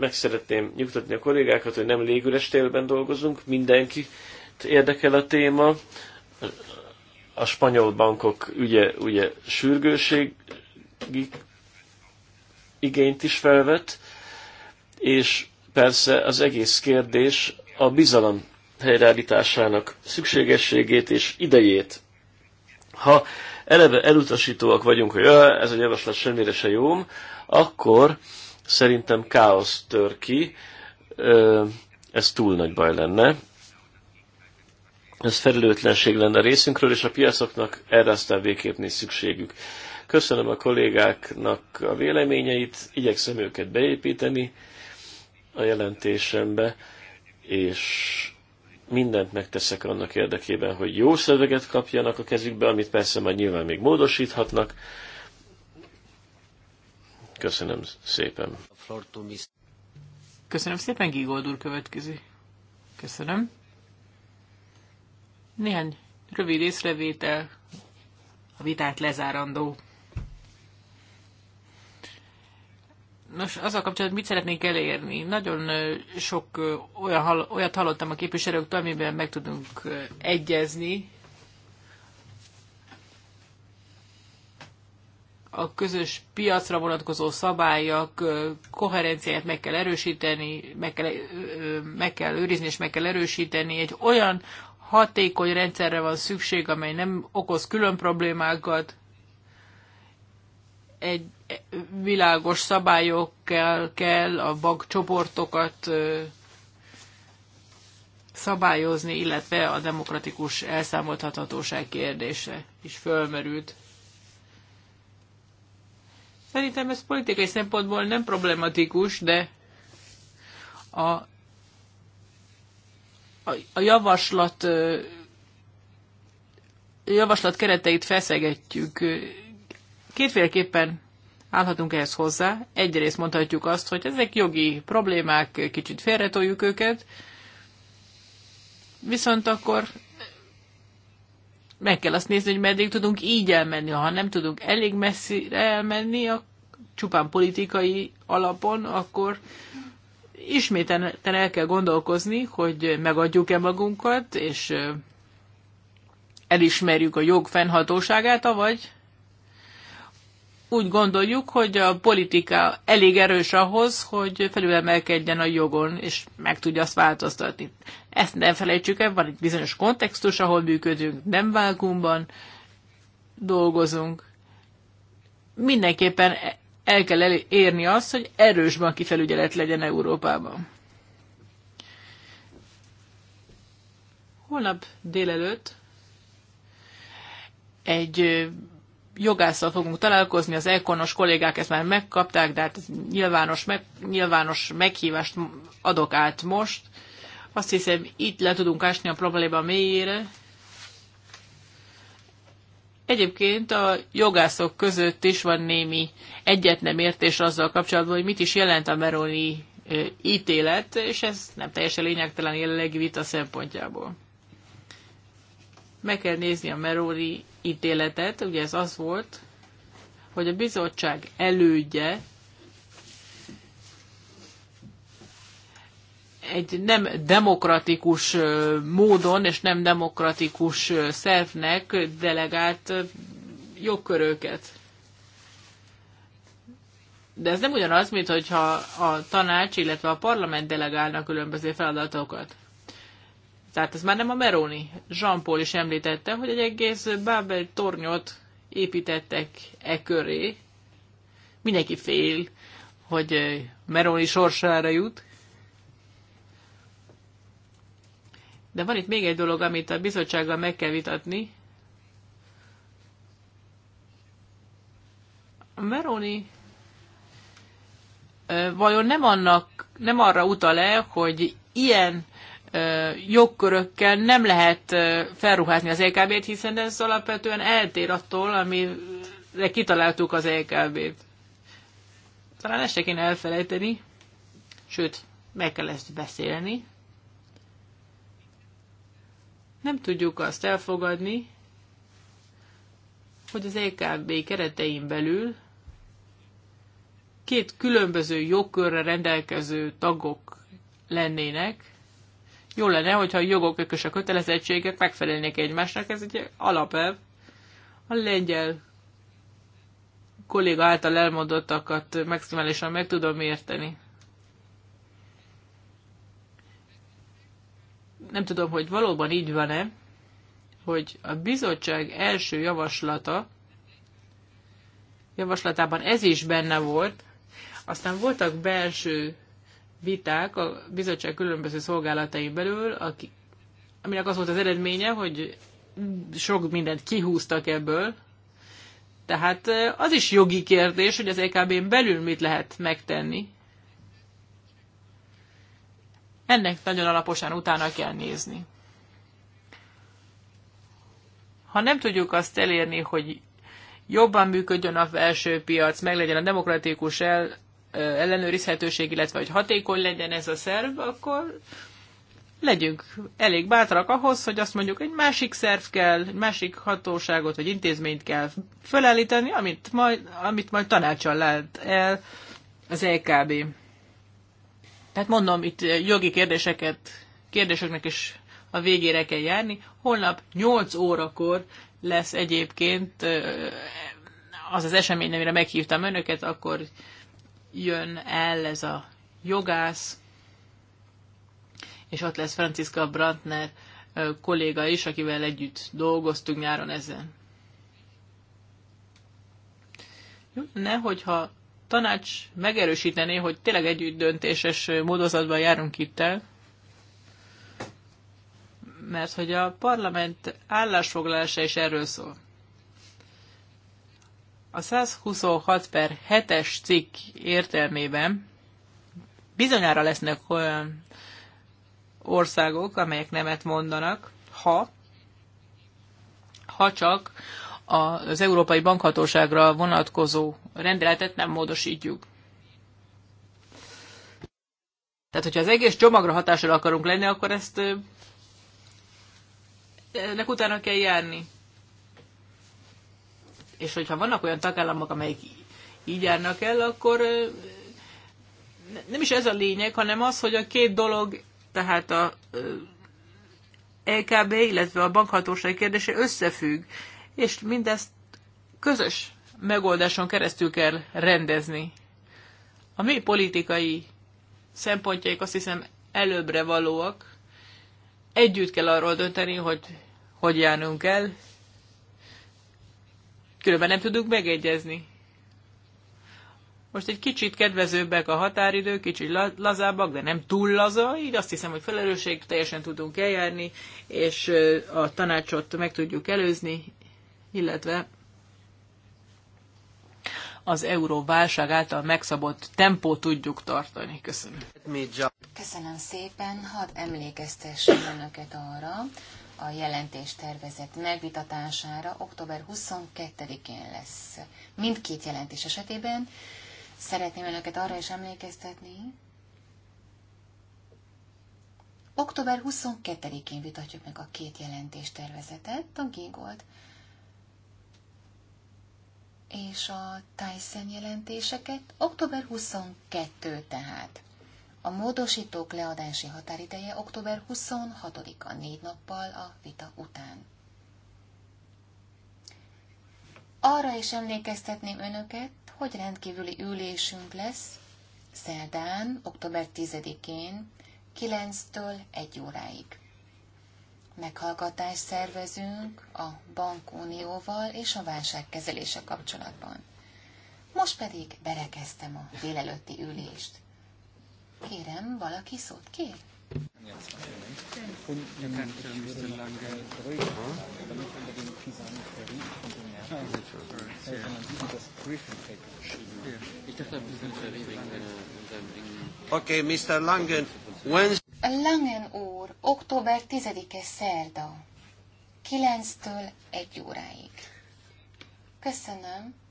Meg szeretném nyugtatni a kollégákat, hogy nem légüres télben dolgozunk, mindenki érdekel a téma. A spanyol bankok ügye, ugye sürgőség igényt is felvet, és persze az egész kérdés a bizalom helyreállításának szükségességét és idejét. Ha eleve elutasítóak vagyunk, hogy ez a javaslat semmire se jó, akkor szerintem káosz tör ki, ez túl nagy baj lenne. Ez felelőtlenség lenne a részünkről, és a piacoknak erre aztán végképp nincs szükségük. Köszönöm a kollégáknak a véleményeit, igyekszem őket beépíteni a jelentésembe, és mindent megteszek annak érdekében, hogy jó szöveget kapjanak a kezükbe, amit persze majd nyilván még módosíthatnak. Köszönöm szépen. Köszönöm szépen, Gigold úr következő. Köszönöm. Néhány rövid észrevétel a vitát lezárandó Nos, azzal kapcsolatban mit szeretnénk elérni? Nagyon sok olyan, olyat hallottam a képviselőktől, amiben meg tudunk egyezni. A közös piacra vonatkozó szabályok koherenciáját meg kell erősíteni, meg kell, meg kell őrizni és meg kell erősíteni. Egy olyan hatékony rendszerre van szükség, amely nem okoz külön problémákat, egy világos szabályokkal kell a bankcsoportokat szabályozni, illetve a demokratikus elszámoltathatóság kérdése is fölmerült. Szerintem ez politikai szempontból nem problematikus, de a, a, a javaslat a javaslat kereteit feszegetjük Kétféleképpen állhatunk ehhez hozzá. Egyrészt mondhatjuk azt, hogy ezek jogi problémák, kicsit félretoljuk őket, viszont akkor meg kell azt nézni, hogy meddig tudunk így elmenni. Ha nem tudunk elég messzire elmenni, a csupán politikai alapon, akkor ismételten el kell gondolkozni, hogy megadjuk-e magunkat, és elismerjük a jog fennhatóságát, avagy úgy gondoljuk, hogy a politika elég erős ahhoz, hogy felülemelkedjen a jogon, és meg tudja azt változtatni. Ezt nem felejtsük el, van egy bizonyos kontextus, ahol működünk, nem vákumban dolgozunk. Mindenképpen el kell érni azt, hogy erős banki felügyelet legyen Európában. Holnap délelőtt egy jogásszal fogunk találkozni, az ekonos kollégák ezt már megkapták, de hát nyilvános, meg, nyilvános meghívást adok át most. Azt hiszem, itt le tudunk ásni a probléma mélyére. Egyébként a jogászok között is van némi egyetlen értés azzal kapcsolatban, hogy mit is jelent a Meroni ítélet, és ez nem teljesen lényegtelen jelenlegi vita szempontjából. Meg kell nézni a Meroni ítéletet, ugye ez az volt, hogy a bizottság elődje egy nem demokratikus módon és nem demokratikus szervnek delegált jogköröket. De ez nem ugyanaz, mint hogyha a tanács, illetve a parlament delegálna különböző feladatokat. Tehát ez már nem a Meroni. Jean-Paul is említette, hogy egy egész Bábel tornyot építettek e köré. Mindenki fél, hogy Meroni sorsára jut. De van itt még egy dolog, amit a bizottsággal meg kell vitatni. A Meroni vajon nem, annak, nem arra utal-e, hogy ilyen jogkörökkel nem lehet felruházni az EKB-t, hiszen ez alapvetően eltér attól, amire kitaláltuk az EKB-t. Talán ezt se kéne elfelejteni, sőt, meg kell ezt beszélni. Nem tudjuk azt elfogadni, hogy az EKB keretein belül két különböző jogkörre rendelkező tagok lennének, jó lenne, hogyha a jogok és a kötelezettségek megfelelnék egymásnak, ez egy alapelv. A lengyel kolléga által elmondottakat maximálisan meg tudom érteni. Nem tudom, hogy valóban így van-e, hogy a bizottság első javaslata, javaslatában ez is benne volt, aztán voltak belső viták a bizottság különböző szolgálatain belül, aki, aminek az volt az eredménye, hogy sok mindent kihúztak ebből, tehát az is jogi kérdés, hogy az EKB-n belül mit lehet megtenni. Ennek nagyon alaposan utána kell nézni. Ha nem tudjuk azt elérni, hogy jobban működjön a felső piac, meg legyen a demokratikus el, ellenőrizhetőség, illetve hogy hatékony legyen ez a szerv, akkor legyünk elég bátrak ahhoz, hogy azt mondjuk egy másik szerv kell, egy másik hatóságot vagy intézményt kell felállítani, amit majd, amit majd tanácsal lát el az LKB. E Tehát mondom, itt jogi kérdéseket, kérdéseknek is a végére kell járni. Holnap 8 órakor lesz egyébként az az esemény, amire meghívtam önöket, akkor jön el ez a jogász, és ott lesz Franciska Brantner kolléga is, akivel együtt dolgoztunk nyáron ezen. Jó ne, hogyha tanács megerősítené, hogy tényleg együtt döntéses módozatban járunk itt el, mert hogy a parlament állásfoglalása is erről szól. A 126 per 7-es cikk értelmében bizonyára lesznek olyan országok, amelyek nemet mondanak, ha, ha csak az Európai Bankhatóságra vonatkozó rendeletet nem módosítjuk. Tehát, hogyha az egész csomagra hatással akarunk lenni, akkor ezt ennek utána kell járni és hogyha vannak olyan tagállamok, amelyek így járnak el, akkor nem is ez a lényeg, hanem az, hogy a két dolog, tehát a LKB, illetve a bankhatóság kérdése összefügg, és mindezt közös megoldáson keresztül kell rendezni. A mi politikai szempontjaik azt hiszem előbbre valóak. Együtt kell arról dönteni, hogy hogy járnunk el, Különben nem tudunk megegyezni. Most egy kicsit kedvezőbbek a határidő, kicsit lazábbak, de nem túl laza, így azt hiszem, hogy felelősség teljesen tudunk eljárni, és a tanácsot meg tudjuk előzni, illetve az euró válság által megszabott tempót tudjuk tartani. Köszönöm. Köszönöm szépen, hadd emlékeztessem önöket arra, a jelentés tervezett megvitatására október 22-én lesz. Mindkét jelentés esetében szeretném önöket arra is emlékeztetni, Október 22-én vitatjuk meg a két jelentés tervezetet, a Gingold és a Tyson jelentéseket, október 22 tehát. A módosítók leadási határideje október 26-a négy nappal a vita után. Arra is emlékeztetném önöket, hogy rendkívüli ülésünk lesz szerdán, október 10-én 9-től 1 óráig. Meghallgatást szervezünk a bankunióval és a válságkezelése kapcsolatban. Most pedig berekeztem a délelőtti ülést. Kérem, valaki szót kér? Oké, Mr. Langen, when... Langen úr, október 10-e szerda, 9-től 1 óráig. Köszönöm.